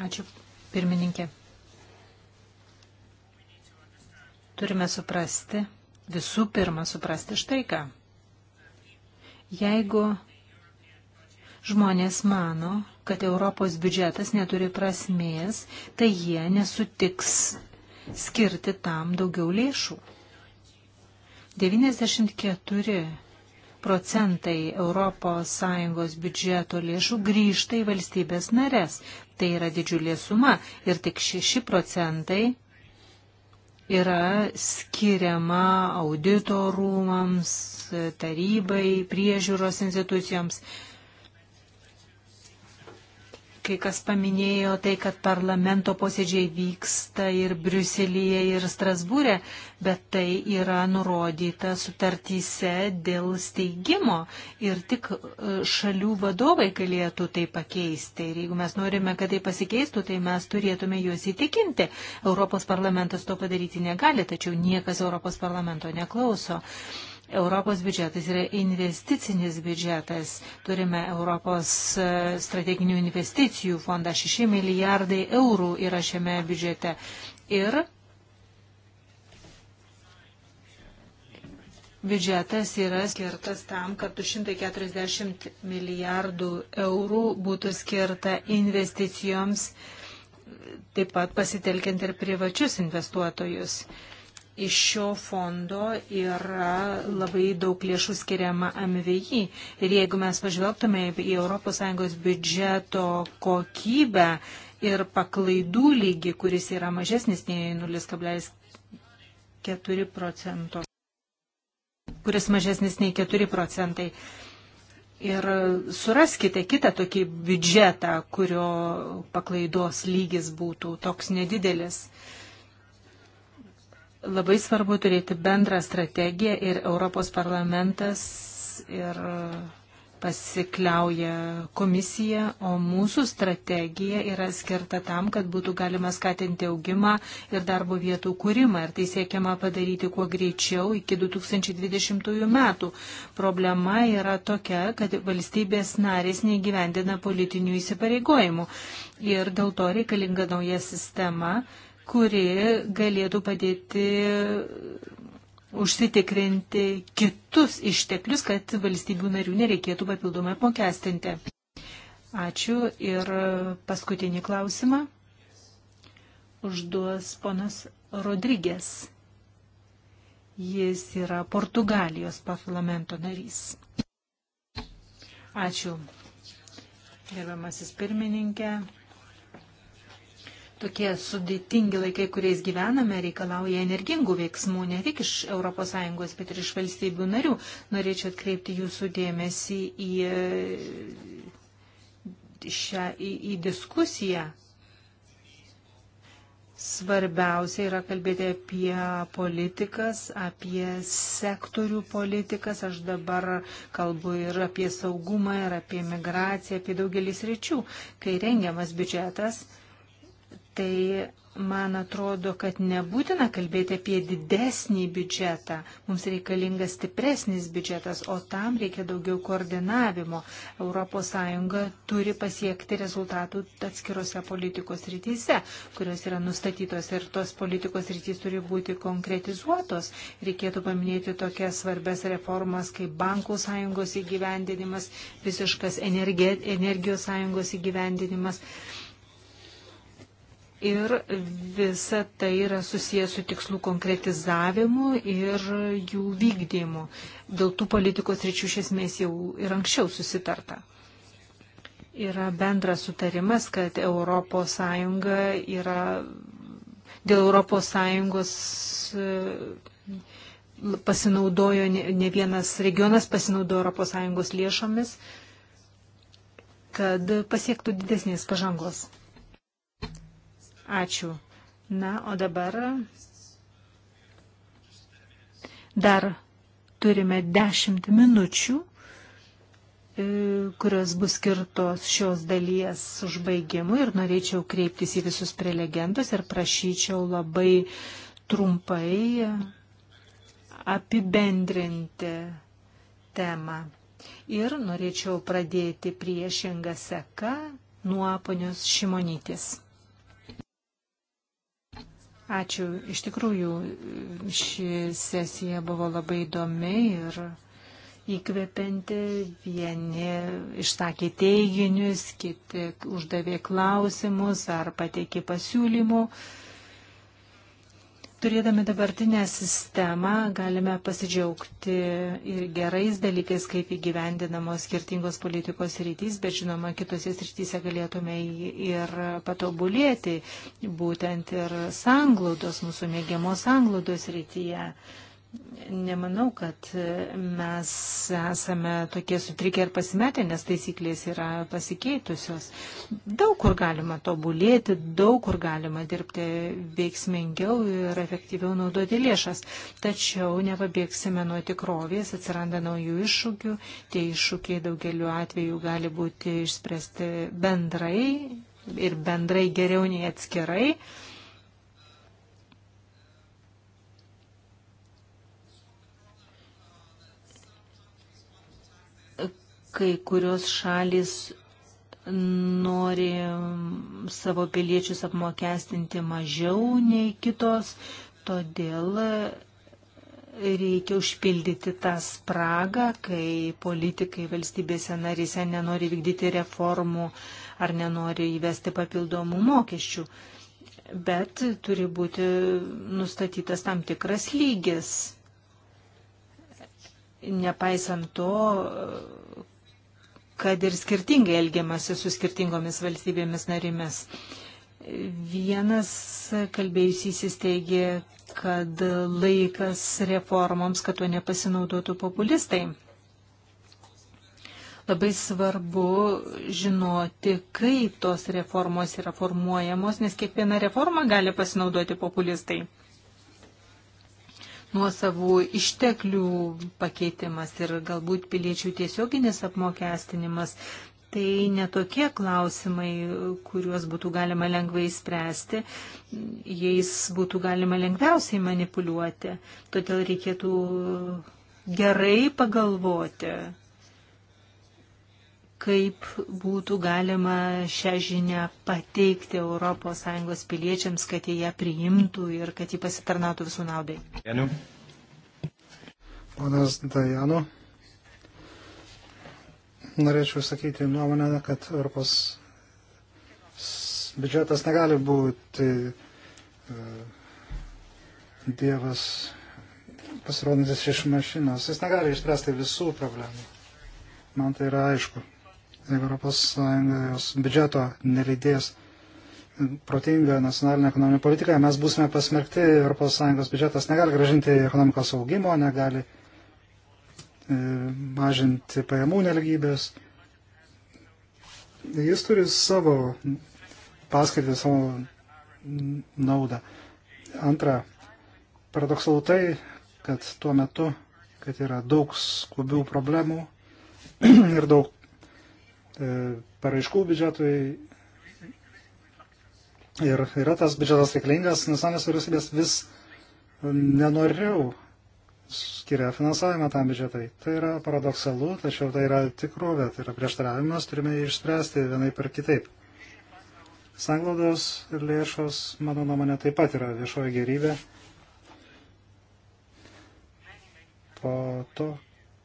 Ačiū, pirmininkė. Turime suprasti, visų pirma suprasti štai ką. Jeigu žmonės mano, kad Europos biudžetas neturi prasmės, tai jie nesutiks skirti tam daugiau lėšų. 94 procentai ES biudžeto lėšų grįžta į valstybės narės. Tai yra didžiulė suma ir tik 6 procentai yra skiriama auditorumams, tarybai, priežiūros institucijoms kai kas paminėjo tai, kad parlamento posėdžiai vyksta ir Briuselyje, ir Strasbūrė, bet tai yra nurodyta sutartyse dėl steigimo ir tik e, šalių vadovai galėtų tai pakeisti. Ir jeigu mes norime, kad tai pasikeistų, tai mes turėtume juos įtikinti. Europos parlamentas to padaryti negali, tačiau niekas Europos parlamento neklauso. Uh, Europos biudžetas yra investicinis biudžetas. Turime Europos e, strateginių investicijų fondą 6 milijardai eurų yra šiame biudžete. Ir biudžetas yra skirtas tam, kad 240 milijardų eurų būtų skirta investicijoms, taip pat pasitelkiant ir privačius investuotojus iš šio fondo yra labai daug lėšų skiriama MVI. Ir jeigu mes pažvelgtume į ES biudžeto kokybę ir paklaidų lygį, kuris yra mažesnis nei 0,4 procento, kuris mažesnis nei 4 procentai. Ir suraskite kitą tokį biudžetą, kurio paklaidos lygis būtų toks nedidelis. Uh, Labai svarbu turėti bendrą strategiją ir Europos parlamentas ir pasikliauja komisija, o mūsų strategija yra skirta tam, kad būtų galima skatinti augimą ir darbo vietų kūrimą. Ir tai siekiama padaryti kuo greičiau iki 2020 metų. Problema yra tokia, kad valstybės narės neįgyvendina politinių įsipareigojimų. Ir dėl to reikalinga nauja sistema kuri galėtų padėti užsitikrinti kitus išteklius, kad valstybių narių nereikėtų papildomai apmokestinti. Ačiū ir paskutinį klausimą užduos ponas Rodrygės. Jis yra Portugalijos parlamento narys. Ačiū. Gerbiamasis pirmininkė, Tokie sudėtingi laikai, kuriais gyvename, reikalauja energingų veiksmų ne tik iš ES, bet ir iš valstybių narių. Norėčiau atkreipti jūsų dėmesį į, e, šią, į, į diskusiją. Svarbiausia yra kalbėti apie politikas, apie sektorių politikas. Aš dabar kalbu ir apie saugumą, ir apie migraciją, apie daugelis ryčių. Kai rengiamas biudžetas, tai man atrodo, kad nebūtina kalbėti apie didesnį biudžetą. Mums reikalingas stipresnis biudžetas, o tam reikia daugiau koordinavimo. ES turi pasiekti rezultatų atskirose politikos rytise, kurios yra nustatytos ir tos politikos rytys turi būti konkretizuotos. Reikėtų paminėti tokias svarbes reformas kaip bankų sąjungos įgyvendinimas, visiškas energi, energijos sąjungos įgyvendinimas. Įgyvendinimas Ir visa tai yra susijęs su tikslų konkretizavimu ir jų vykdymu. Dėl tų politikos ryčių iš esmės jau ir anksčiau susitarta. Yra bendras sutarimas, kad ES yra dėl ES e, pasinaudojo, ne vienas regionas pasinaudojo ES lėšomis, kad pasiektų didesnės pažangos. Ačiū. Na, o dabar dar turime dešimt minučių, e, kurios bus skirtos šios dalies užbaigimui ir norėčiau kreiptis į visus prelegentus ir prašyčiau labai trumpai apibendrinti temą. Ir norėčiau pradėti priešingą seką nuo ponios Šimonytės. Ačiū. Iš tikrųjų, ši sesija buvo labai įdomi ir įkvepianti. Vieni išsakė teiginius, kiti uždavė klausimus ar pateikė pasiūlymų. Uh, Turėdami dabartinę sistemą galime pasidžiaugti ir gerais dalykais, kaip įgyvendinamos skirtingos politikos rytys, bet žinoma, kitose rytyse galėtume ir patobulėti, būtent ir sanglaudos, mūsų mėgiamos sanglaudos rytyje. Nemanau, kad mes esame tokie sutrikę ir pasimetę, nes taisyklės yra pasikeitusios. Daug kur galima tobulėti, daug kur galima dirbti veiksmingiau ir efektyviau naudoti lėšas. Tačiau nepabėgsime nuo tikrovės, atsiranda naujų iššūkių. Tie iššūkiai daugeliu atveju gali būti išspręsti bendrai ir bendrai geriau nei atskirai. kai kurios šalis nori savo piliečius apmokestinti mažiau nei kitos, todėl reikia užpildyti tą spragą, kai politikai valstybėse narise nenori vykdyti reformų ar nenori įvesti papildomų mokesčių. Bet turi būti nustatytas tam tikras lygis. Nepaisant to, kad ir skirtingai elgiamasi su skirtingomis valstybėmis narimis. Vienas kalbėjusysis teigė, kad laikas reformoms, kad to nepasinaudotų populistai. Labai svarbu žinoti, kaip tos reformos yra formuojamos, nes kiekviena reforma gali pasinaudoti populistai nuosavų išteklių pakeitimas ir galbūt piliečių tiesioginis apmokestinimas. Tai netokie klausimai, kuriuos būtų galima lengvai spręsti, jais būtų galima lengviausiai manipuliuoti. Todėl reikėtų gerai pagalvoti, kaip būtų galima šią žinią pateikti ES piliečiams, kad jie ją priimtų ir kad jį pasitarnautų visų naudai. Janu. Ponas Dajanu, norėčiau sakyti nuomonę, kad Europos biudžetas negali būti e, dievas pasirodantis iš mašinos. Jis negali išspręsti visų problemų. Man tai yra aišku. ES biudžeto nelydės protinga nacionalinė ekonominė politika, mes būsime pasmerkti, ES biudžetas negali gražinti ekonomikos augimo, negali e, mažinti pajamų nelygybės. Jis turi savo paskirtį, savo naudą. Antra, paradoksalu tai, kad tuo metu, kad yra daug skubių problemų [clears throat] ir daug E, paraiškų biudžetui. Ir yra tas biudžetas reikalingas, nacionalinės vyriausybės vis nenoriau skiria finansavimą tam biudžetai. Tai yra paradoksalu, tačiau tai yra tikrovė, tai yra prieštaravimas, turime išspręsti vienai per kitaip. Sanglaudos lėšos, mano nuomonė, taip pat yra viešoji gerybė. Po to,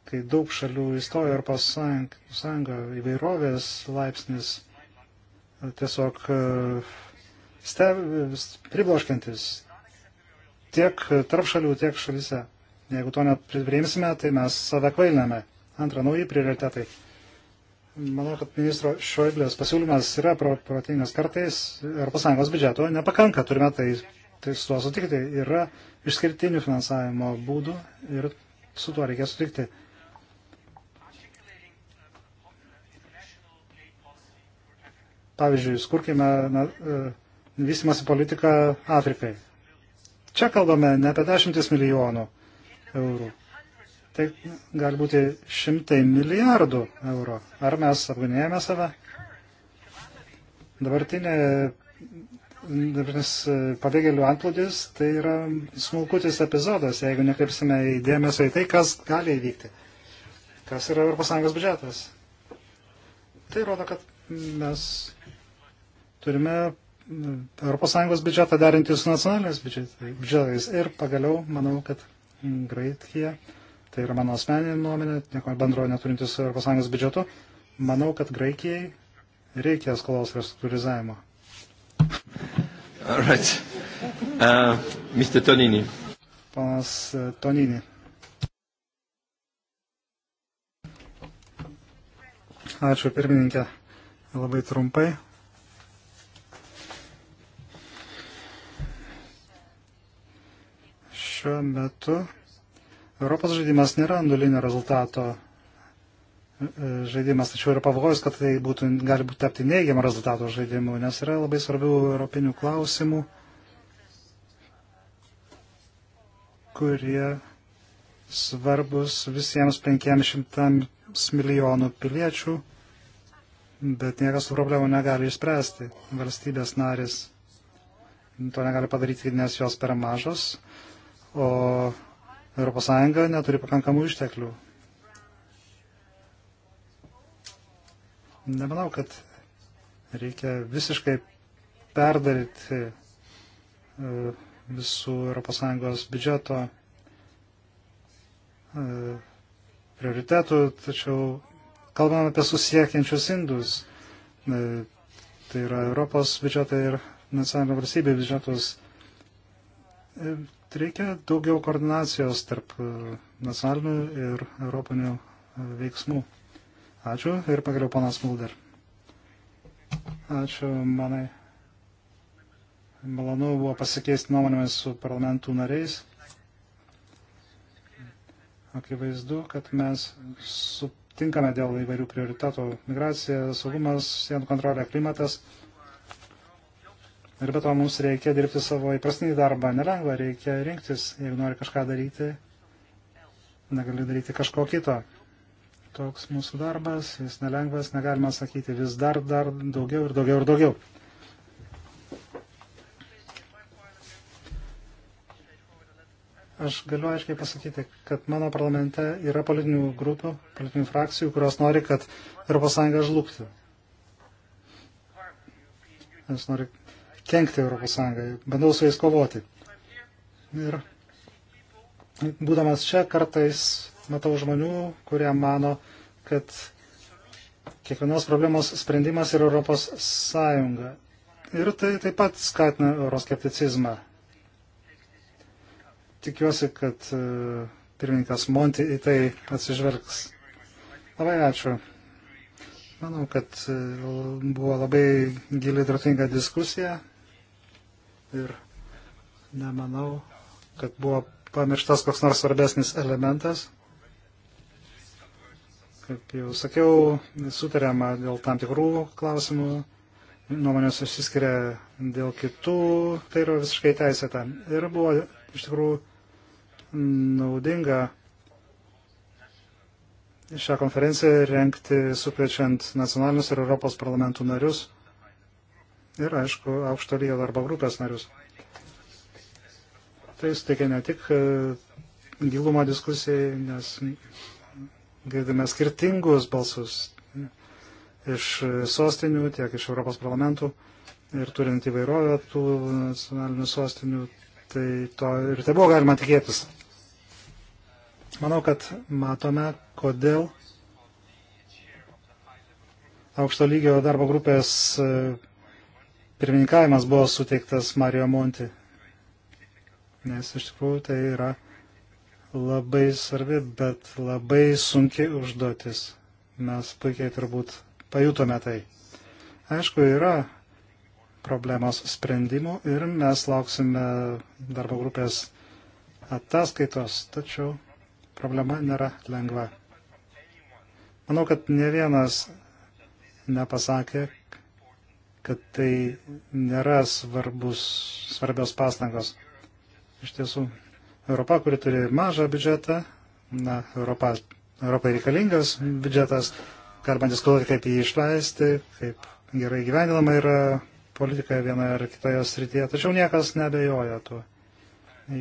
kai daug šalių įstojo Europos sąjungą, įvairovės laipsnis e, tiesiog e, steb, pribloškiantis tiek tarp šalių, tiek šalyse. Jeigu to nepriimsime, tai mes save kvailiname. Antra, nauji prioritetai. Manau, kad ministro Šoiblės pasiūlymas yra protingas kartais. ES biudžeto nepakanka, turime tai, tai su tuo sutikti. Yra išskirtinių finansavimo būdų ir su tuo reikia sutikti Pavyzdžiui, skurkime na, e, vystimosi politiką Afrikai. Čia kalbame ne apie dešimtis milijonų eurų. Tai gali būti šimtai milijardų eurų. Ar mes apganėjame save? Dabartinė dabartinis e, pabėgėlių antplūdis, tai yra smulkutis epizodas, jeigu nekreipsime į dėmesio į tai, kas gali įvykti, kas yra ES biudžetas. Tai rodo, kad mes Turime ES biudžetą derinti su nacionaliniais biudžetais. Ir pagaliau manau, kad Graikija, tai yra mano asmeninė nuomenė, nieko bendro neturinti su ES biudžetu, manau, kad Graikijai reikia skolos restruktūrizavimo. Right. Uh, Mr. Tonini. Panas e, Tonini. Ačiū pirmininkė. Labai trumpai. šiuo metu Europos žaidimas nėra nulinio rezultato e, e, žaidimas, tačiau yra pavojus, kad tai būtų, gali būti tapti neigiamą rezultato žaidimu, nes yra labai svarbių europinių klausimų, kurie svarbus visiems 500 milijonų piliečių, bet niekas tų problemų negali išspręsti. Valstybės narės to negali padaryti, nes jos per mažos o ES neturi pakankamų išteklių. Nemanau, kad reikia visiškai perdaryti e, visų ES biudžeto e, prioritetų, tačiau kalbame apie susiekiančius indus. E, tai yra Europos biudžetą ir nacionalinių valstybių biudžetus reikia daugiau koordinacijos tarp e, nacionalinių ir europinių e, veiksmų. Ačiū ir pagaliau panas Mulder. Ačiū, manai. Malonu buvo pasikeisti nuomonėmis su parlamentų nariais. Akivaizdu, kad mes sutinkame dėl įvairių prioritetų - migracija, saugumas, sienų kontrolė, klimatas. Ir be to mums reikia dirbti savo įprastinį darbą. Nelengva, reikia rinktis. Jeigu nori kažką daryti, negali daryti kažko kito. Toks mūsų darbas, jis nelengvas, negalima sakyti vis dar, dar daugiau ir daugiau ir daugiau. Aš galiu aiškiai pasakyti, kad mano parlamente yra politinių grupių, politinių frakcijų, kurios nori, kad ES žlugtų. Jis nori kenkti ES. Bandau su jais kovoti. Ir būdamas čia kartais matau žmonių, kurie mano, kad kiekvienos problemos sprendimas yra ES. Ir tai taip pat skatina euroskepticizmą. Tikiuosi, kad e, pirmininkas Monti į tai atsižvelgs. Labai ačiū. Manau, kad e, buvo labai gili, dratinga diskusija ir nemanau, kad buvo pamirštas koks nors svarbesnis elementas. Kaip jau sakiau, sutariama dėl tam tikrų klausimų, nuomonės susiskiria dėl kitų, tai yra visiškai teisėta. Ir buvo iš tikrųjų naudinga šią konferenciją renkti sukviečiant nacionalinius ir Europos parlamentų narius ir, aišku, aukšto lygio darbo grupės narius. Tai suteikia ne tik e, gilumo diskusijai, nes girdime skirtingus balsus iš sostinių, tiek iš Europos parlamentų ir turint įvairovę tų nacionalinių sostinių, tai to ir tai buvo galima tikėtis. Manau, kad matome, kodėl aukšto lygio darbo grupės e, pirmininkavimas buvo suteiktas Mario Monti, nes iš tikrųjų tai yra labai svarbi, bet labai sunki užduotis. Mes puikiai turbūt pajutome tai. Aišku, yra problemos sprendimų ir mes lauksime darbo grupės ataskaitos, tačiau problema nėra lengva. Manau, kad ne vienas nepasakė, kad tai nėra svarbus, svarbios pastangos. Iš tiesų, Europa, kuri turi mažą biudžetą, na, Europa, Europai reikalingas biudžetas, galima diskutuoti, kaip jį išleisti, kaip gerai gyvenama yra politika vienoje ar kitoje srityje, tačiau niekas nebejoja tuo,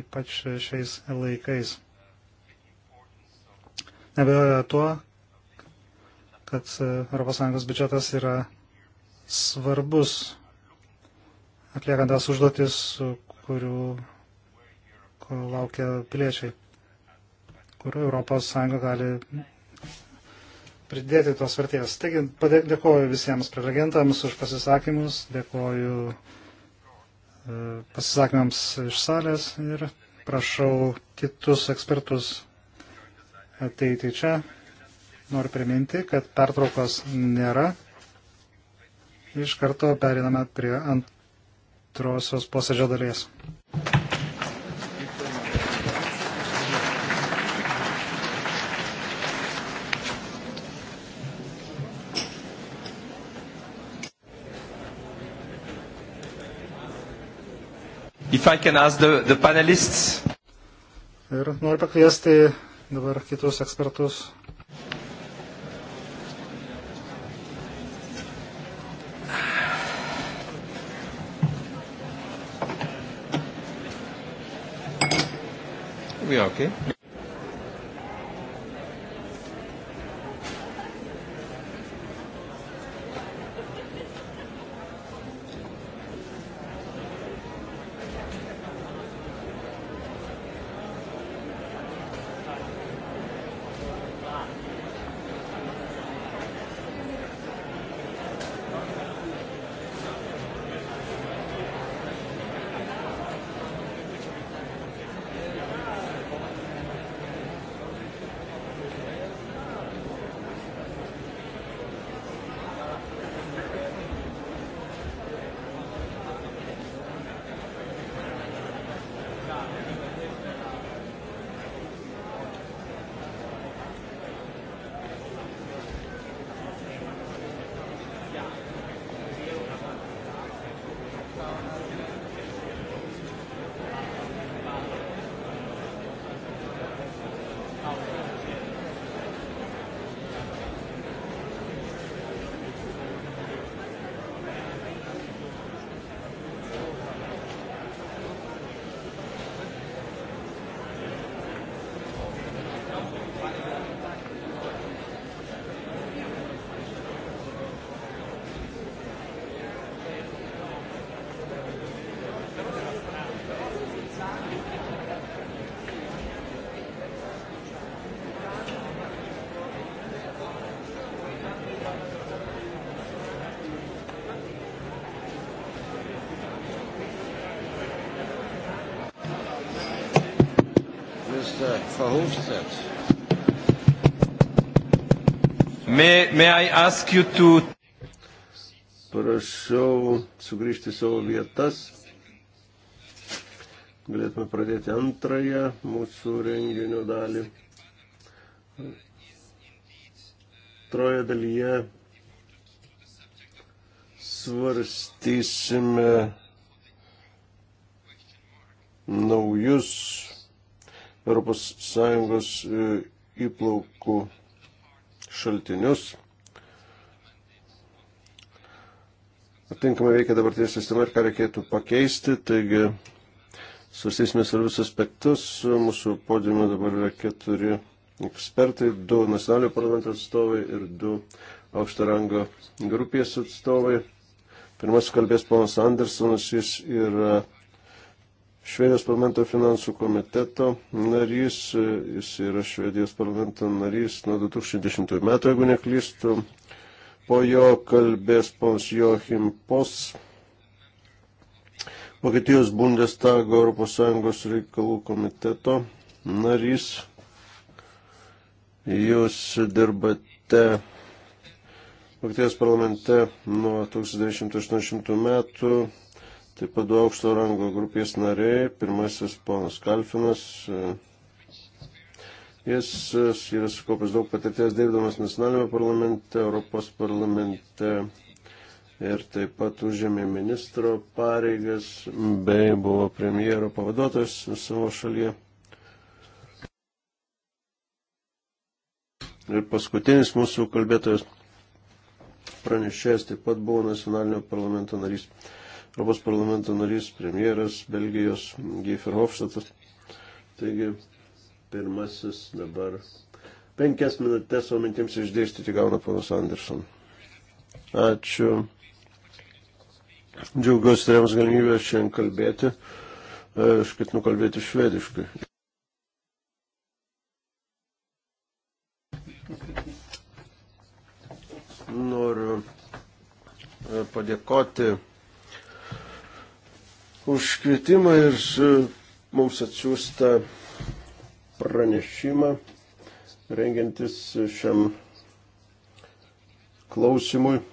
ypač šiais laikais. Nebejoja tuo, kad ES biudžetas yra svarbus atliekant tas užduotis, kurių kur laukia piliečiai, kur ES gali pridėti tos vertės. Taigi, dėkoju visiems prelegentams už pasisakymus, dėkoju e, pasisakymams iš salės ir prašau kitus ekspertus ateiti čia. Noriu priminti, kad pertraukos nėra. Iš karto periname prie antrosios posėdžio dalies. If I can ask the, the panelists. Ir noriu pakviesti dabar kitus ekspertus We are okay. Verhofstadt. May, may I ask you to... Prašau sugrįžti savo vietas. Galėtume pradėti antrąją mūsų renginio dalį. Troje dalyje svarstysime naujus ES e, įplaukų šaltinius. Atinkamai veikia dabartinė sistema ir ką reikėtų pakeisti. Taigi, svarstysime svarbius aspektus. Mūsų podiume dabar yra keturi ekspertai, du nacionalinio parlamento atstovai ir du aukšto rango grupės atstovai. Pirmasis kalbės ponas Andersonas, jis yra Švedijos parlamento finansų komiteto narys, jis yra Švedijos parlamento narys nuo 2010 metų, jeigu neklystu. Po jo kalbės pons Joachim Pos, Vokietijos Bundestago ES reikalų komiteto narys. Jūs dirbate Vokietijos parlamente nuo 1980 metų Taip pat du aukšto rango grupės nariai, pirmasis ponas Kalfinas, jis yra sukaupęs daug patirties dirbdamas nacionalinėme parlamente, Europos parlamente ir taip pat užėmė ministro pareigas bei buvo premjero pavaduotojas savo šalyje. Ir paskutinis mūsų kalbėtojas pranešėjas taip pat buvo nacionalinio parlamento narys. Europos parlamento narys, premjeras Belgijos Geifer Hofštatas. Taigi, pirmasis dabar penkias minutės savo mintims išdėstyti gauna ponas Anderson. Ačiū. Džiaugiuosi turėjams galimybę šiandien kalbėti. E, aš ketinu kalbėti švediškai. Noriu e, padėkoti už kvietimą ir mums atsiųstą pranešimą rengiantis šiam klausimui.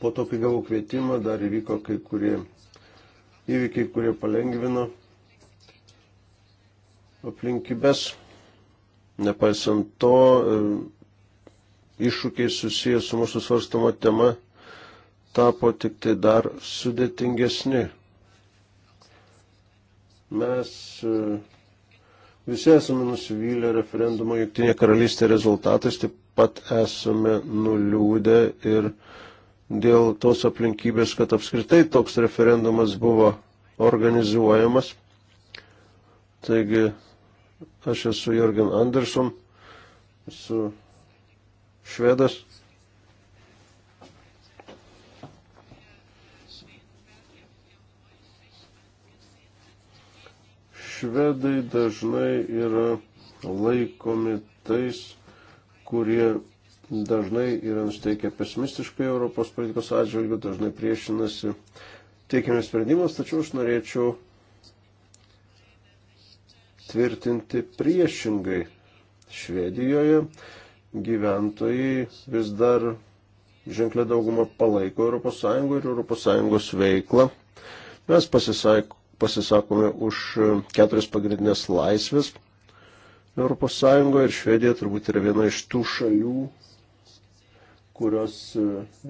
Po to, kai gavau kvietimą, dar įvyko kai kurie įvykiai, kurie palengvino aplinkybės. Nepaisant to, iššūkiai susijęs su mūsų svarstama tema tapo tik tai dar sudėtingesni. Mes e, visi esame nusivylę referendumo Junktinė karalystė rezultatais, taip pat esame nuliūdę ir dėl tos aplinkybės, kad apskritai toks referendumas buvo organizuojamas. Taigi aš esu Jorgen Anderson, esu švedas. Švedai dažnai yra laikomi tais, kurie dažnai yra nusteikę pesimistiškai Europos politikos atžvilgių, dažnai priešinasi teikiamiems sprendimas, tačiau aš norėčiau tvirtinti priešingai Švedijoje gyventojai vis dar ženklė daugumą palaiko ES ir ES veiklą. Mes pasisaik, pasisakome už keturias pagrindinės laisvės ES ir Švedija turbūt yra viena iš tų šalių, kurios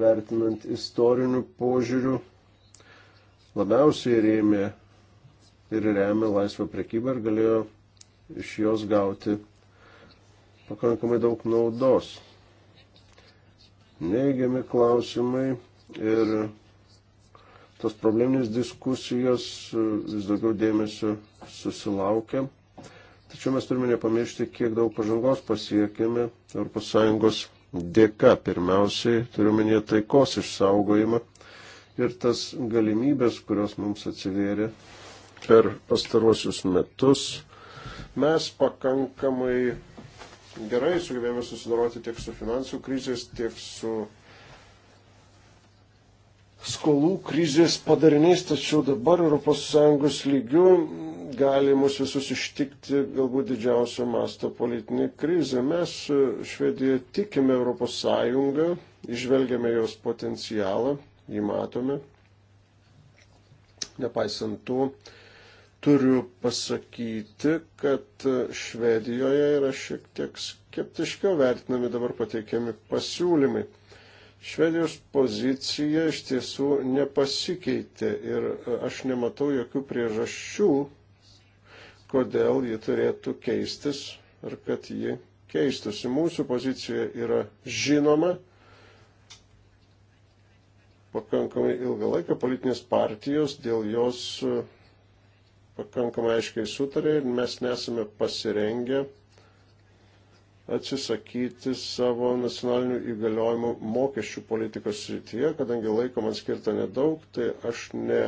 vertinant istoriniu požiūriu labiausiai rėmė ir remia laisvą prekybą ir galėjo iš jos gauti pakankamai daug naudos. Neigiami klausimai ir tos probleminės diskusijos e, vis daugiau dėmesio susilaukia. Tačiau mes turime nepamiršti, kiek daug pažangos pasiekėme ES dėka. Pirmiausiai turiu minėti taikos išsaugojimą ir tas galimybės, kurios mums atsivėrė per pastaruosius metus. Mes pakankamai gerai sugebėjome susidoroti tiek su finansų krizės, tiek su skolų krizės padariniais, tačiau dabar ES lygių gali mus visus ištikti galbūt didžiausio masto politinė krizė. Mes Švedijoje tikime ES, išvelgiame jos potencialą, jį matome. Nepaisant to, turiu pasakyti, kad Švedijoje yra šiek tiek skeptiškiau vertinami dabar pateikiami pasiūlymai. Švedijos pozicija iš tiesų nepasikeitė ir aš nematau jokių priežasčių, kodėl ji turėtų keistis ar kad ji keistusi. Mūsų pozicija yra žinoma pakankamai ilgą laiką politinės partijos dėl jos uh, pakankamai aiškiai sutarė ir mes nesame pasirengę atsisakyti savo nacionalinių įgaliojimų mokesčių politikos srityje, kadangi laiko man skirta nedaug, tai aš ne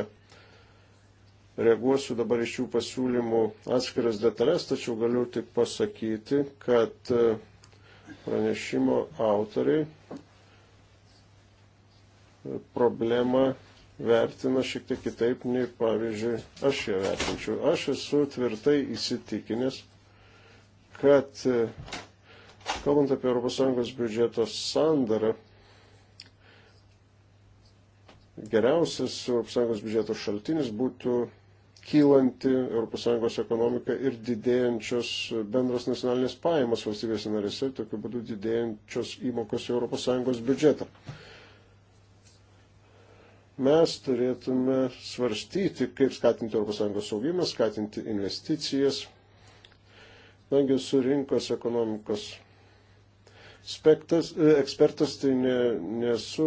reaguosiu dabar iš jų pasiūlymų atskiras detalės, tačiau galiu tik pasakyti, kad e, pranešimo autoriai e, problemą vertina šiek tiek kitaip, nei pavyzdžiui aš ją vertinčiau. Aš esu tvirtai įsitikinęs, kad e, kalbant apie ES biudžeto sandarą, geriausias ES biudžeto šaltinis būtų kylanti ES ekonomika ir didėjančios bendros nacionalinės pajamos valstybės narėse, tokiu būdu didėjančios įmokos į ES biudžetą mes turėtume svarstyti, kaip skatinti ES augimą, skatinti investicijas, kadangi su rinkos ekonomikos spektas, e, ekspertas, tai ne, nesu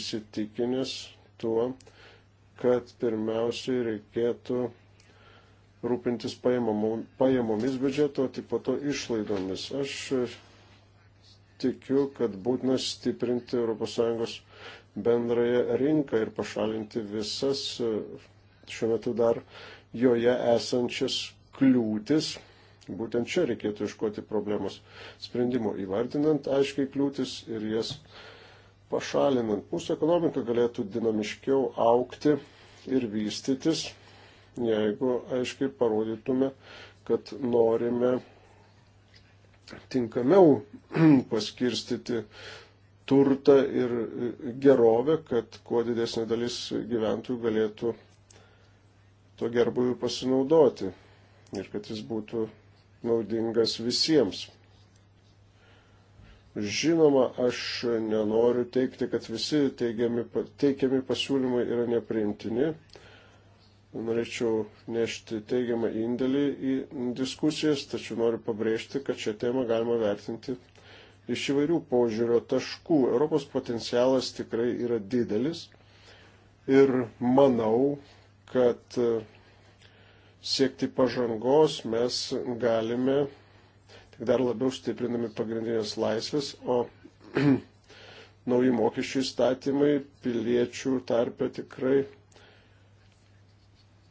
įsitikinęs tuo, kad pirmiausiai reikėtų rūpintis pajamomis biudžeto, tik po to išlaidomis. Aš tikiu, kad būtina stiprinti ES bendrąją rinką ir pašalinti visas e, šiuo metu dar joje esančias kliūtis. Būtent čia reikėtų iškoti problemos sprendimo, įvardinant aiškiai kliūtis ir jas pašalinant. Mūsų ekonomika galėtų dinamiškiau aukti ir vystytis, jeigu aiškiai parodytume, kad norime tinkamiau [clears throat] paskirstyti turtą ir gerovę, kad kuo didesnė dalis gyventojų galėtų to gerbuviu pasinaudoti ir kad jis būtų naudingas visiems. Žinoma, aš nenoriu teikti, kad visi teigiami, teikiami pasiūlymai yra nepriimtini. Norėčiau nešti teigiamą indėlį į diskusijas, tačiau noriu pabrėžti, kad šią temą galima vertinti iš įvairių požiūrio taškų. Europos potencialas tikrai yra didelis ir manau, kad e, siekti pažangos mes galime tik dar labiau stiprindami pagrindinės laisvės, o [clears throat] nauji mokesčių įstatymai piliečių tarpe tikrai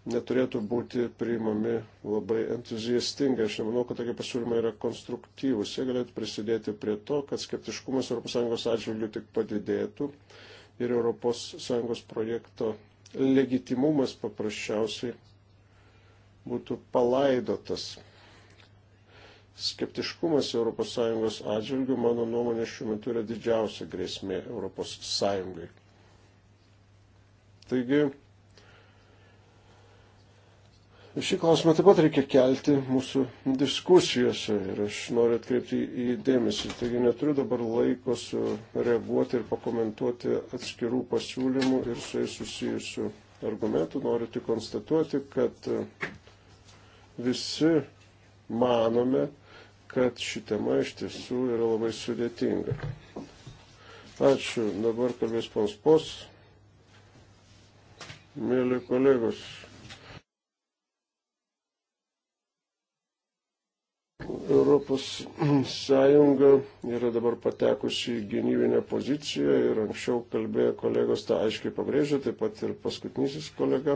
neturėtų būti priimami labai entuziastingai. Aš nemanau, kad tokie pasiūlymai yra konstruktyvūs. Jie galėtų prisidėti prie to, kad skeptiškumas ES atžvilgių tik padidėtų ir ES projekto legitimumas paprasčiausiai būtų palaidotas. Skeptiškumas ES atžvilgių, mano nuomonė, šiuo metu yra didžiausia grėsmė ES. Taigi, Šį klausimą taip pat reikia kelti mūsų diskusijose ir aš noriu atkreipti į dėmesį. Taigi neturiu dabar laiko reaguoti ir pakomentuoti atskirų pasiūlymų ir su jais susijusių argumentų. Noriu tik konstatuoti, kad e, visi manome, kad ši tema iš tiesų yra labai sudėtinga. Ačiū. Dabar kalbės pons pos. Mėly kolegos. Europos Sąjunga yra dabar patekusi į gynybinę poziciją ir anksčiau kalbėjo kolegos tą aiškiai pabrėžė, taip pat ir paskutinysis kolega.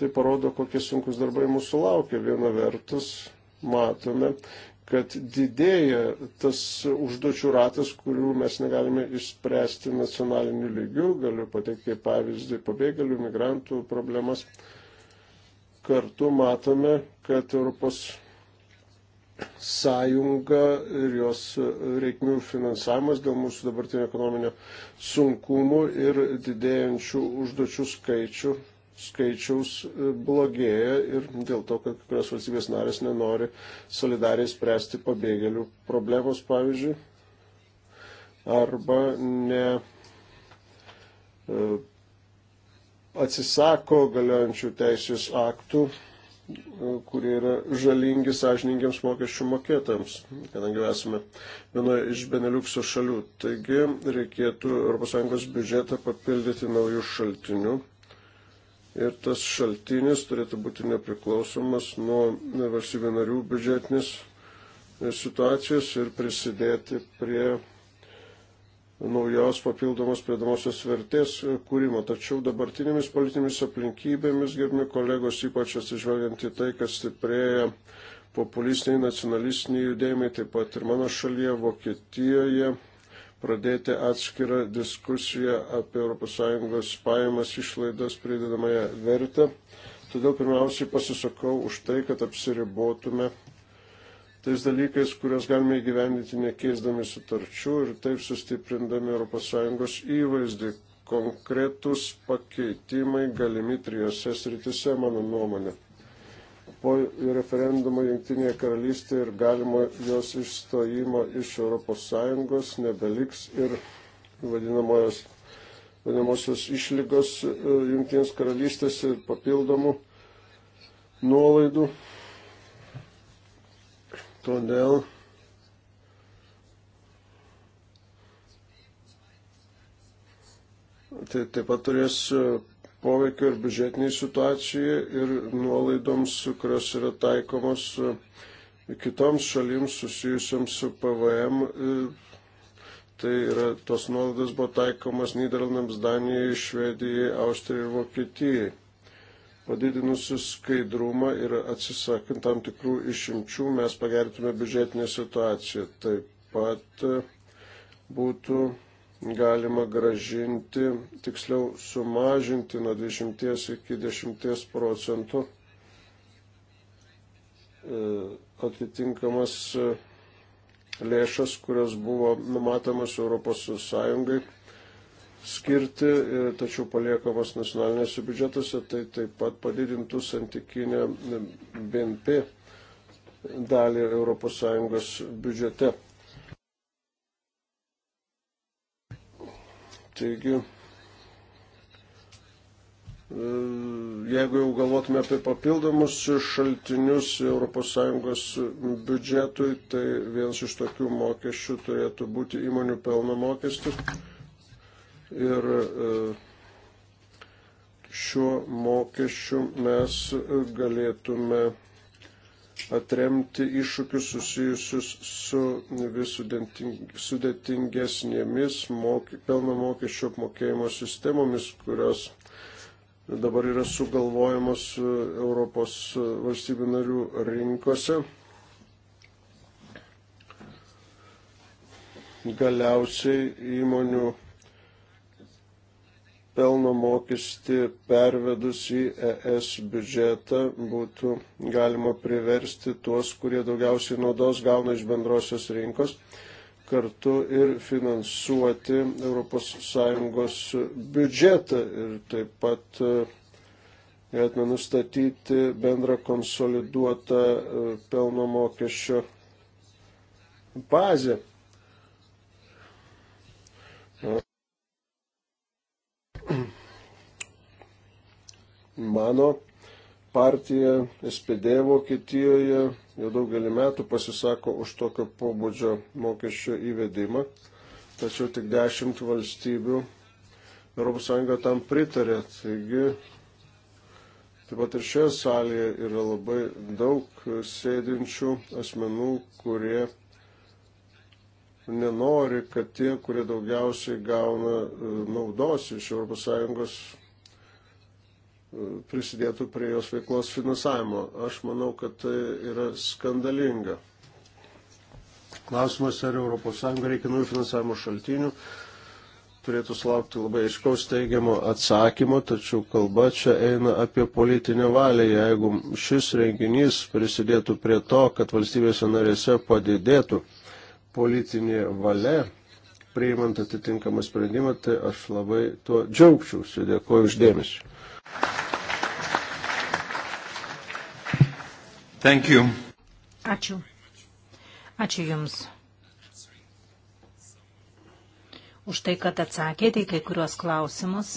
Tai parodo, kokie sunkus darbai mūsų laukia. Viena vertus matome, kad didėja tas užduočių ratas, kurių mes negalime išspręsti nacionaliniu lygiu. Galiu pateikti pavyzdį pabėgėlių, migrantų problemas. Kartu matome, kad Europos sąjunga ir jos reikmių finansavimas dėl mūsų dabartinio ekonominio sunkumų ir didėjančių užduočių skaičių, skaičiaus e, blogėja ir dėl to, kad kurios valstybės narės nenori solidariai spręsti pabėgėlių problemos, pavyzdžiui, arba ne e, atsisako galiojančių teisės aktų kurie yra žalingi sąžiningiams mokesčių mokėtams, kadangi esame vienoje iš Beneliukso šalių. Taigi reikėtų ES biudžetą papildyti naujų šaltinių. Ir tas šaltinis turėtų būti nepriklausomas nuo valstybių narių biudžetinės situacijos ir prisidėti prie naujos papildomos pridamosios vertės kūrimo. Tačiau dabartinėmis politinėmis aplinkybėmis, gerbimi kolegos, ypač atsižvelgiant į tai, kas stiprėja populistiniai, nacionalistiniai judėjimai, taip pat ir mano šalyje, Vokietijoje, pradėti atskirą diskusiją apie ES pajamas, išlaidas, pridedamąją vertę. Todėl pirmiausiai pasisakau už tai, kad apsiribotume tais dalykais, kuriuos galime įgyvendinti nekeisdami sutarčių ir taip sustiprindami ES įvaizdį. Konkretus pakeitimai galimi trijose sritise, mano nuomonė. Po referendumo Junktinėje karalystėje ir galimo jos išstojimo iš ES nebeliks ir vadinamosios, vadinamosios išlygos e, Junktinės karalystės ir papildomų nuolaidų todėl tai taip pat turės poveikio ir biudžetiniai situacijai ir nuolaidoms, kurios yra taikomos kitoms šalims susijusiams su PVM. Tai yra, tos nuolaidos buvo taikomas Niderlandams, Danijai, Švedijai, Austrijai ir Vokietijai. Padidinus skaidrumą ir atsisakant tam tikrų išimčių, mes pagertume biudžetinę situaciją. Taip pat e, būtų galima gražinti, tiksliau sumažinti nuo 20 iki 10 procentų e, atitinkamas e, lėšas, kurios buvo numatomas Europos Sąjungai skirti, e, tačiau paliekamos nacionalinėse biudžetuose, tai taip pat padidintų santykinę e, BNP dalį ES biudžete. Taigi, e, jeigu jau galvotume apie papildomus šaltinius ES biudžetui, tai vienas iš tokių mokesčių turėtų būti įmonių pelno mokestis. Ir e, šiuo mokesčiu mes galėtume atremti iššūkius susijusius su vis sudėtingesnėmis mok, pelno mokesčio apmokėjimo sistemomis, kurios dabar yra sugalvojamos Europos valstybių narių rinkose. Galiausiai įmonių pelno mokestį pervedus į ES biudžetą būtų galima priversti tuos, kurie daugiausiai naudos gauna iš bendrosios rinkos, kartu ir finansuoti ES biudžetą ir taip pat e, galėtume nustatyti bendrą konsoliduotą e, pelno mokesčio bazę. mano partija SPD Vokietijoje jau daugelį metų pasisako už tokio pobūdžio mokesčio įvedimą, tačiau tik dešimt valstybių ES tam pritarė. Taigi, taip pat ir šioje salėje yra labai daug sėdinčių asmenų, kurie nenori, kad tie, kurie daugiausiai gauna e, naudos iš ES prisidėtų prie jos veiklos finansavimo. Aš manau, kad tai yra skandalinga. Klausimas, ar ES reikia naujų finansavimo šaltinių, turėtų sulaukti labai aiškaus teigiamo atsakymo, tačiau kalba čia eina apie politinę valią. Jeigu šis renginys prisidėtų prie to, kad valstybėse narėse padidėtų politinė valia, priimant atitinkamą sprendimą, tai aš labai tuo džiaugčiausi. Dėkuoju uždėmesi. Ačiū. Ačiū Jums už tai, kad atsakėte į kai kuriuos klausimus.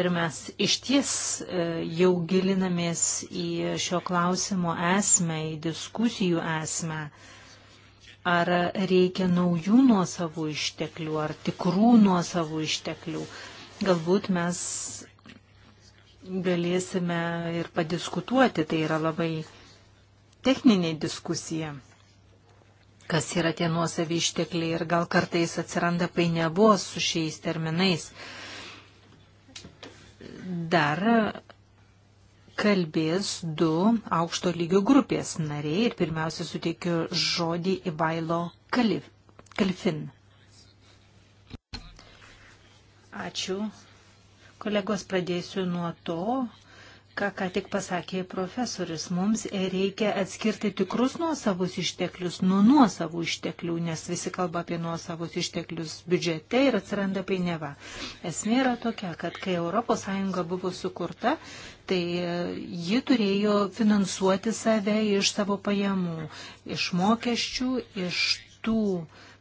Ir mes iš ties e, jau gilinamės į šio klausimo esmę, į diskusijų esmę ar reikia naujų nuosavų išteklių, ar tikrų nuosavų išteklių. Galbūt mes galėsime ir padiskutuoti, tai yra labai techninė diskusija, kas yra tie nuosavi ištekliai ir gal kartais atsiranda painiavos su šiais terminais. Dar kalbės du aukšto lygio grupės nariai ir pirmiausia suteikiu žodį Ivailo Kalif, Kalfin. Ačiū. Kolegos, pradėsiu nuo to, ką ką tik pasakė profesorius. Mums reikia atskirti tikrus nuosavus išteklius nuo nuosavų išteklių, nes visi kalba apie nuosavus išteklius biudžete ir atsiranda painiava. Esmė yra tokia, kad kai ES buvo sukurta, tai e, ji turėjo finansuoti save iš savo pajamų, iš mokesčių, iš tų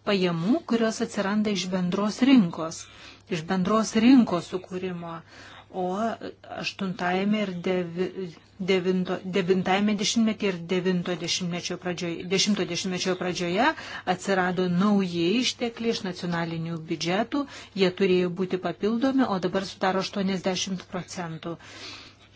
pajamų, kurios atsiranda iš bendros rinkos, iš bendros rinkos sukūrimo o 8-ame ir 9-ame dešimtmetyje ir 9-mečio pradžioje, 10-mečio pradžioje atsirado nauji ištekliai iš nacionalinių biudžetų, jie turėjo būti papildomi, o dabar sudaro 80 procentų.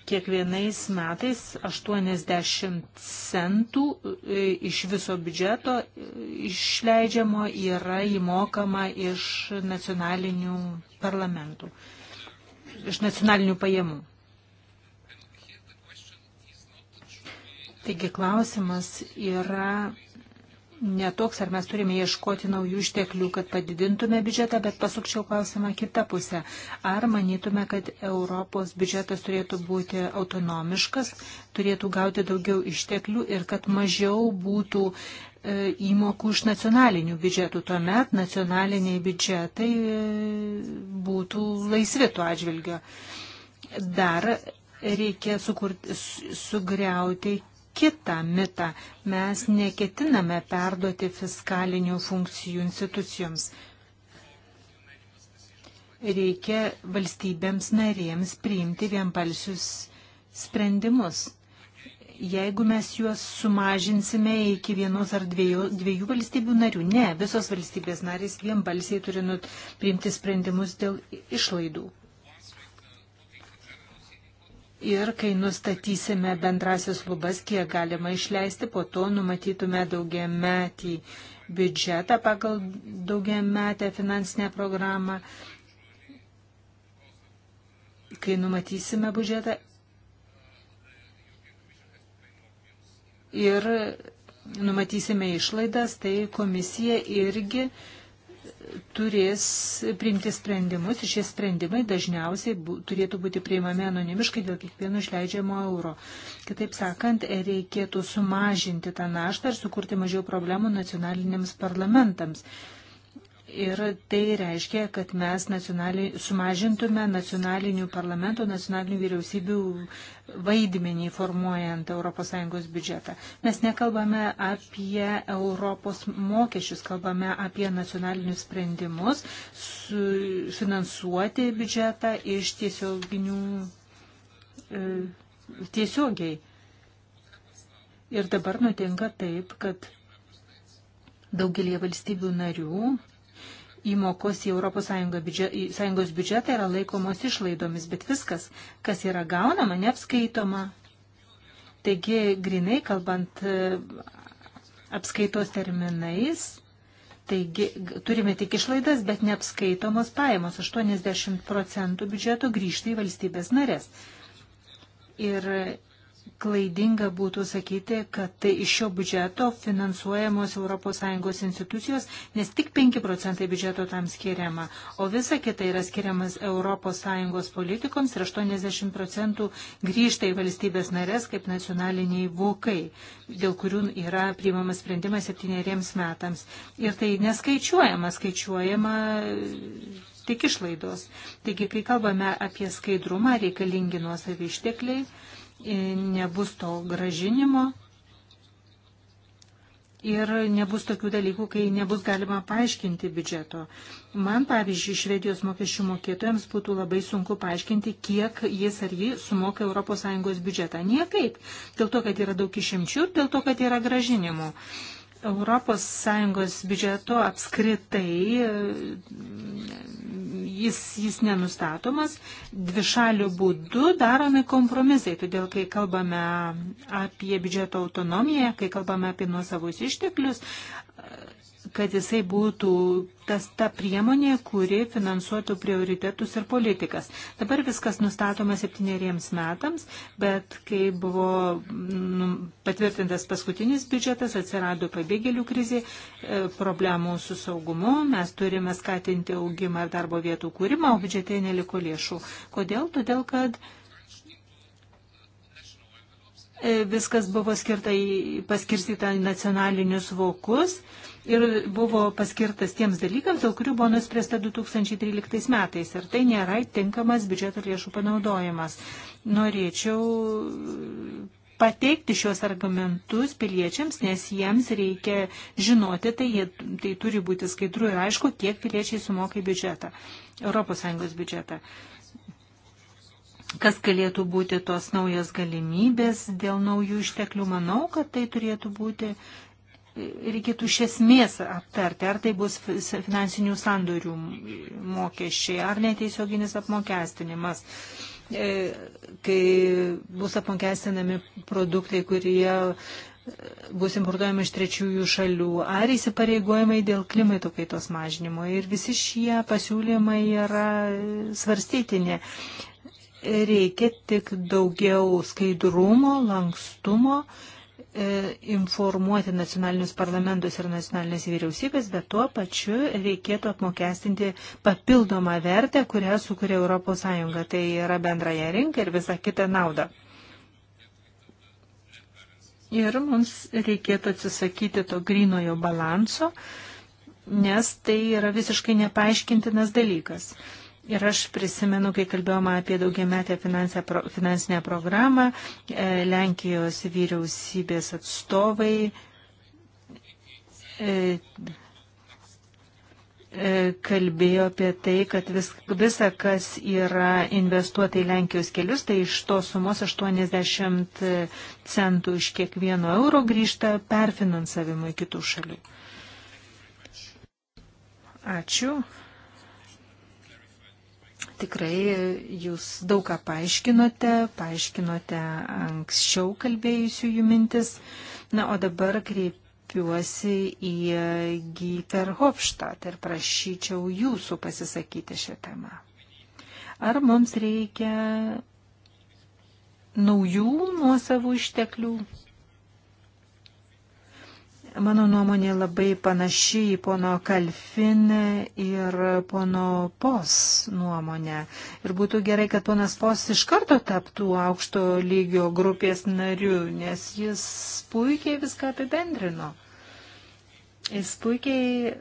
Kiekvienais metais 80 centų e, iš viso biudžeto e, išleidžiamo yra įmokama iš nacionalinių parlamentų iš nacionalinių pajamų. Taigi klausimas yra netoks, ar mes turime ieškoti naujų išteklių, kad padidintume biudžetą, bet pasukčiau klausimą kitą pusę. Ar manytume, kad Europos biudžetas turėtų būti autonomiškas, turėtų gauti daugiau išteklių ir kad mažiau būtų E, įmokų iš nacionalinių biudžetų. Tuomet nacionaliniai biudžetai e, būtų laisvi tuo atžvilgiu. Dar reikia sukurti, sugriauti kitą mitą. Mes neketiname perduoti fiskalinių funkcijų institucijoms. Reikia valstybėms narėms priimti vienbalsius sprendimus jeigu mes juos sumažinsime iki vienos ar dviejų, dviejų valstybių narių. Ne, visos valstybės narys vienbalsiai turi nu, priimti sprendimus dėl išlaidų. Ir kai nustatysime bendrasios lubas, kiek galima išleisti, po to numatytume daugiametį biudžetą pagal daugiametę finansinę programą. Kai numatysime biudžetą ir numatysime išlaidas, tai komisija irgi turės priimti sprendimus ir šie sprendimai dažniausiai bu, turėtų būti priimami anonimiškai dėl kiekvieno išleidžiamo euro. Kitaip sakant, reikėtų sumažinti tą naštą ir sukurti mažiau problemų nacionaliniams parlamentams. Ir tai reiškia, kad mes nacionaliai, sumažintume nacionalinių parlamentų, nacionalinių vyriausybių vaidmenį formuojant ES biudžetą. Mes nekalbame apie Europos mokesčius, kalbame apie nacionalinius sprendimus finansuoti biudžetą iš tiesioginių e, tiesiogiai. Ir dabar nutinka taip, kad daugelie valstybių narių įmokos į ES biudžetą yra laikomos išlaidomis, bet viskas, kas yra gaunama, neapskaitoma. Taigi, grinai kalbant e, apskaitos terminais, Taigi turime tik išlaidas, bet neapskaitomos pajamos. 80 procentų biudžeto grįžta į valstybės narės. Ir klaidinga būtų sakyti, kad tai iš šio biudžeto finansuojamos ES institucijos, nes tik 5 procentai biudžeto tam skiriama, o visa kita yra skiriamas ES politikoms ir 80 procentų grįžta į valstybės narės kaip nacionaliniai vokai, dėl kurių yra priimamas sprendimas septyneriems metams. Ir tai neskaičiuojama, skaičiuojama tik išlaidos. Taigi, kai kalbame apie skaidrumą, reikalingi nuosavi ištekliai nebus to gražinimo ir nebus tokių dalykų, kai nebus galima paaiškinti biudžeto. Man, pavyzdžiui, švedijos mokesčių mokėtojams būtų labai sunku paaiškinti, kiek jis ar ji sumoka ES biudžetą. Niekaip. Dėl to, kad yra daug išimčių ir dėl to, kad yra gražinimų. ES biudžeto apskritai jis, jis nenustatomas, dvišalių būdų daromi kompromisai. Todėl, kai kalbame apie biudžeto autonomiją, kai kalbame apie nuosavus išteklius, kad jisai būtų tas ta priemonė, kuri finansuotų prioritetus ir politikas. Dabar viskas nustatoma septyneriems metams, bet kai buvo nu, patvirtintas paskutinis biudžetas, atsirado pabėgėlių krizė, e, problemų su saugumu, mes turime skatinti augimą ir darbo vietų kūrimą, o biudžete neliko lėšų. Kodėl? Todėl, kad e, viskas buvo skirta į, paskirstyta į nacionalinius vokus ir buvo paskirtas tiems dalykams, dėl kurių buvo nuspręsta 2013 metais. Ir tai nėra tinkamas biudžeto lėšų panaudojimas. Norėčiau pateikti šios argumentus piliečiams, nes jiems reikia žinoti, tai, jie, tai turi būti skaidru ir aišku, kiek piliečiai sumoka į biudžetą, ES biudžetą. Kas galėtų būti tos naujos galimybės dėl naujų išteklių, manau, kad tai turėtų būti uh, reikėtų iš esmės aptarti, ar tai bus finansinių sandorių mokesčiai, ar netiesioginis apmokestinimas, e, kai bus apmokestinami produktai, kurie e, bus importuojami iš trečiųjų šalių, ar įsipareigojimai dėl klimato kaitos mažinimo. Ir visi šie pasiūlymai yra svarstytini. Reikia tik daugiau skaidrumo, lankstumo E, informuoti nacionalinius parlamentus ir nacionalinės vyriausybės, bet tuo pačiu reikėtų apmokestinti papildomą vertę, kurią sukuria ES. Tai yra bendraja rinka ir visa kita nauda. Ir mums reikėtų atsisakyti to grinojo balanso, nes tai yra visiškai nepaaiškintinas dalykas. Ir aš prisimenu, kai kalbėjome apie daugiametę finansinę programą, e, Lenkijos vyriausybės atstovai e, e, kalbėjo apie tai, kad vis, visa, kas yra investuota į Lenkijos kelius, tai iš to sumos 80 centų iš kiekvieno euro grįžta perfinansavimui kitų šalių. Ačiū. Tikrai e, jūs daug ką paaiškinote, paaiškinote anksčiau kalbėjusių jų mintis. Na, o dabar kreipiuosi į e, Giter Hofštat ir prašyčiau jūsų pasisakyti šią temą. Ar mums reikia naujų nuosavų išteklių? mano nuomonė labai panaši į pono Kalfin ir pono Pos nuomonę. Ir būtų gerai, kad ponas Pos iš karto taptų aukšto lygio grupės nariu, nes jis puikiai viską apibendrino. Jis puikiai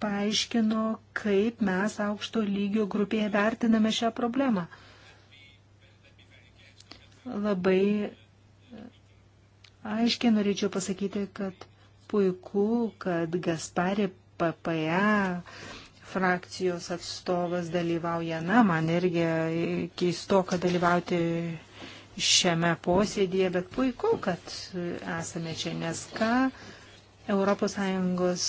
paaiškino, kaip mes aukšto lygio grupėje vertiname šią problemą. Labai aiškiai norėčiau pasakyti, kad puiku, kad Gaspari PPA frakcijos atstovas dalyvauja. Na, man irgi keisto, kad dalyvauti šiame posėdėje, bet puiku, kad esame čia, nes ką Europos Sąjungos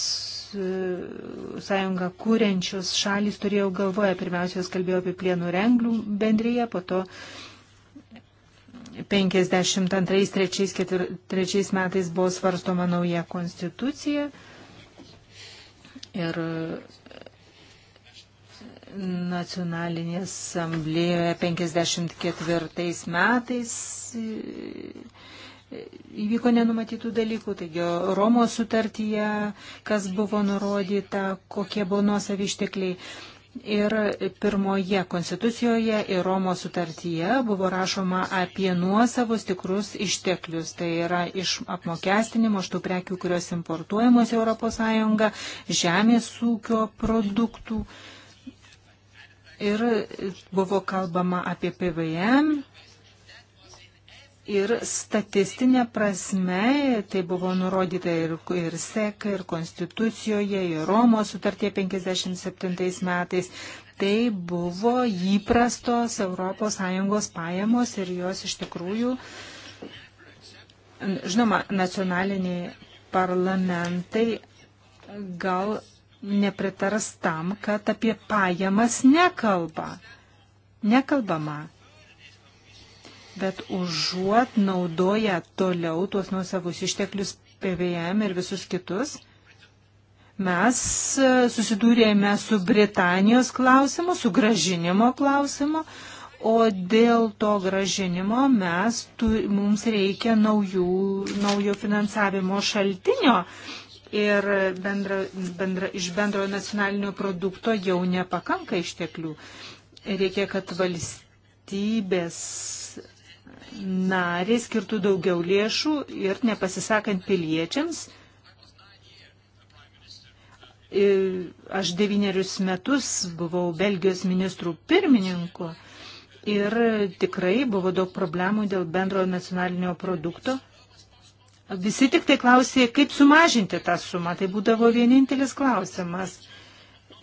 sąjungą kūrenčios šalis turėjau galvoje. Pirmiausia, jos kalbėjo apie plienų renglių bendryje, po to 52-3 metais buvo svarstoma nauja konstitucija ir nacionalinė asamblėje 54 metais e, įvyko nenumatytų dalykų, taigi Romos sutartyje, kas buvo nurodyta, kokie buvo nuosavi ištekliai. Ir pirmoje konstitucijoje ir Romos sutartyje buvo rašoma apie nuosavus tikrus išteklius. Tai yra iš apmokestinimo šitų prekių, kurios importuojamos ES, žemės ūkio produktų. Ir buvo kalbama apie PVM, Ir statistinė prasme, tai buvo nurodyta ir, ir SEC, ir Konstitucijoje, ir Romos sutartie 57 metais, tai buvo įprastos ES pajamos ir jos iš tikrųjų, žinoma, nacionaliniai parlamentai gal nepritars tam, kad apie pajamas nekalba. Nekalbama. Bet užuot naudoja toliau tuos nuosavus išteklius PVM ir visus kitus, mes e, susidūrėme su Britanijos klausimu, su gražinimo klausimu, o dėl to gražinimo mes tu, mums reikia naujų, naujo finansavimo šaltinio. Ir bendra, bendra, iš bendrojo nacionalinio produkto jau nepakanka išteklių. Reikia, kad valstybės narį skirtų daugiau lėšų ir nepasisakant piliečiams. Aš devynerius metus buvau Belgijos ministrų pirmininku ir tikrai buvo daug problemų dėl bendrojo nacionalinio produkto. Visi tik tai klausė, kaip sumažinti tą sumą. Tai būdavo vienintelis klausimas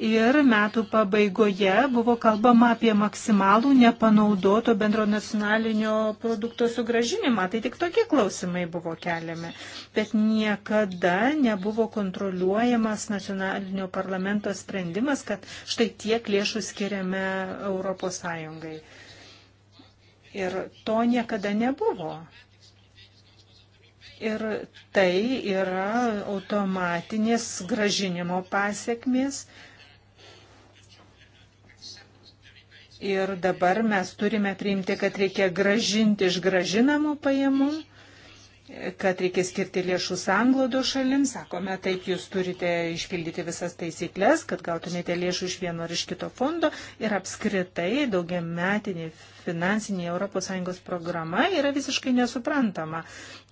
ir metų pabaigoje buvo kalbama apie maksimalų nepanaudoto bendro nacionalinio produkto sugražinimą. Tai tik tokie klausimai buvo keliami. Bet niekada nebuvo kontroliuojamas nacionalinio parlamento sprendimas, kad štai tiek lėšų skiriame Europos Sąjungai. Ir to niekada nebuvo. Ir tai yra automatinės gražinimo pasiekmės. Ir dabar mes turime priimti, kad reikia gražinti iš gražinamų pajamų, kad reikia skirti lėšų sanglodo šalim. Sakome, taip jūs turite išpildyti visas taisyklės, kad gautumėte lėšų iš vieno ar iš kito fondo. Ir apskritai daugiametinė finansinė ES programa yra visiškai nesuprantama.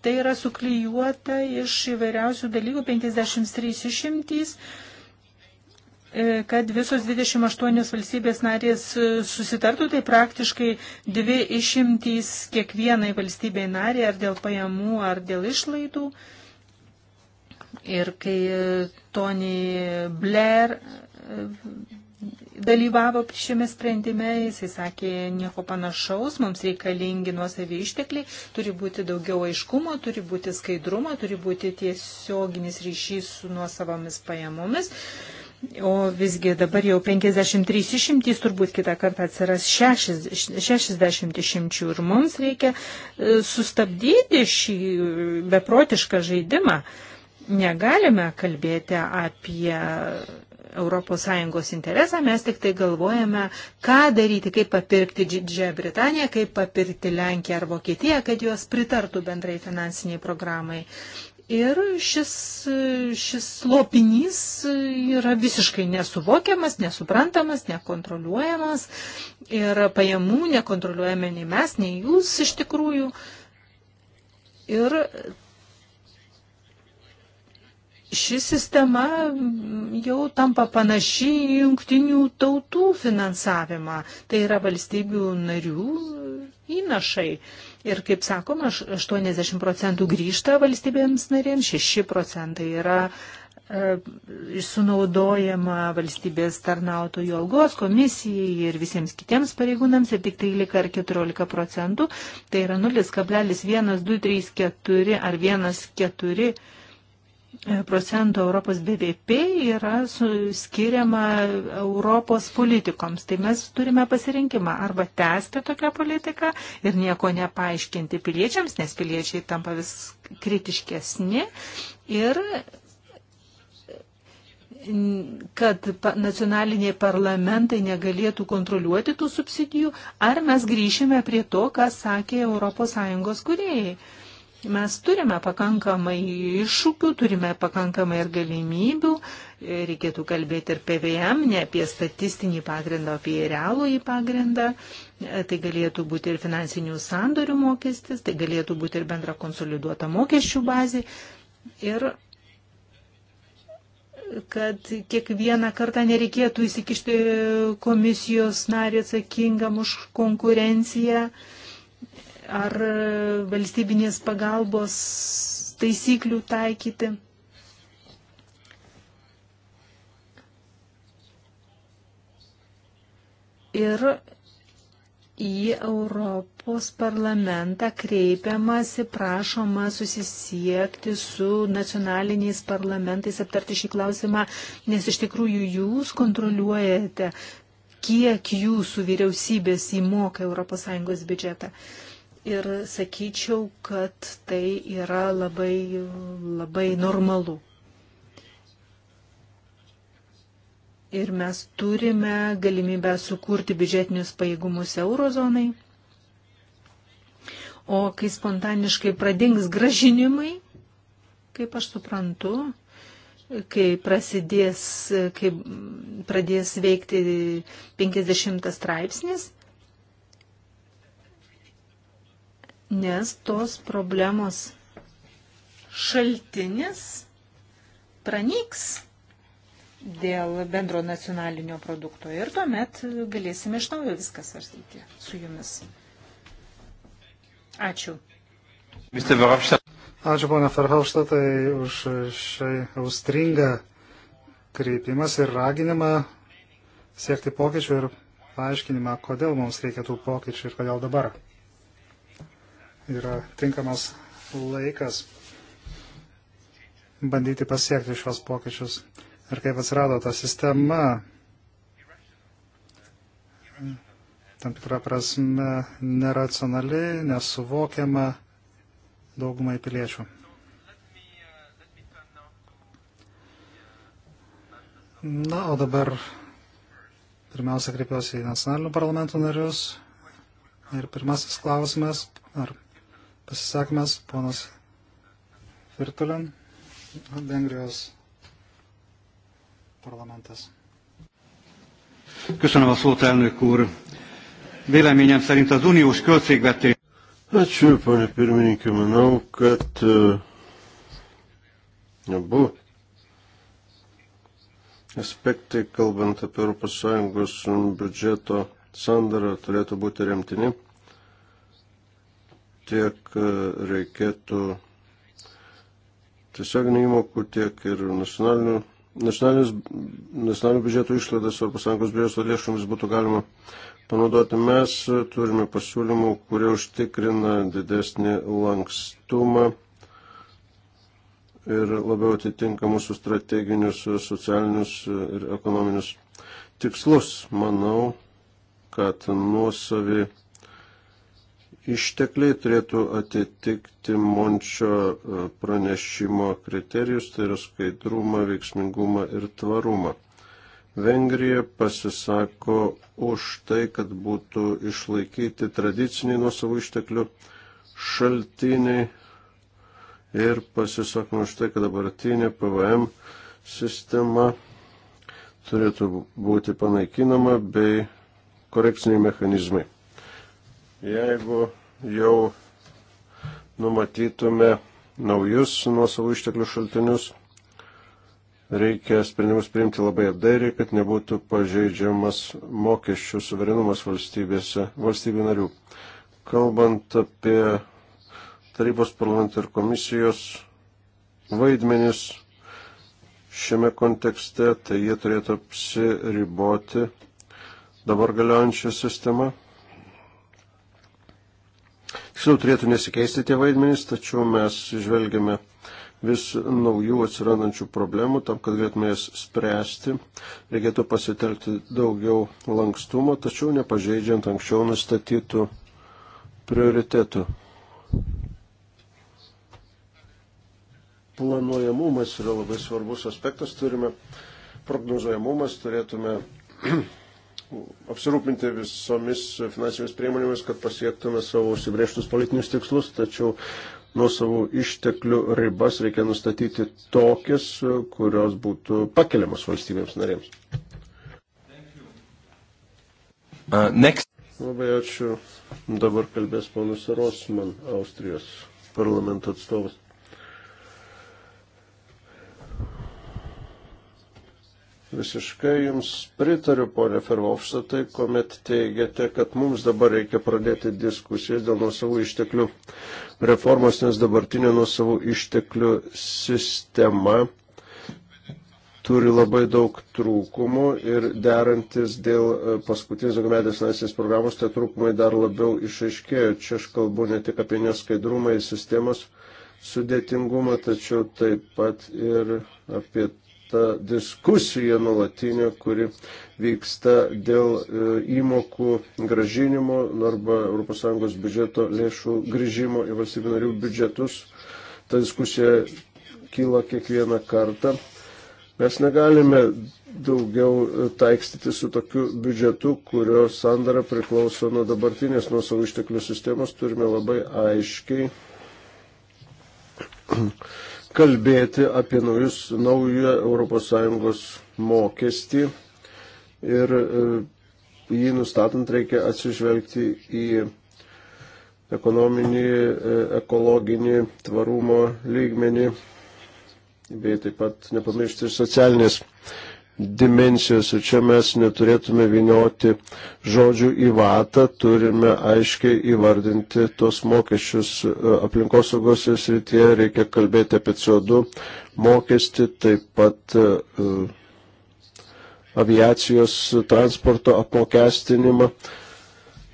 Tai yra suklyjuota iš įvairiausių dalykų, 53 išimtys. Iš E, kad visos 28 valstybės narės e, susitartų, tai praktiškai dvi išimtys kiekvienai valstybei narė ar dėl pajamų, ar dėl išlaidų. Ir kai e, Tony Blair dalyvavo šiame sprendime, jisai sakė, nieko panašaus, mums reikalingi nuosavi ištekliai, turi būti daugiau aiškumo, turi būti skaidrumo, turi būti tiesioginis ryšys su nuosavomis pajamomis. Uh, O visgi dabar jau 53 išimtys, turbūt kitą kartą atsiras 60 išimčių ir mums reikia e, sustabdyti šį beprotišką žaidimą. Negalime kalbėti apie ES interesą, mes tik tai galvojame, ką daryti, kaip papirkti Didžiąją Britaniją, kaip papirkti Lenkiją ar Vokietiją, kad jos pritartų bendrai finansiniai programai. Uh, Ir šis, šis lopinys yra visiškai nesuvokiamas, nesuprantamas, nekontroliuojamas ir pajamų nekontroliuojame nei mes, nei jūs iš tikrųjų. Ir ši sistema jau tampa panaši į jungtinių tautų finansavimą. Tai yra valstybių narių įnašai. Ir kaip sakoma, 80 procentų grįžta valstybėms narėms, 6 procentai yra e, sunaudojama valstybės tarnautojų algos komisijai ir visiems kitiems pareigūnams ir tik 13 ar 14 procentų, tai yra 0,1234 ar 14 procentų Europos BVP yra skiriama Europos politikoms. Tai mes turime pasirinkimą arba tęsti tokią politiką ir nieko nepaaiškinti piliečiams, nes piliečiai tampa vis kritiškesni ir kad nacionaliniai parlamentai negalėtų kontroliuoti tų subsidijų, ar mes grįšime prie to, ką sakė ES kuriejai. Mes turime pakankamai iššūkių, turime pakankamai ir galimybių, reikėtų kalbėti ir PVM, ne apie statistinį pagrindą, apie realų į pagrindą. Tai galėtų būti ir finansinių sandorių mokestis, tai galėtų būti ir bendra konsoliduota mokesčių bazė. Ir kad kiekvieną kartą nereikėtų įsikišti komisijos narį atsakingam už konkurenciją. Uh, ar e, valstybinės pagalbos taisyklių taikyti. ir į Europos parlamentą kreipiamasi, prašoma susisiekti su nacionaliniais parlamentais, aptarti šį klausimą, nes iš tikrųjų jūs kontroliuojate, kiek jūsų vyriausybės įmoka ES biudžetą. Uh, Ir sakyčiau, kad tai yra labai, labai normalu. Ir mes turime galimybę sukurti biudžetinius pajėgumus eurozonai. O kai spontaniškai pradings gražinimai, kaip aš suprantu, kai prasidės, kai pradės veikti 50 straipsnis, nes tos problemos šaltinis pranyks dėl bendro nacionalinio produkto ir tuomet galėsime iš naujo viską svarstyti su jumis. Ačiū. Ačiū, ponia Ferhauštatai, už šią austringą kreipimas ir raginimą siekti pokyčių ir paaiškinimą, kodėl mums reikia tų pokyčių ir kodėl dabar yra tinkamas laikas bandyti pasiekti šios pokyčius. Ir kaip atsirado ta sistema, tam tikrą prasme, neracionali, nesuvokiama daugumai piliečių. Na, o dabar pirmiausia kreipiuosi į nacionalinių parlamentų narius. Ir pirmasis klausimas, ar pasisakymas, ponas Virtulian, Vengrijos parlamentas. Köszönöm a szót, elnök úr. Véleményem szerint az uniós költségvetés. Ačiū, ponė pirmininkė, manau, kad e, abu aspektai, kalbant apie ES biudžeto sandarą, turėtų būti remtini tiek e, reikėtų tiesioginių įmokų, tiek ir nacionalinių, nacionalinių biudžeto išlaidas Europos Sąjungos biudžeto lėšomis būtų galima panaudoti. Mes turime pasiūlymų, kurie užtikrina didesnį lankstumą ir labiau atitinka mūsų strateginius, socialinius ir ekonominius tikslus. Manau, kad nuosavi ištekliai turėtų atitikti Mončio e, pranešimo kriterijus, tai yra skaidrumą, veiksmingumą ir tvarumą. Vengrija pasisako už tai, kad būtų išlaikyti tradiciniai nuosavų išteklių šaltiniai ir pasisakome už tai, kad dabartinė PVM sistema turėtų būti panaikinama bei korekciniai mechanizmai jeigu jau numatytume naujus nuosavų išteklių šaltinius, reikia sprendimus priimti labai apdairiai, kad nebūtų pažeidžiamas mokesčių suverenumas valstybėse, valstybių narių. Kalbant apie tarybos parlamento ir komisijos vaidmenis šiame kontekste, tai jie turėtų apsiriboti dabar galiojančią sistemą tiksliau turėtų nesikeisti tie vaidmenys, tačiau mes žvelgiame vis naujų atsirandančių problemų, tam, kad galėtume jas spręsti, reikėtų pasitelkti daugiau lankstumo, tačiau nepažeidžiant anksčiau nustatytų prioritetų. Planuojamumas yra labai svarbus aspektas, turime prognozuojamumas, turėtume apsirūpinti visomis finansinėmis priemonėmis, kad pasiektume savo užsibrieštus politinius tikslus, tačiau nuo savo išteklių ribas reikia nustatyti tokias, kurios būtų pakeliamas valstybėms narėms. Uh, next. Labai ačiū. Dabar kalbės ponus Rosman, Austrijos parlamento atstovas. Visiškai Jums pritariu, ponė Fervovštatai, kuomet teigiate, kad mums dabar reikia pradėti diskusijas dėl nuosavų išteklių reformos, nes dabartinė nuosavų išteklių sistema turi labai daug trūkumų ir derantis dėl e, paskutinės dokumentės nacinės programos, tie trūkumai dar labiau išaiškėjo. Čia aš kalbu ne tik apie neskaidrumą ir sistemos sudėtingumą, tačiau taip pat ir apie ta diskusija nuolatinė, kuri vyksta dėl e, įmokų gražinimo arba ES biudžeto lėšų grįžimo į valstybių narių biudžetus. Ta diskusija kyla kiekvieną kartą. Mes negalime daugiau e, taikstyti su tokiu biudžetu, kurio sandara priklauso nuo dabartinės nuosavų išteklių sistemos. Turime labai aiškiai kalbėti apie naujus, naują ES mokestį ir e, jį nustatant reikia atsižvelgti į ekonominį, e, ekologinį tvarumo lygmenį bei taip pat nepamiršti ir socialinės dimensijos ir čia mes neturėtume vinioti žodžių į vatą, turime aiškiai įvardinti tos mokesčius e, aplinkosaugos srityje, reikia kalbėti apie CO2 mokestį, taip pat uh, aviacijos transporto apmokestinimą.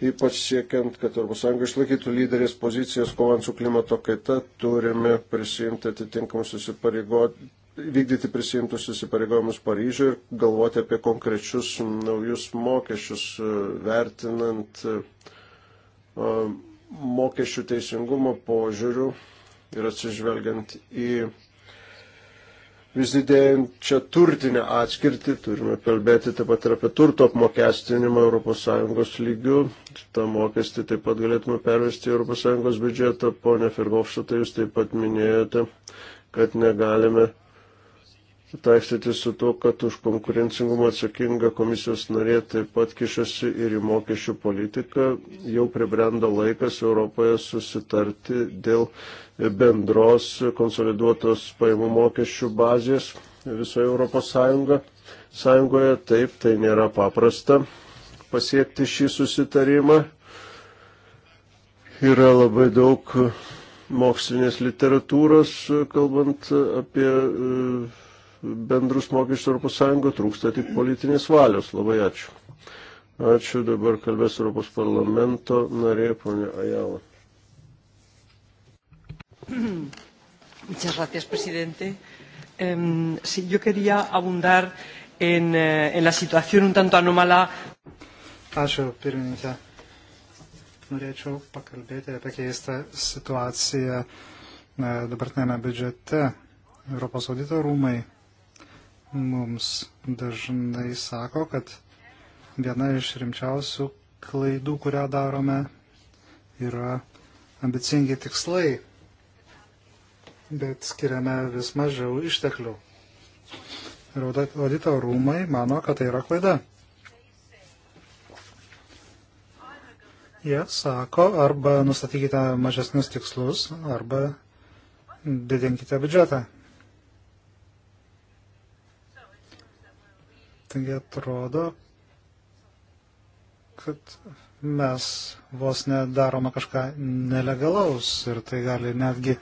Ypač siekiant, kad ES išlaikytų lyderės pozicijas kovant su klimato kaita, turime prisimti atitinkamus vykdyti prisimtus įsipareigojimus Paryžiui ir galvoti apie konkrečius naujus mokesčius, e, vertinant e, mokesčių teisingumo požiūrių ir atsižvelgiant į vis didėjančią turtinę atskirtį, turime kalbėti taip pat ir apie turto apmokestinimą ES lygių. Ta mokestį taip pat galėtume pervesti į ES biudžetą. Pone Firgovšta, tai jūs taip pat minėjote, kad negalime taikstyti su to, kad už konkurencingumą atsakinga komisijos narė taip pat kišasi ir į mokesčių politiką, jau pribrendo laikas Europoje susitarti dėl bendros konsoliduotos pajamų mokesčių bazės visoje Europos Sąjunga. Sąjungoje. Taip, tai nėra paprasta pasiekti šį susitarimą. Yra labai daug mokslinės literatūros, kalbant apie bendrus mokesčius Europos Sąjungo, trūksta tik politinės valios. Labai ačiū. Ačiū, dabar kalbės Europos parlamento narė, ponė Ajala. [clears throat] Muchas gracias, presidente. Eh, sí, yo quería abundar en, eh, en la situación un tanto anómala. Ačiū, pirmininkė. Norėčiau pakalbėti apie keistą situaciją eh, dabartinėme biudžete. Europos audito rūmai mums dažnai sako, kad viena iš rimčiausių klaidų, kurią darome, yra ambicingi tikslai, bet skiriame vis mažiau išteklių. Ir audito rūmai mano, kad tai yra klaida. Jie sako, arba nustatykite mažesnius tikslus, arba didinkite biudžetą. Taigi atrodo, kad mes vos nedarome kažką nelegalaus ir tai gali netgi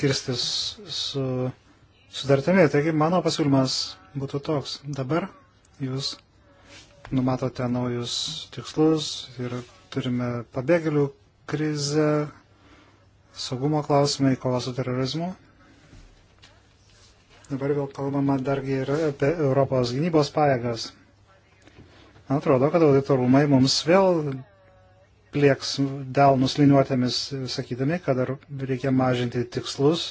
kirstis su sudartimi. Taigi mano pasiūlymas būtų toks. Dabar jūs numatote naujus tikslus ir turime pabėgėlių krizę, saugumo klausimai, kova su terorizmu. Dabar vėl kalbama dargi ir apie Europos gynybos pajėgas. Man atrodo, kad auditorumai mums vėl plieks delnus liniuotėmis, sakydami, kad ar reikia mažinti tikslus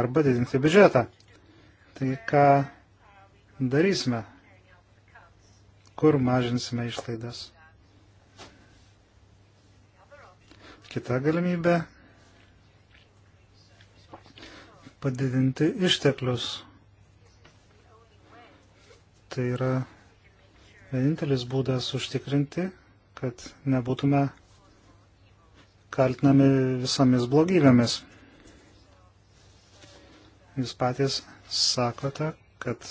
arba didinti biudžetą. Tai ką darysime? Kur mažinsime išlaidas? Kita galimybė padidinti išteklius. Tai yra vienintelis būdas užtikrinti, kad nebūtume kaltinami visomis blogybėmis. Jūs patys sakote, kad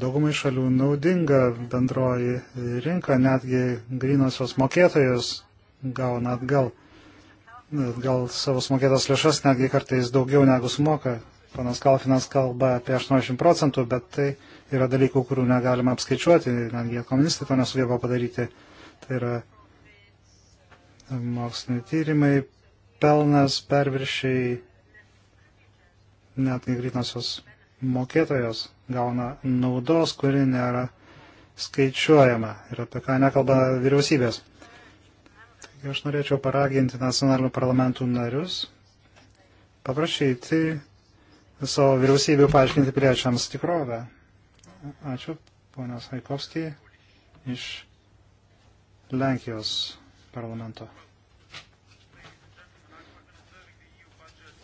daugumai šalių naudinga bendroji rinka, netgi grinosios mokėtojos gauna atgal gal savo sumokėtas lėšas netgi kartais daugiau negu sumoka. Panas Kalfinas kalba apie 80 procentų, bet tai yra dalykų, kurių negalima apskaičiuoti, netgi komunistai to nesugeba padaryti. Tai yra e, moksliniai tyrimai, pelnas, perviršiai, netgi grinosios mokėtojos gauna naudos, kuri nėra skaičiuojama ir apie ką nekalba vyriausybės aš norėčiau paraginti nacionalinių parlamentų narius paprašyti savo vyriausybių paaiškinti piliečiams tikrovę. Ačiū, ponios Haikovskiai iš Lenkijos parlamento.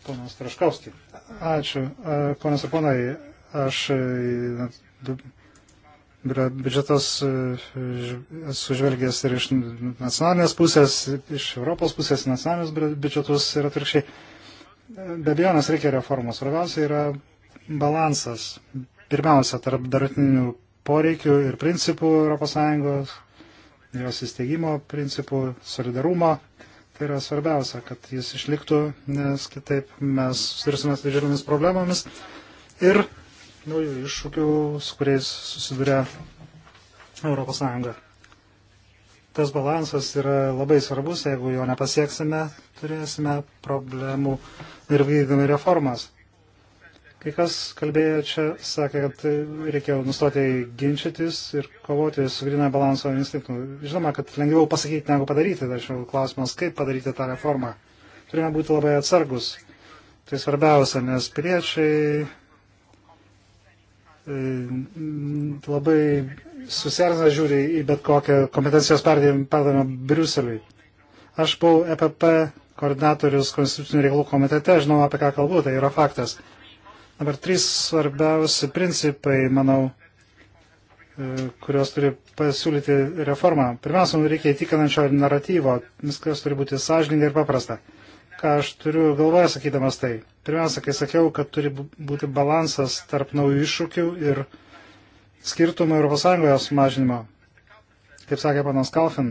Ponas Traškovskis. Ačiū. Ponas ir ponai, aš biudžetas e, e, sužvelgęs ir iš nacionalinės pusės, iš Europos pusės nacionalinius biudžetus ir atvirkščiai. Be abejonės reikia reformos. Svarbiausia yra balansas. Pirmiausia, tarp darutinių poreikių ir principų ES, jos įsteigimo principų, solidarumo. Tai yra svarbiausia, kad jis išliktų, nes kitaip mes susidursime su didžiulėmis problemomis. Ir naujų iššūkių, su kuriais susiduria ES. Tas balansas yra labai svarbus, jeigu jo nepasieksime, turėsime problemų ir vykdami reformas. Kai kas kalbėjo čia, sakė, kad reikėjo nustoti ginčytis ir kovoti su grina balanso instinktu. Žinoma, kad lengviau pasakyti negu padaryti, tačiau klausimas, kaip padaryti tą reformą. Turime būti labai atsargus. Tai svarbiausia, nes piliečiai E, labai susierzina žiūri į bet kokią kompetencijos perdavimą Briuseliui. Aš buvau EPP koordinatorius konstitucinių reikalų komitete, žinau apie ką kalbu, tai yra faktas. Dabar trys svarbiausi principai, manau, e, kurios turi pasiūlyti reformą. Pirmiausia, reikia įtikinančio naratyvo, viskas turi būti sąžininkai ir paprasta ką aš turiu galvoje sakydamas tai. Pirmiausia, kai sakiau, kad turi būti balansas tarp naujų iššūkių ir skirtumų ES mažinimo. Kaip sakė panas Kalfin,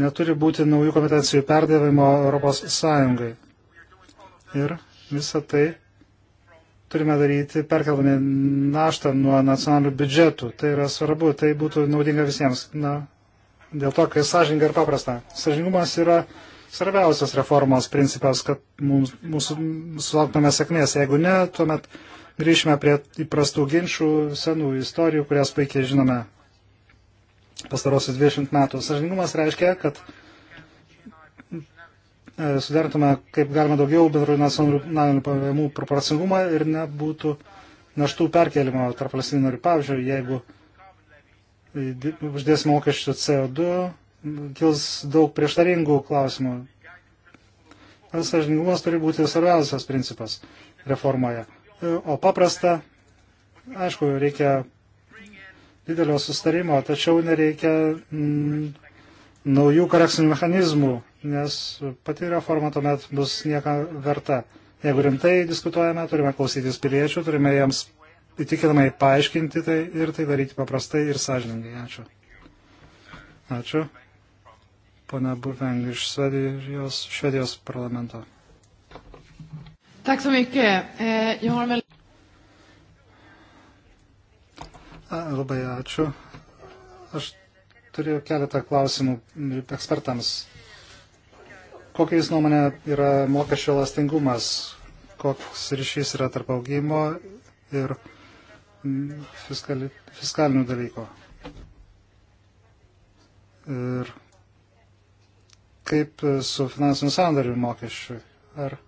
neturi būti naujų kompetencijų perdavimo ES. Ir visą tai turime daryti perkeldami naštą nuo nacionalinių biudžetų. Tai yra svarbu, tai būtų naudinga visiems. Na, dėl to, kai sąžininkai ir paprasta. Sąžiningumas yra svarbiausias reformos principas, kad mums, mūsų sulauktume sėkmės. Jeigu ne, tuomet grįžime prie įprastų ginčių, senų istorijų, kurias puikiai žinome pastarosius 20 metų. Sažiningumas reiškia, kad e, sudarytume kaip galima daugiau bendrų nacionalinių pajamų proporcingumą ir nebūtų naštų perkelimo tarp valstybinių narių. Pavyzdžiui, jeigu uždės mokesčių CO2, kils daug prieštaringų klausimų. Sažiningumas turi būti svarbiausias principas reformoje. O paprasta, aišku, reikia didelio sustarimo, tačiau nereikia m, mm, naujų korekcinių mechanizmų, nes pati reforma tuomet bus nieka verta. Jeigu rimtai diskutuojame, turime klausytis piliečių, turime jiems įtikinamai paaiškinti tai ir tai daryti paprastai ir sąžiningai. Ačiū. Ačiū. Pone Buveng iš Švedijos, Švedijos parlamento. Tack så mycket. Eh, jag har väl... Labai ačiū. Aš turiu keletą klausimų ekspertams. Kokia jūs nuomonė yra mokesčio lastingumas? Koks ryšys yra tarp augimo ir fiskali, fiskalinių dalykų. Ir kaip su finansiniu sandariu mokesčiu. Ar e,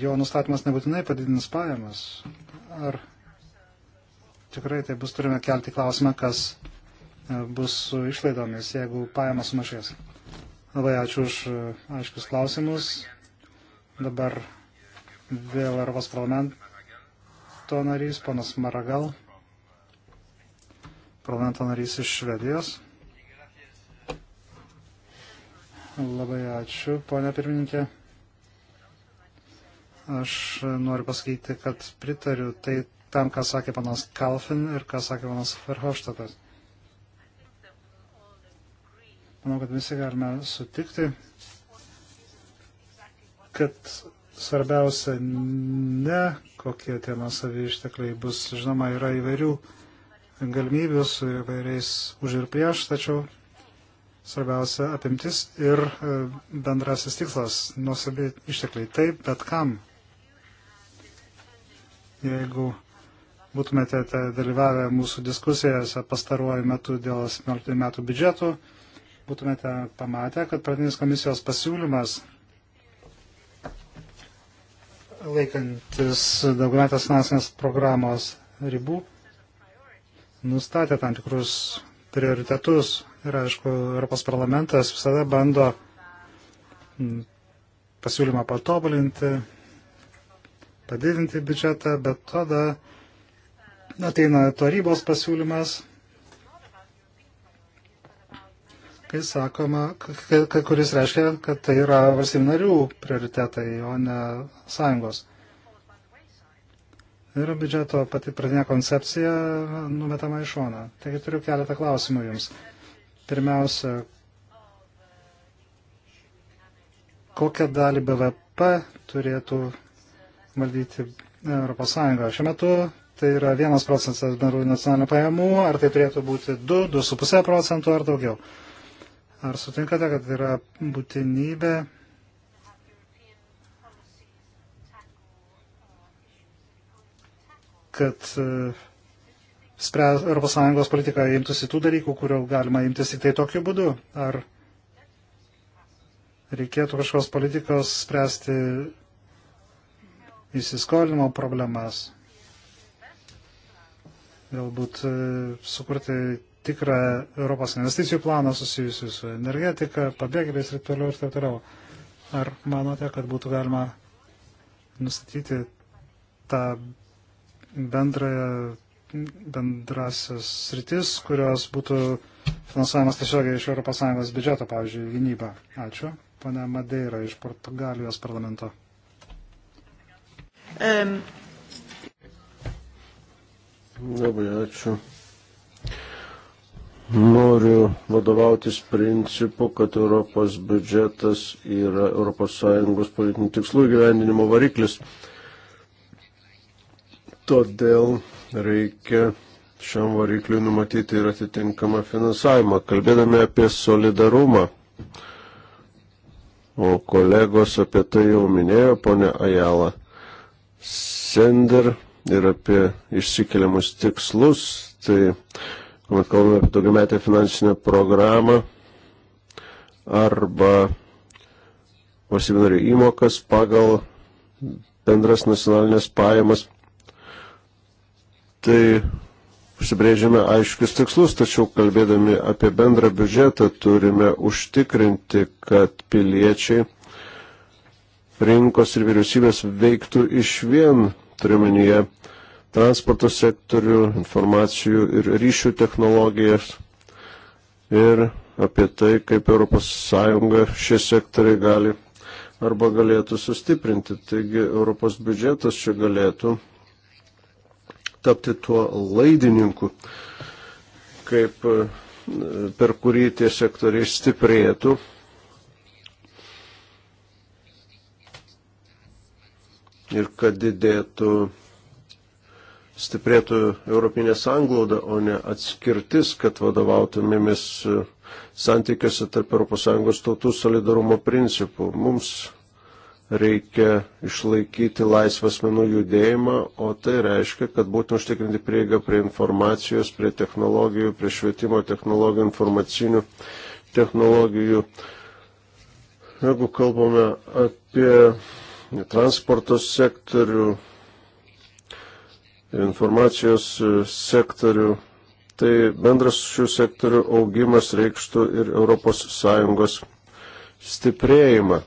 jo nustatymas nebūtinai padidins pajamas? Ar tikrai tai bus turime kelti klausimą, kas e, bus su išlaidomis, jeigu pajamas sumažės? Labai ačiū už e, aiškius klausimus. Dabar vėl Europos parlamentas parlamento narys, ponas Maragal, parlamento narys iš Švedijos. Labai ačiū, ponia pirmininkė. Aš noriu pasakyti, kad pritariu tai tam, ką sakė panas Kalfin ir ką sakė panas Verhofštatas. Manau, kad visi galime sutikti, kad svarbiausia ne kokie tie nuosavi ištekliai bus. Žinoma, yra įvairių galimybių su įvairiais už ir prieš, tačiau svarbiausia apimtis ir e, bendrasis tikslas nuosavi ištekliai. Taip, bet kam? Jeigu būtumėte dalyvavę mūsų diskusijose pastaruoju metu dėl 18 metų biudžetų, būtumėte pamatę, kad pradinis komisijos pasiūlymas laikantis daugiametės finansinės programos ribų, nustatė tam tikrus prioritetus ir, aišku, Europos parlamentas visada bando mm, pasiūlymą patobulinti, padidinti biudžetą, bet tada ateina tarybos pasiūlymas kai sakoma, kai, kuris reiškia, kad tai yra valstybių narių prioritetai, o ne sąjungos. Ir biudžeto pati pradinė koncepcija numetama į šoną. Taigi turiu keletą klausimų jums. Pirmiausia, kokią dalį BVP turėtų valdyti ES. Šiuo metu tai yra 1 procentas bendrųjų nacionalinių pajamų, ar tai turėtų būti 2, 2,5 procentų ar daugiau. Ar sutinkate, kad yra būtinybė kad e, spręs ES politika imtųsi tų dalykų, kurio galima imtis tik tai tokiu būdu? Ar reikėtų kažkokios politikos spręsti įsiskolinimo problemas? Galbūt e, sukurti tikrą Europos investicijų planą susijusiu su energetika, pabėgėliais ir toliau ir taip toliau. Ar manote, kad būtų galima nustatyti tą bendrąją, bendrasias sritis, kurios būtų finansuojamas tiesiogiai iš ES biudžeto, pavyzdžiui, gynyba. Ačiū. Pane Madeira iš Portugalijos parlamento. Um. Labai ačiū. Noriu vadovautis principu, kad Europos biudžetas yra ES politinių tikslų gyvendinimo variklis. Todėl reikia šiam varikliui numatyti ir atitinkamą finansavimą. Kalbėdami apie solidarumą, o kolegos apie tai jau minėjo, ponė Ajala, Sender ir apie išsikeliamus tikslus, tai kuomet kalbame apie daugiametę finansinę programą arba valstybinarių įmokas pagal bendras nacionalinės pajamas, tai užsibrėžėme aiškius tikslus, tačiau kalbėdami apie bendrą biudžetą turime užtikrinti, kad piliečiai rinkos ir vyriausybės veiktų iš vien, turiuomenyje, transporto sektorių, informacijų ir ryšių technologijas ir apie tai, kaip ES šie sektoriai gali arba galėtų sustiprinti. Taigi Europos biudžetas čia galėtų tapti tuo laidininku, kaip e, per kurį tie sektoriai stiprėtų. Ir kad didėtų stiprėtų Europinė sanglauda, o ne atskirtis, kad vadovautumėmės e, santykiuose tarp ES tautų solidarumo principų. Mums reikia išlaikyti laisvą asmenų judėjimą, o tai reiškia, kad būtent užtikrinti prieigą prie informacijos, prie technologijų, prie švietimo technologijų, informacinių technologijų. Jeigu kalbame apie transporto sektorių, informacijos e, sektorių. Tai bendras šių sektorių augimas reikštų ir ES stiprėjimą.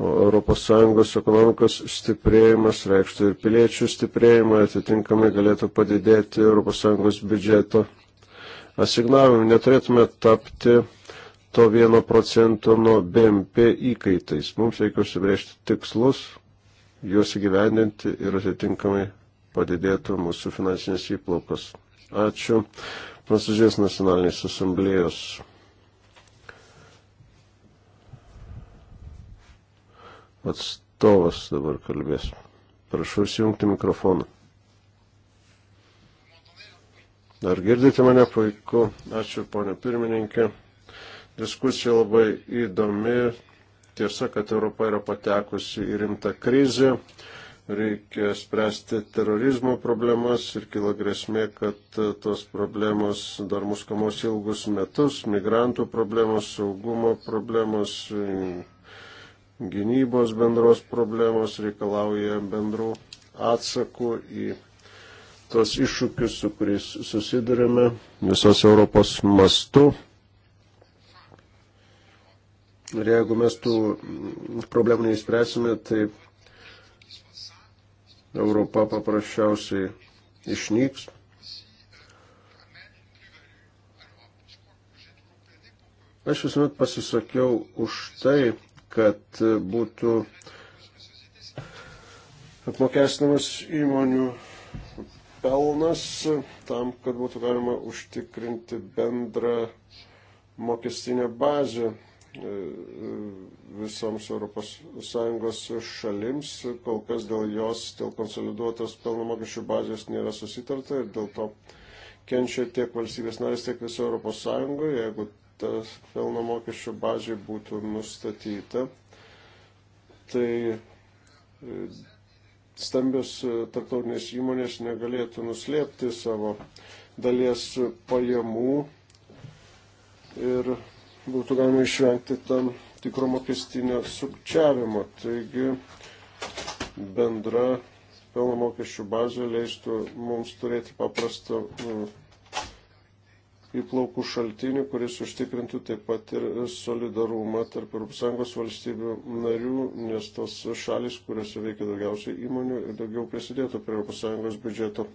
O ES ekonomikos stiprėjimas reikštų ir piliečių stiprėjimą, atitinkamai galėtų padidėti ES biudžeto asignavimą. Neturėtume tapti to vieno procento nuo BMP įkaitais. Mums reikia užsibriežti tikslus, juos įgyvendinti ir atitinkamai padidėtų mūsų finansinės įplaukos. Ačiū Prancūzijos nacionalinės asamblėjos. Atstovas dabar kalbės. Prašau įjungti mikrofoną. Ar girdite mane puiku? Ačiū, ponė pirmininkė. Diskusija labai įdomi, tiesa, kad Europa yra patekusi į rimtą krizę, reikia spręsti terorizmo problemas ir kila grėsmė, kad tos problemos dar mus kamos ilgus metus, migrantų problemos, saugumo problemos, gynybos bendros problemos reikalauja bendrų atsakų į tos iššūkius, su kuriais susidurime visos Europos mastu. Ir jeigu mes tų problemų neįspręsime, tai Europa paprasčiausiai išnyks. Aš visuomet pasisakiau už tai, kad būtų apmokestinamas įmonių pelnas tam, kad būtų galima užtikrinti bendrą mokestinę bazę E, visoms ES šalims. Kol kas dėl jos, dėl konsoliduotos pelno mokesčių bazės nėra susitarta ir dėl to kenčia tiek valstybės narės, tiek visa ES. Jeigu ta pelno mokesčių bazė būtų nustatyta, tai e, stambios e, tarptautinės įmonės negalėtų nuslėpti savo dalies pajamų ir būtų galima išvengti tam tikro mokestinio sukčiavimo. Taigi bendra pelno mokesčių bazė leistų mums turėti paprastą mm, įplaukų šaltinį, kuris užtikrintų taip pat ir solidarumą tarp ES valstybių narių, nes tos šalis, kuriuose veikia daugiausiai įmonių ir daugiau prisidėtų prie ES biudžeto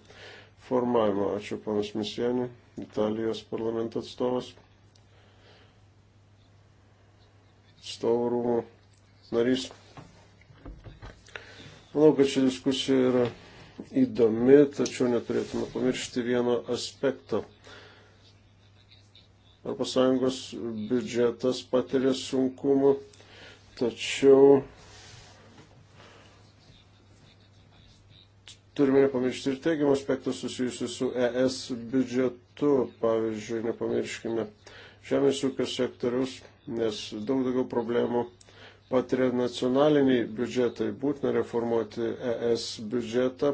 formavimo. Ačiū panas Misienį, Italijos parlamento atstovas. atstovų rūmų narys. Manau, kad ši diskusija yra įdomi, tačiau neturėtume pamiršti vieno aspekto. Europos Sąjungos biudžetas patiria sunkumų, tačiau turime nepamiršti ir teigiamų aspektų susijusių su ES biudžetu. Pavyzdžiui, nepamirškime žemės ūkio sektoriaus nes daug daugiau problemų patiria nacionaliniai biudžetai. Būtina reformuoti ES biudžetą,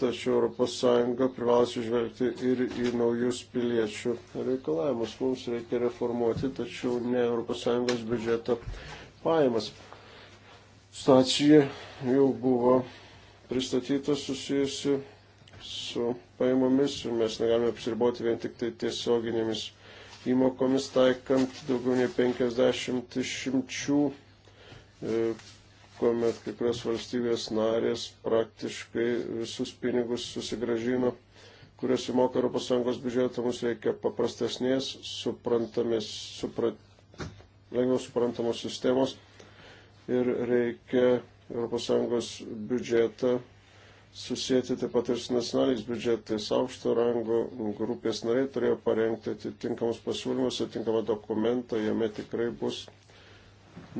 tačiau ES privalo atsižvelgti ir į naujus piliečių reikalavimus. Mums reikia reformuoti, tačiau ne ES biudžeto pajamas. Stacija jau buvo pristatyta susijusi su pajamomis ir mes negalime apsiriboti vien tik tai tiesioginėmis įmokomis taikant daugiau nei 50 išimčių, e, kuomet kai kurios valstybės narės praktiškai visus pinigus susigražino, kurias įmoka ES biudžetą, mums reikia paprastesnės, suprantamės, suprat, lengviau suprantamos sistemos ir reikia ES biudžetą susijęti taip pat ir su nacionaliniais biudžetais. Aukšto rango grupės nariai turėjo parengti atitinkamus pasiūlymus, atitinkamą dokumentą, jame tikrai bus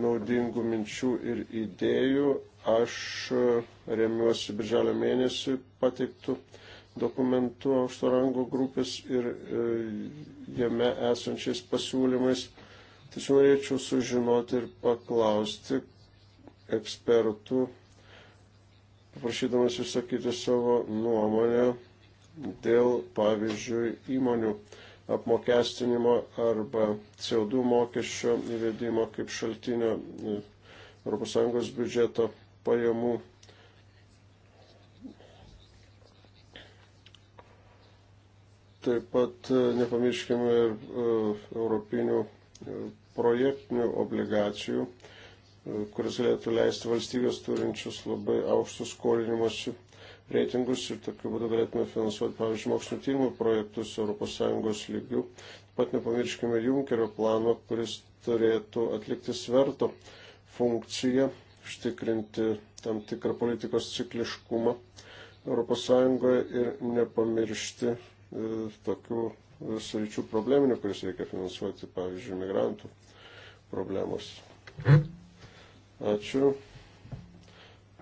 naudingų minčių ir idėjų. Aš remiuosi birželio mėnesį pateiktų dokumentų aukšto rango grupės ir e, jame esančiais pasiūlymais. Tačiau norėčiau sužinoti ir paklausti ekspertų paprašydamas išsakyti savo nuomonę dėl, pavyzdžiui, įmonių apmokestinimo arba CO2 mokesčio įvedimo kaip šaltinio ES biudžeto pajamų. Taip pat e, nepamirškime ir e, europinių e, projektinių obligacijų, kuris galėtų leisti valstybės turinčius labai aukštus skolinimuose reitingus ir tokiu būdu galėtume finansuoti, pavyzdžiui, mokslinio tyrimų projektus ES lygių. Taip pat nepamirškime Junkerio plano, kuris turėtų atlikti sverto funkciją, užtikrinti tam tikrą politikos cikliškumą ES ir nepamiršti e, tokių e, sričių probleminių, kuris reikia finansuoti, pavyzdžiui, migrantų problemos. Mm. Ačiū.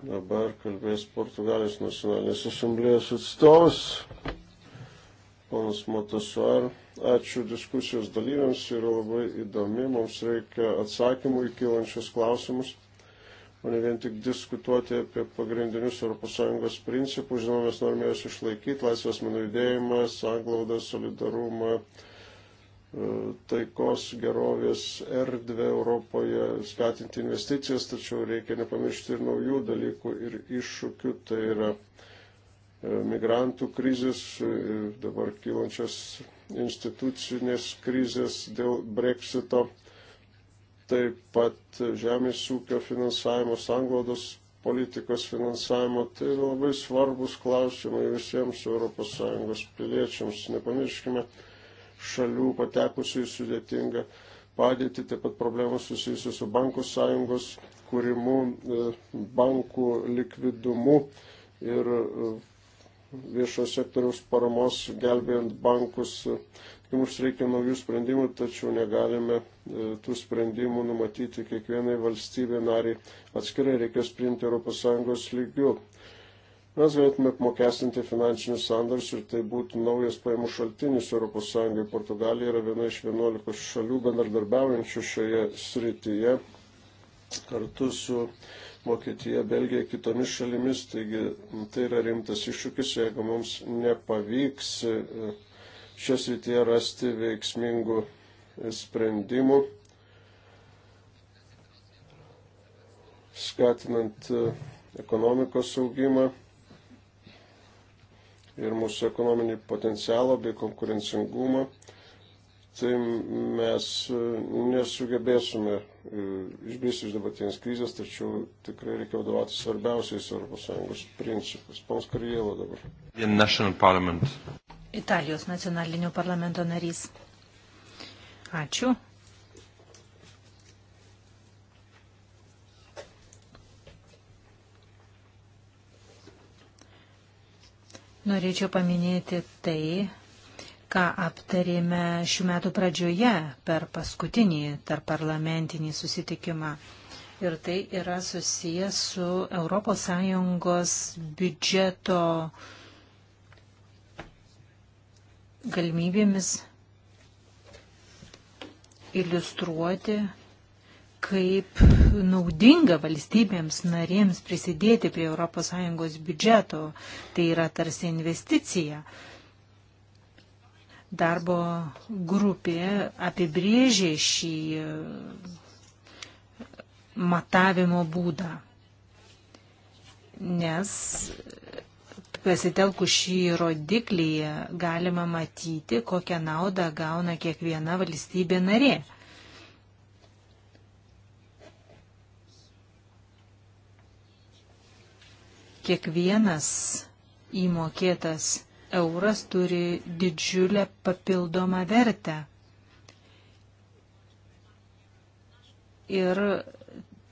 Dabar kalbės Portugalijos nacionalinės asamblėjos atstovas, ponas Matasuar. Ačiū diskusijos dalyviams, yra labai įdomi, mums reikia atsakymų į kylančius klausimus, o ne vien tik diskutuoti apie pagrindinius ES principus, žinoma, mes norime juos išlaikyti, laisvės menų judėjimą, sanglaudą, solidarumą, taikos gerovės erdvę Europoje, skatinti investicijas, tačiau reikia nepamiršti ir naujų dalykų ir iššūkių, tai yra e, migrantų krizės, e, dabar kylančias institucinės krizės dėl breksito, taip pat žemės ūkio finansavimo, sanglaudos politikos finansavimo, tai yra labai svarbus klausimai visiems ES piliečiams. Nepamirškime, šalių patekusių į sudėtingą padėtį, taip pat problemos susijusios su bankų sąjungos kūrimu, e, bankų likvidumu ir e, viešo sektoriaus paramos gelbėjant bankus. Mums reikia naujų sprendimų, tačiau negalime e, tų sprendimų numatyti kiekvienai valstybė nariai atskirai reikės priimti ES lygių mes galėtume apmokestinti finansinius sandarius ir tai būtų naujas pajamų šaltinis ES. Portugalija yra viena iš 11 šalių bendradarbiaujančių šioje srityje kartu su Vokietija, Belgija, kitomis šalimis. Taigi tai yra rimtas iššūkis, jeigu mums nepavyks e, šią srityje rasti veiksmingų sprendimų, skatinant e, ekonomikos augimą ir mūsų ekonominį potencialą bei konkurencingumą, tai mes e, nesugebėsime e, išbristi iš dabartinės krizės, tačiau tikrai reikia vadovauti svarbiausiais ES principais. Pons Karjėlo dabar. Italijos nacionalinio parlamento narys. Ačiū. Norėčiau paminėti tai, ką aptarėme šių metų pradžioje per paskutinį tarp parlamentinį susitikimą. Ir tai yra susijęs su ES biudžeto galimybėmis iliustruoti, kaip naudinga valstybėms narėms prisidėti prie ES biudžeto. Tai yra tarsi investicija. Darbo grupė apibrėžė šį e, matavimo būdą, nes pasitelkus šį rodiklį galima matyti, kokią naudą gauna kiekviena valstybė narė. kiekvienas įmokėtas euras turi didžiulę papildomą vertę. Ir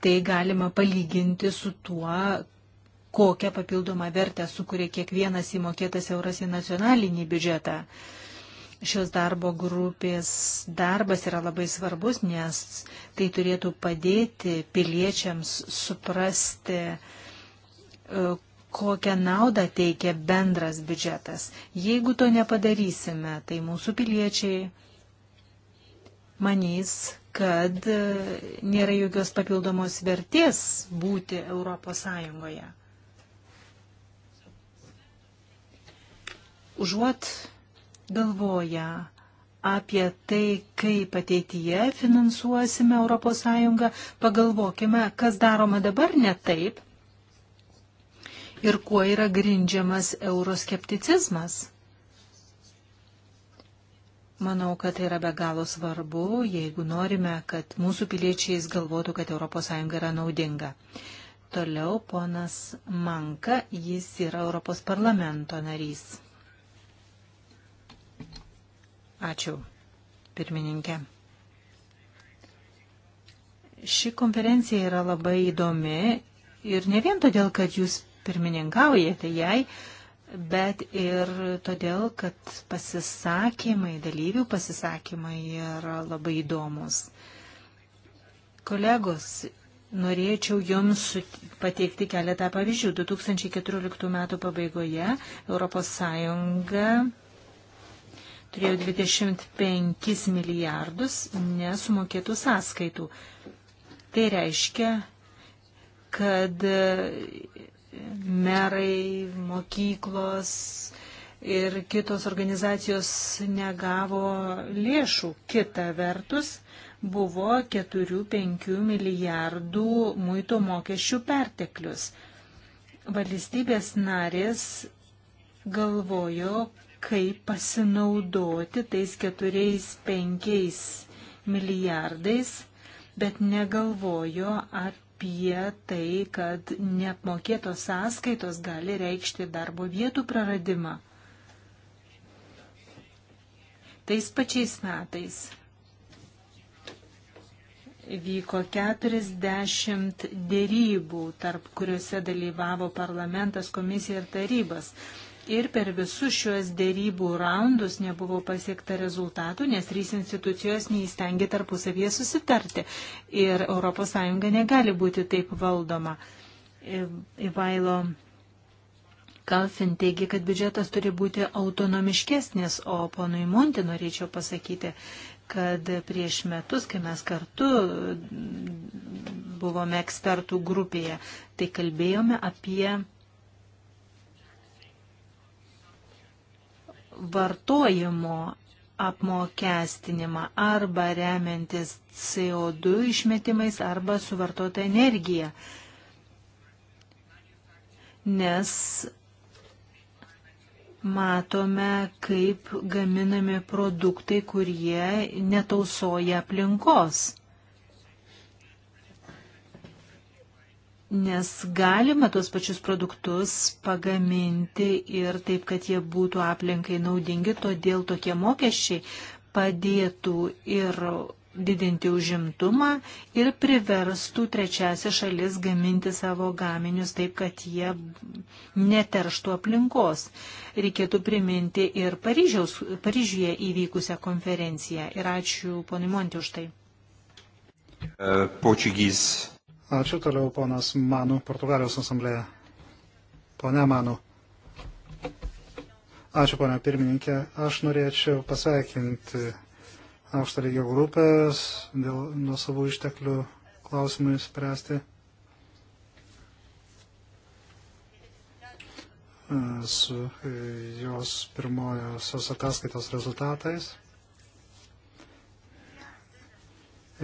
tai galima palyginti su tuo, kokią papildomą vertę sukuria kiekvienas įmokėtas euras į nacionalinį biudžetą. Šios darbo grupės darbas yra labai svarbus, nes tai turėtų padėti piliečiams suprasti, uh, kokią naudą teikia bendras biudžetas. Jeigu to nepadarysime, tai mūsų piliečiai manys, kad e, nėra jokios papildomos vertės būti Europos Sąjungoje. Užuot galvoja apie tai, kaip ateityje finansuosime Europos Sąjungą, pagalvokime, kas daroma dabar ne taip ir kuo yra grindžiamas euroskepticizmas. Manau, kad tai yra be galo svarbu, jeigu norime, kad mūsų piliečiais galvotų, kad ES yra naudinga. Toliau ponas Manka, jis yra Europos parlamento narys. Ačiū, pirmininkė. Ši konferencija yra labai įdomi ir ne vien todėl, kad jūs pirmininkaujate jai, bet ir todėl, kad pasisakymai, dalyvių pasisakymai yra labai įdomus. Kolegos, norėčiau Jums pateikti keletą pavyzdžių. 2014 m. pabaigoje ES turėjo 25 milijardus nesumokėtų sąskaitų. Tai reiškia, kad merai, mokyklos ir kitos organizacijos negavo lėšų. Kita vertus, buvo 4-5 milijardų muito mokesčių perteklius. Valstybės narės galvojo, kaip pasinaudoti tais 4-5 milijardais, bet negalvojo apie apie tai, kad neapmokėtos sąskaitos gali reikšti darbo vietų praradimą. Tais pačiais metais vyko 40 dėrybų, tarp kuriuose dalyvavo parlamentas, komisija ir tarybas ir per visus šios dėrybų raundus nebuvo pasiekta rezultatų, nes trys institucijos neįstengia tarpusavie susitarti ir ES negali būti taip valdoma. Ivailo Kalfin teigia, kad biudžetas turi būti autonomiškesnis, o ponui Monti norėčiau pasakyti, kad prieš metus, kai mes kartu buvome ekspertų grupėje, tai kalbėjome apie vartojimo apmokestinimą arba remiantis CO2 išmetimais arba suvartota energija. Nes matome, kaip gaminami produktai, kurie netausoja aplinkos. nes galima tuos pačius produktus pagaminti ir taip, kad jie būtų aplinkai naudingi, todėl tokie mokesčiai padėtų ir didinti užimtumą ir priverstų trečiasi šalis gaminti savo gaminius taip, kad jie neterštų aplinkos. Reikėtų priminti ir Paryžiaus, Paryžiuje įvykusią konferenciją. Ir ačiū ponui Monti už tai. Uh, Portuguese Ačiū toliau ponas Manu, Portugalijos asamblėje. Pone Manu. Ačiū, ponia pirmininkė. Aš norėčiau pasveikinti aukšto lygio grupės dėl nuo savų išteklių klausimų įspręsti. su jos pirmojosios ataskaitos rezultatais.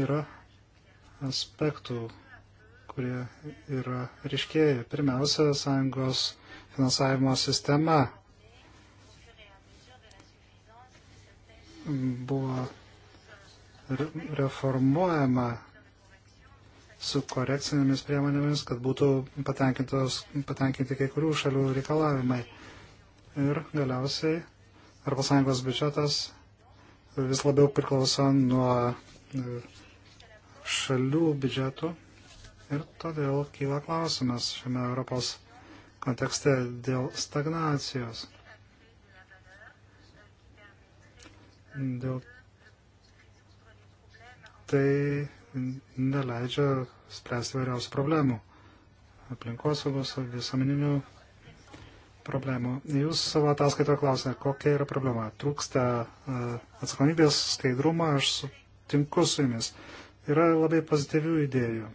Yra aspektų, kurie yra ryškėjai. Pirmiausia, sąjungos finansavimo sistema buvo reformuojama su korekcinėmis priemonėmis, kad būtų patenkinti kai kurių šalių reikalavimai. Ir galiausiai ES biudžetas vis labiau priklauso nuo šalių biudžetų Ir todėl kyla klausimas šiame Europos kontekste dėl stagnacijos. Dėl tai neleidžia spręsti vairiausių problemų aplinkosaugos, visuomeninių problemų. Jūs savo ataskaitoje klausėte, kokia yra problema. Trūksta e, atsakomybės, skaidrumo, aš sutinku su jumis. Yra labai pozityvių idėjų.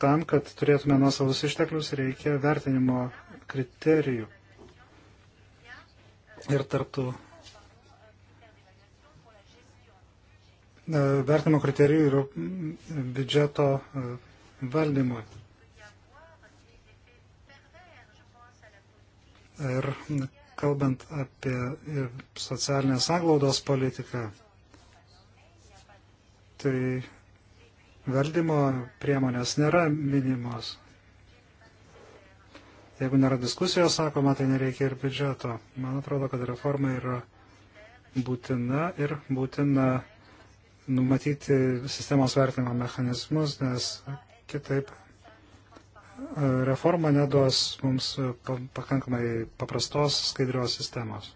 Tam, kad turėtume nuosavus išteklius, reikia vertinimo kriterijų. Ir tarptų e, vertinimo kriterijų yra biudžeto e, valdymui. Ir kalbant apie e, socialinės anglaudos politiką, tai valdymo priemonės nėra minimos. Jeigu nėra diskusijos, sakoma, tai nereikia ir biudžeto. Man atrodo, kad reforma yra būtina ir būtina numatyti sistemos vertinimo mechanizmus, nes kitaip e, reforma neduos mums pakankamai paprastos, skaidrios sistemos.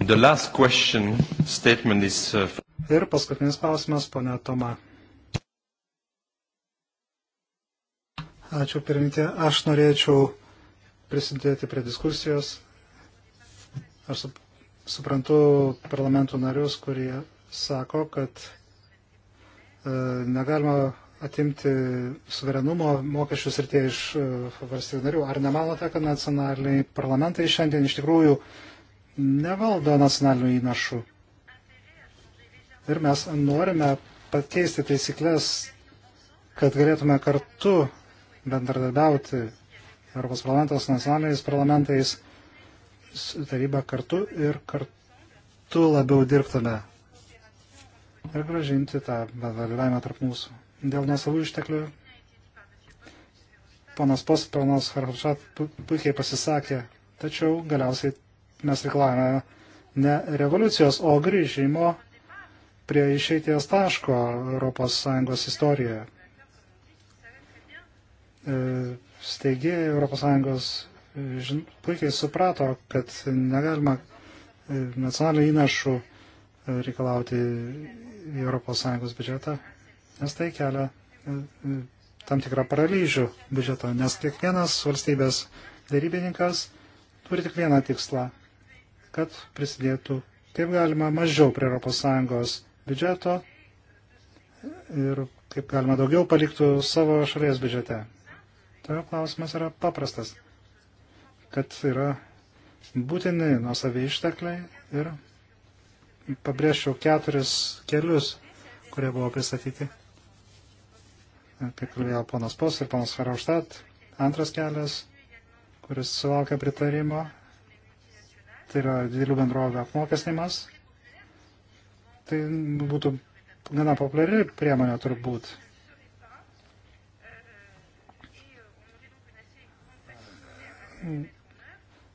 The last question statement is. Uh, Ir paskutinis klausimas, ponia Toma. Ačiū pirmintė. Aš norėčiau prisidėti prie diskusijos. Aš sup suprantu parlamentų narius, kurie sako, kad e, negalima atimti suverenumo mokesčių srityje iš e, valstybių narių. Ar nemanote, kad nacionaliniai parlamentai šiandien iš tikrųjų nevaldo nacionalinių įnašų. Ir mes norime pakeisti taisyklės, kad galėtume kartu bendradarbiauti Europos parlamentas su nacionaliniais parlamentais, su taryba kartu ir kartu labiau dirbtume. Ir gražinti tą bendradarbiavimą tarp mūsų. Dėl nesavų išteklių ponas Post, ponas Harhapšat puikiai pasisakė, tačiau galiausiai mes reikalavome ne revoliucijos, o grįžimo prie išeities taško ES istorijoje. E, Steigėjai ES e, žin, puikiai suprato, kad negalima e, nacionalinių įnašų reikalauti į ES biudžetą, nes tai kelia tam tikrą paralyžių biudžeto, nes kiekvienas valstybės darybininkas turi tik vieną tikslą kad prisidėtų kaip galima mažiau prie ES biudžeto ir kaip galima daugiau paliktų savo šalies biudžete. Todėl klausimas yra paprastas, kad yra būtini nuosaviai ištekliai ir pabrėžčiau keturis kelius, kurie buvo pristatyti. Kaip kalbėjo ponas Pos ir ponas Harauštat, antras kelias, kuris sulaukia pritarimo, tai yra didelių bendrovių apmokestinimas. Tai būtų gana populiari priemonė turbūt.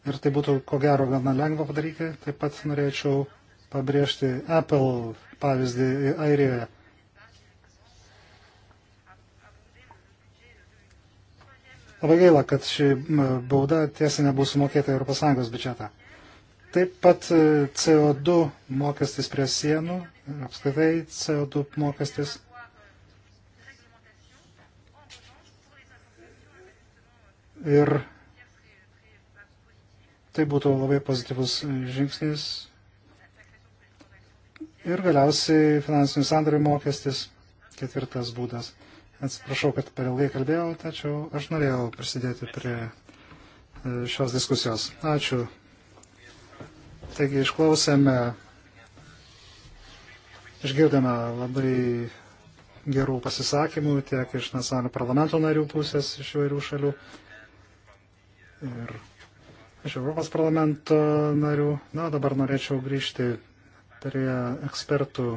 Ir tai būtų ko gero gana lengva padaryti. Taip pat norėčiau pabrėžti Apple pavyzdį Airijoje. Labai gaila, kad ši bauda tiesiai nebus sumokėta Europos Sąjungos biudžetą. Taip pat e, CO2 mokestis prie sienų, apskritai CO2 mokestis. Ir tai būtų labai pozityvus žingsnis. Ir galiausiai finansinių sandarių mokestis, ketvirtas būdas. Atsiprašau, kad per ilgai kalbėjau, tačiau aš norėjau prisidėti prie e, šios diskusijos. Ačiū Taigi išklausėme, išgirdome labai gerų pasisakymų tiek iš nacionalinio parlamento narių pusės iš įvairių šalių ir iš Europos parlamento narių. Na, dabar norėčiau grįžti prie ekspertų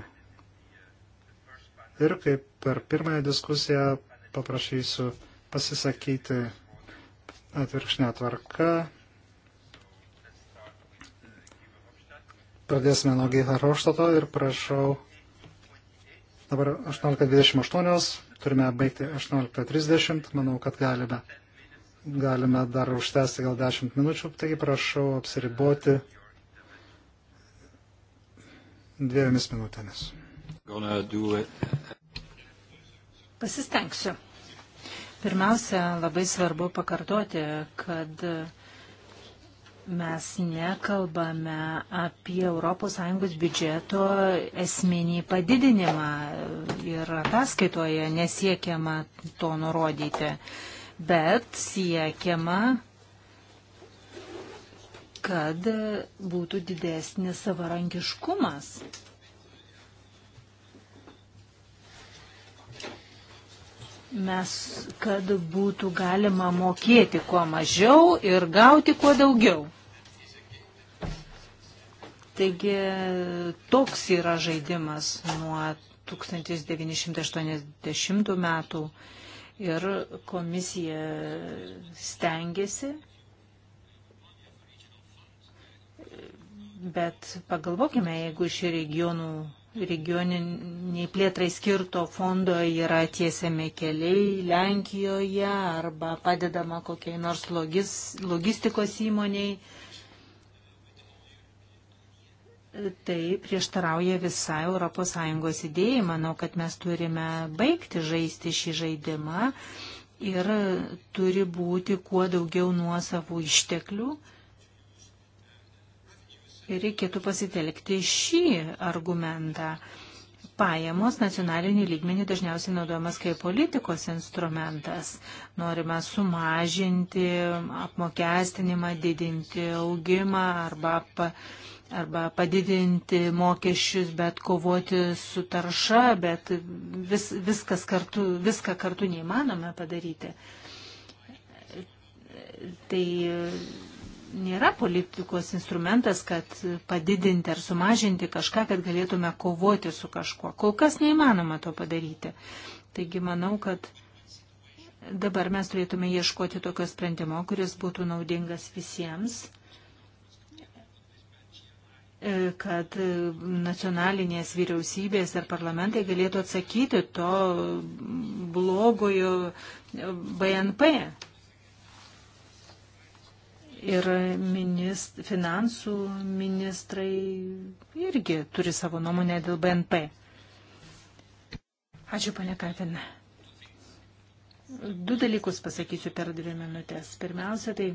ir kaip per pirmąją diskusiją paprašysiu pasisakyti atvirkšnę tvarką Pradėsime nuo Giharoštato ir prašau. Dabar 18.28, turime baigti 18.30, manau, kad galime. Galime dar užtęsti gal 10 minučių, taigi prašau apsiriboti dviejomis minutėmis. Pasistengsiu. Pirmiausia, labai svarbu pakartoti, kad mes nekalbame apie ES biudžeto esminį padidinimą ir ataskaitoje nesiekiama to nurodyti, bet siekiama, kad būtų didesnis savarankiškumas. Mes, kad būtų galima mokėti kuo mažiau ir gauti kuo daugiau. Taigi toks yra žaidimas nuo 1980 metų ir komisija stengiasi, bet pagalvokime, jeigu iš regionų regioniniai plėtrai skirto fondo yra tiesiami keliai Lenkijoje arba padedama kokiai nors logis, logistikos įmoniai tai prieštarauja visai ES idėjai. Manau, kad mes turime baigti žaisti šį žaidimą ir turi būti kuo daugiau nuosavų išteklių. Ir reikėtų pasitelkti šį argumentą. Pajamos nacionalinį lygmenį dažniausiai naudojamas kaip politikos instrumentas. Norima sumažinti apmokestinimą, didinti augimą arba pa, uh, arba padidinti mokesčius, bet kovoti su tarša, bet vis, viskas kartu, viską kartu neįmanome padaryti. Tai nėra politikos instrumentas, kad padidinti ar sumažinti kažką, kad galėtume kovoti su kažkuo. Kol kas neįmanoma to padaryti. Taigi manau, kad dabar mes turėtume ieškoti tokio sprendimo, kuris būtų naudingas visiems E, kad e, nacionalinės vyriausybės ar parlamentai galėtų atsakyti to blogojo BNP. Ir minist, finansų ministrai irgi turi savo nuomonę dėl BNP. Ačiū, pane Katina. Du dalykus pasakysiu per dvi minutės. Pirmiausia, tai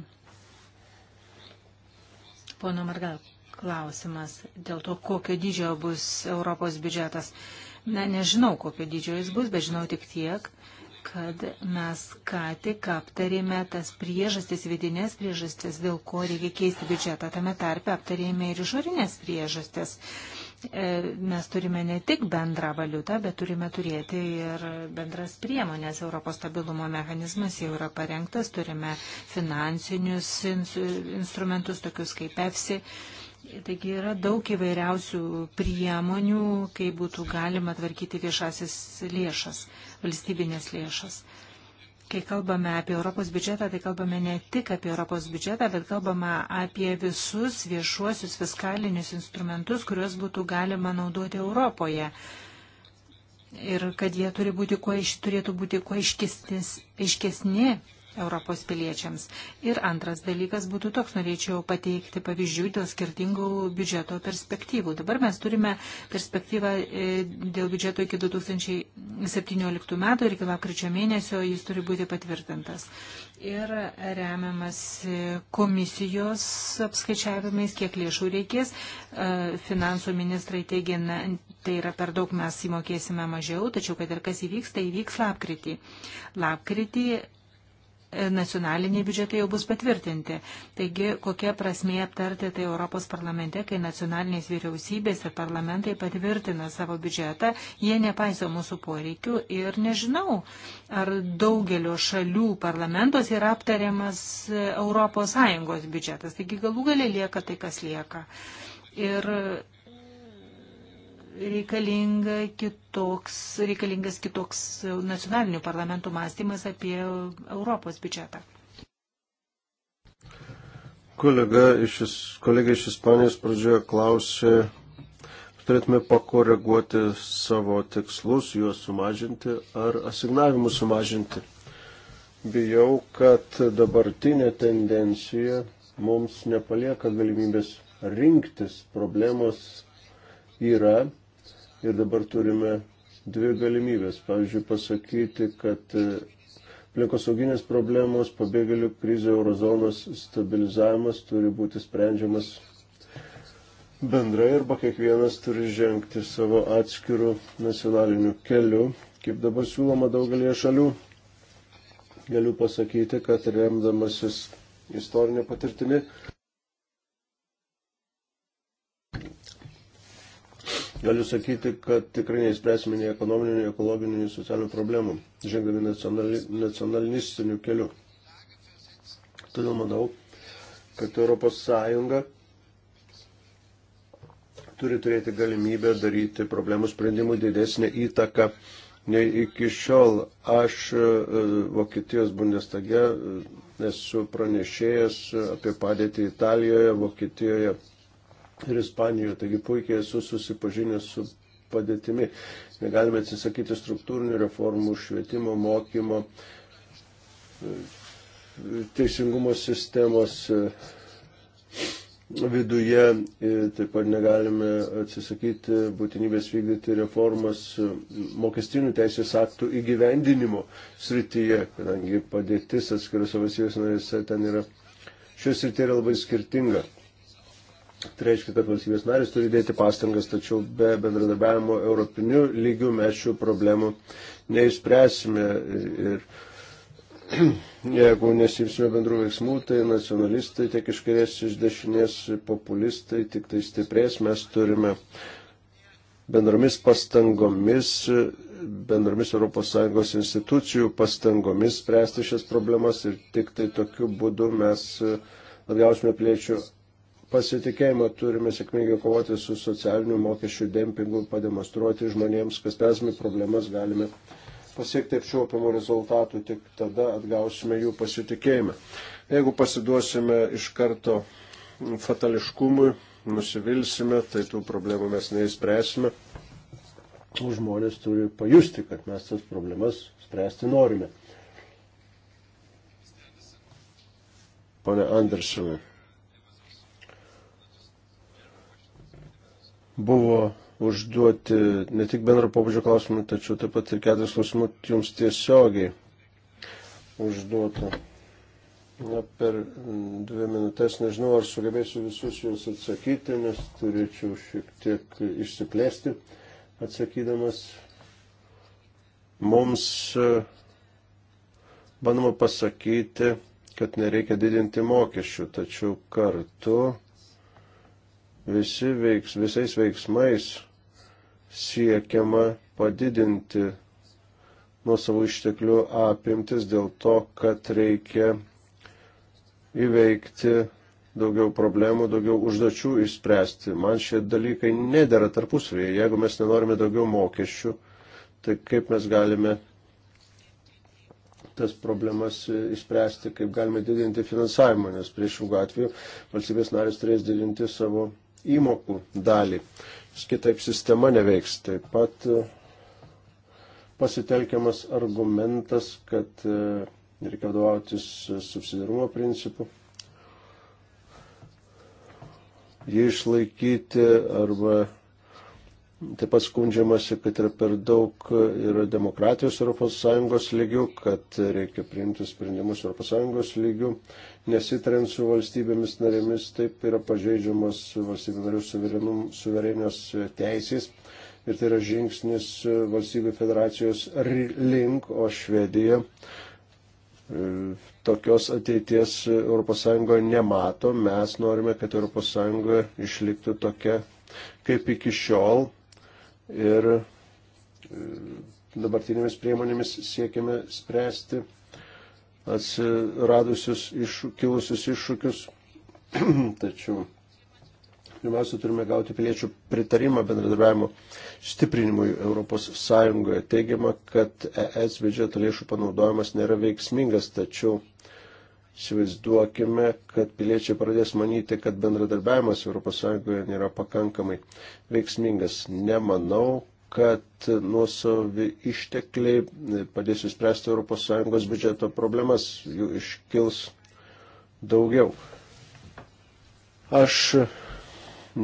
pono Margal klausimas dėl to, kokio dydžio bus Europos biudžetas. Na, nežinau, kokio dydžio jis bus, bet žinau tik tiek, kad mes ką tik aptarėme tas priežastis, vidinės priežastis, dėl ko reikia keisti biudžetą. Tame tarpe aptarėme ir išorinės priežastis. E, mes turime ne tik bendrą valiutą, bet turime turėti ir bendras priemonės. Europos stabilumo mechanizmas jau yra parengtas, turime finansinius instrumentus, tokius kaip EFSI. Taigi yra daug įvairiausių priemonių, kaip būtų galima tvarkyti viešasis lėšas, valstybinės lėšas. Kai kalbame apie Europos biudžetą, tai kalbame ne tik apie Europos biudžetą, bet kalbame apie visus viešuosius fiskalinius instrumentus, kuriuos būtų galima naudoti Europoje. Ir kad jie turi būti kuo, turėtų būti kuo aiškesni, Europos piliečiams. Ir antras dalykas būtų toks, norėčiau pateikti pavyzdžių dėl skirtingų biudžeto perspektyvų. Dabar mes turime perspektyvą e, dėl biudžeto iki 2017 metų ir iki lapkričio mėnesio jis turi būti patvirtintas. Ir remiamas e, komisijos apskaičiavimais, kiek lėšų reikės. E, finansų ministrai teigia, tai yra per daug mes įmokėsime mažiau, tačiau kad ir kas įvyks, tai įvyks lapkritį. Lapkritį nacionaliniai biudžetai jau bus patvirtinti. Taigi, kokia prasmė aptarti tai Europos parlamente, kai nacionalinės vyriausybės ir parlamentai patvirtina savo biudžetą, jie nepaiso mūsų poreikių ir nežinau, ar daugelio šalių parlamentos yra aptariamas Europos Sąjungos biudžetas. Taigi, galų galė lieka tai, kas lieka. Ir reikalinga kitoks, reikalingas kitoks nacionalinių parlamentų mąstymas apie Europos biudžetą. Kolega iš, kolega iš Ispanijos pradžioje klausė, turėtume pakoreguoti savo tikslus, juos sumažinti ar asignavimus sumažinti. Bijau, kad dabartinė tendencija mums nepalieka galimybės rinktis problemos yra Ir dabar turime dvi galimybės. Pavyzdžiui, pasakyti, kad e, aplinkosauginės problemos, pabėgėlių krizė, eurozonos stabilizavimas turi būti sprendžiamas bendrai arba kiekvienas turi žengti savo atskirų nacionalinių kelių, kaip dabar siūloma daugelie šalių. Galiu pasakyti, kad remdamasis istorinė patirtimi galiu sakyti, kad tikrai neįspręsime nei ekonominių, nei ekologinių, nei socialinių problemų, žengdami nacionali, nacionalistiniu keliu. Todėl manau, kad Europos Sąjunga turi turėti galimybę daryti problemų sprendimų didesnį įtaką nei iki šiol. Aš e, Vokietijos bundestage e, esu pranešėjęs apie padėtį Italijoje, Vokietijoje ir Ispanijoje, taigi puikiai esu susipažinęs su padėtimi. Negalime atsisakyti struktūrinių reformų, švietimo, mokymo, teisingumo sistemos e, viduje, e, taip pat negalime atsisakyti būtinybės vykdyti reformas e, mokestinių teisės aktų įgyvendinimo srityje, kadangi padėtis atskirose valstybės narėse ten yra, šios srityje yra labai skirtinga. Tai reiškia, kad valstybės narės turi dėti pastangas, tačiau be bendradarbiavimo europinių lygių mes šių problemų neišspręsime. Ir [clears throat] jeigu nesimsime bendrų veiksmų, tai nacionalistai tiek iš kairės, iš dešinės, populistai tik tai stiprės, mes turime bendromis pastangomis, bendromis ES institucijų pastangomis spręsti šias problemas ir tik tai tokiu būdu mes atgausime piliečių pasitikėjimą turime sėkmingai kovoti su socialiniu mokesčių dempingu, pademonstruoti žmonėms, kas esame problemas, galime pasiekti apčiuopiamų rezultatų, tik tada atgausime jų pasitikėjimą. Jeigu pasiduosime iš karto fatališkumui, nusivilsime, tai tų problemų mes neįspręsime. Žmonės turi pajusti, kad mes tas problemas spręsti norime. Pane Andersonai. buvo užduoti ne tik bendro pobūdžio klausimų, tačiau taip pat ir keturis klausimų jums tiesiogiai užduotų. Na, per dvi minutės nežinau, ar sugebėsiu visus juos atsakyti, nes turėčiau šiek tiek išsiplėsti atsakydamas. Mums e, bandoma pasakyti, kad nereikia didinti mokesčių, tačiau kartu visi veiks, visais veiksmais siekiama padidinti nuo savo išteklių apimtis dėl to, kad reikia įveikti daugiau problemų, daugiau užduočių išspręsti. Man šie dalykai nedėra tarpusvėje. Jeigu mes nenorime daugiau mokesčių, tai kaip mes galime tas problemas išspręsti, kaip galime didinti finansavimą, nes priešingų atveju valstybės narės turės didinti savo įmokų dalį, nes kitaip sistema neveiks. Taip pat e, pasitelkiamas argumentas, kad e, reikia vadovautis e, subsidarumo principu. Jį išlaikyti arba Taip pat skundžiamasi, kad yra per daug yra demokratijos ES lygių, kad reikia priimti sprendimus ES lygių, nesitrint su valstybėmis narėmis, taip yra pažeidžiamas valstybių narių suverenios teisės ir tai yra žingsnis valstybių federacijos link, o Švedija e, tokios ateities ES nemato, mes norime, kad ES išliktų tokia kaip iki šiol ir e, dabartinėmis priemonėmis siekiame spręsti atsiradusius iškilusius iššūkius. [clears throat] Tačiau pirmiausia, turime gauti piliečių pritarimą bendradarbiavimo stiprinimui ES. Teigiama, kad ES biudžeto lėšų panaudojimas nėra veiksmingas, tačiau Įsivaizduokime, kad piliečiai pradės manyti, kad bendradarbiavimas ES nėra pakankamai veiksmingas. Nemanau, kad nuosavi ištekliai padės įspręsti ES biudžeto problemas, jų iškils daugiau. Aš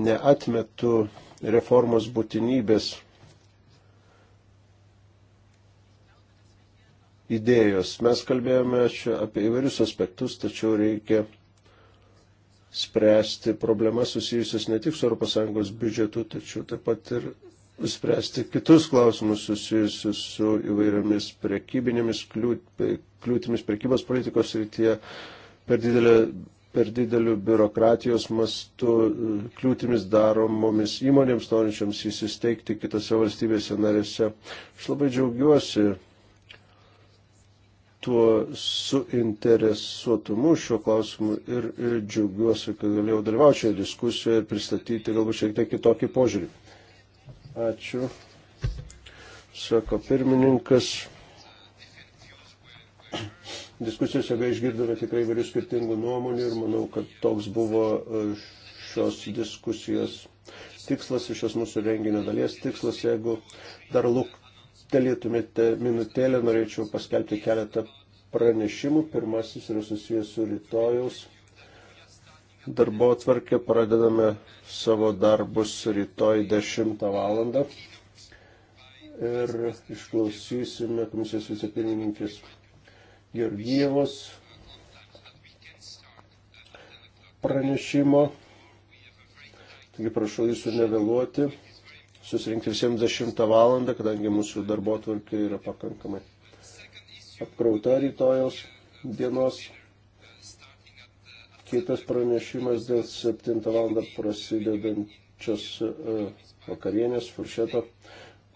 neatmetu reformos būtinybės idėjos. Mes kalbėjome čia apie įvairius aspektus, tačiau reikia spręsti problemas susijusias ne tik su ES biudžetu, tačiau taip pat ir spręsti kitus klausimus susijusius su įvairiomis prekybinėmis kliūtimis prekybos politikos rytyje per, didelę, per dideliu biurokratijos mastu kliūtimis daromomis įmonėms norinčiams įsisteigti kitose valstybėse narėse. Aš labai džiaugiuosi tuo suinteresuotumu šiuo klausimu ir, ir džiaugiuosi, kad galėjau dalyvauti šioje diskusijoje ir pristatyti galbūt šiek tiek kitokį požiūrį. Ačiū. Sako pirmininkas. Diskusijose be išgirdome tikrai įvairių skirtingų nuomonių ir manau, kad toks buvo e, šios diskusijos tikslas, šios mūsų renginio dalies tikslas, jeigu dar luk, dalytumėte minutėlę, norėčiau paskelbti keletą pranešimų. Pirmasis yra susijęs su rytojaus darbo atvarkė. Pradedame savo darbus rytoj 10 valandą ir išklausysime komisijos vicepirmininkės Georgievos pranešimo. Taigi prašau jūsų nevėluoti susirinkti visiems 10 valandą, kadangi mūsų darbo tvarkė yra pakankamai apkrauta rytojaus dienos. Kitas pranešimas dėl 7 valandą prasidedančios e, vakarienės furšeto,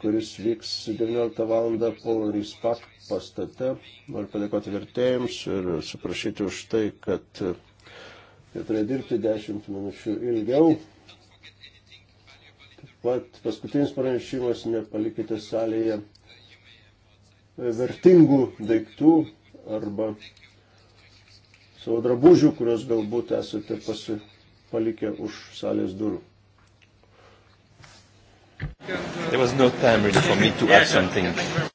kuris vyks 19 valandą Polaris Pak pastate. Noriu padėkoti vertėjams ir suprašyti už tai, kad e, jie turėjo dirbti 10 minučių ilgiau pat paskutinis pranešimas, nepalikite salėje vertingų daiktų arba savo drabužių, kuriuos galbūt esate pasipalikę už salės durų. There was no time really for me to add something.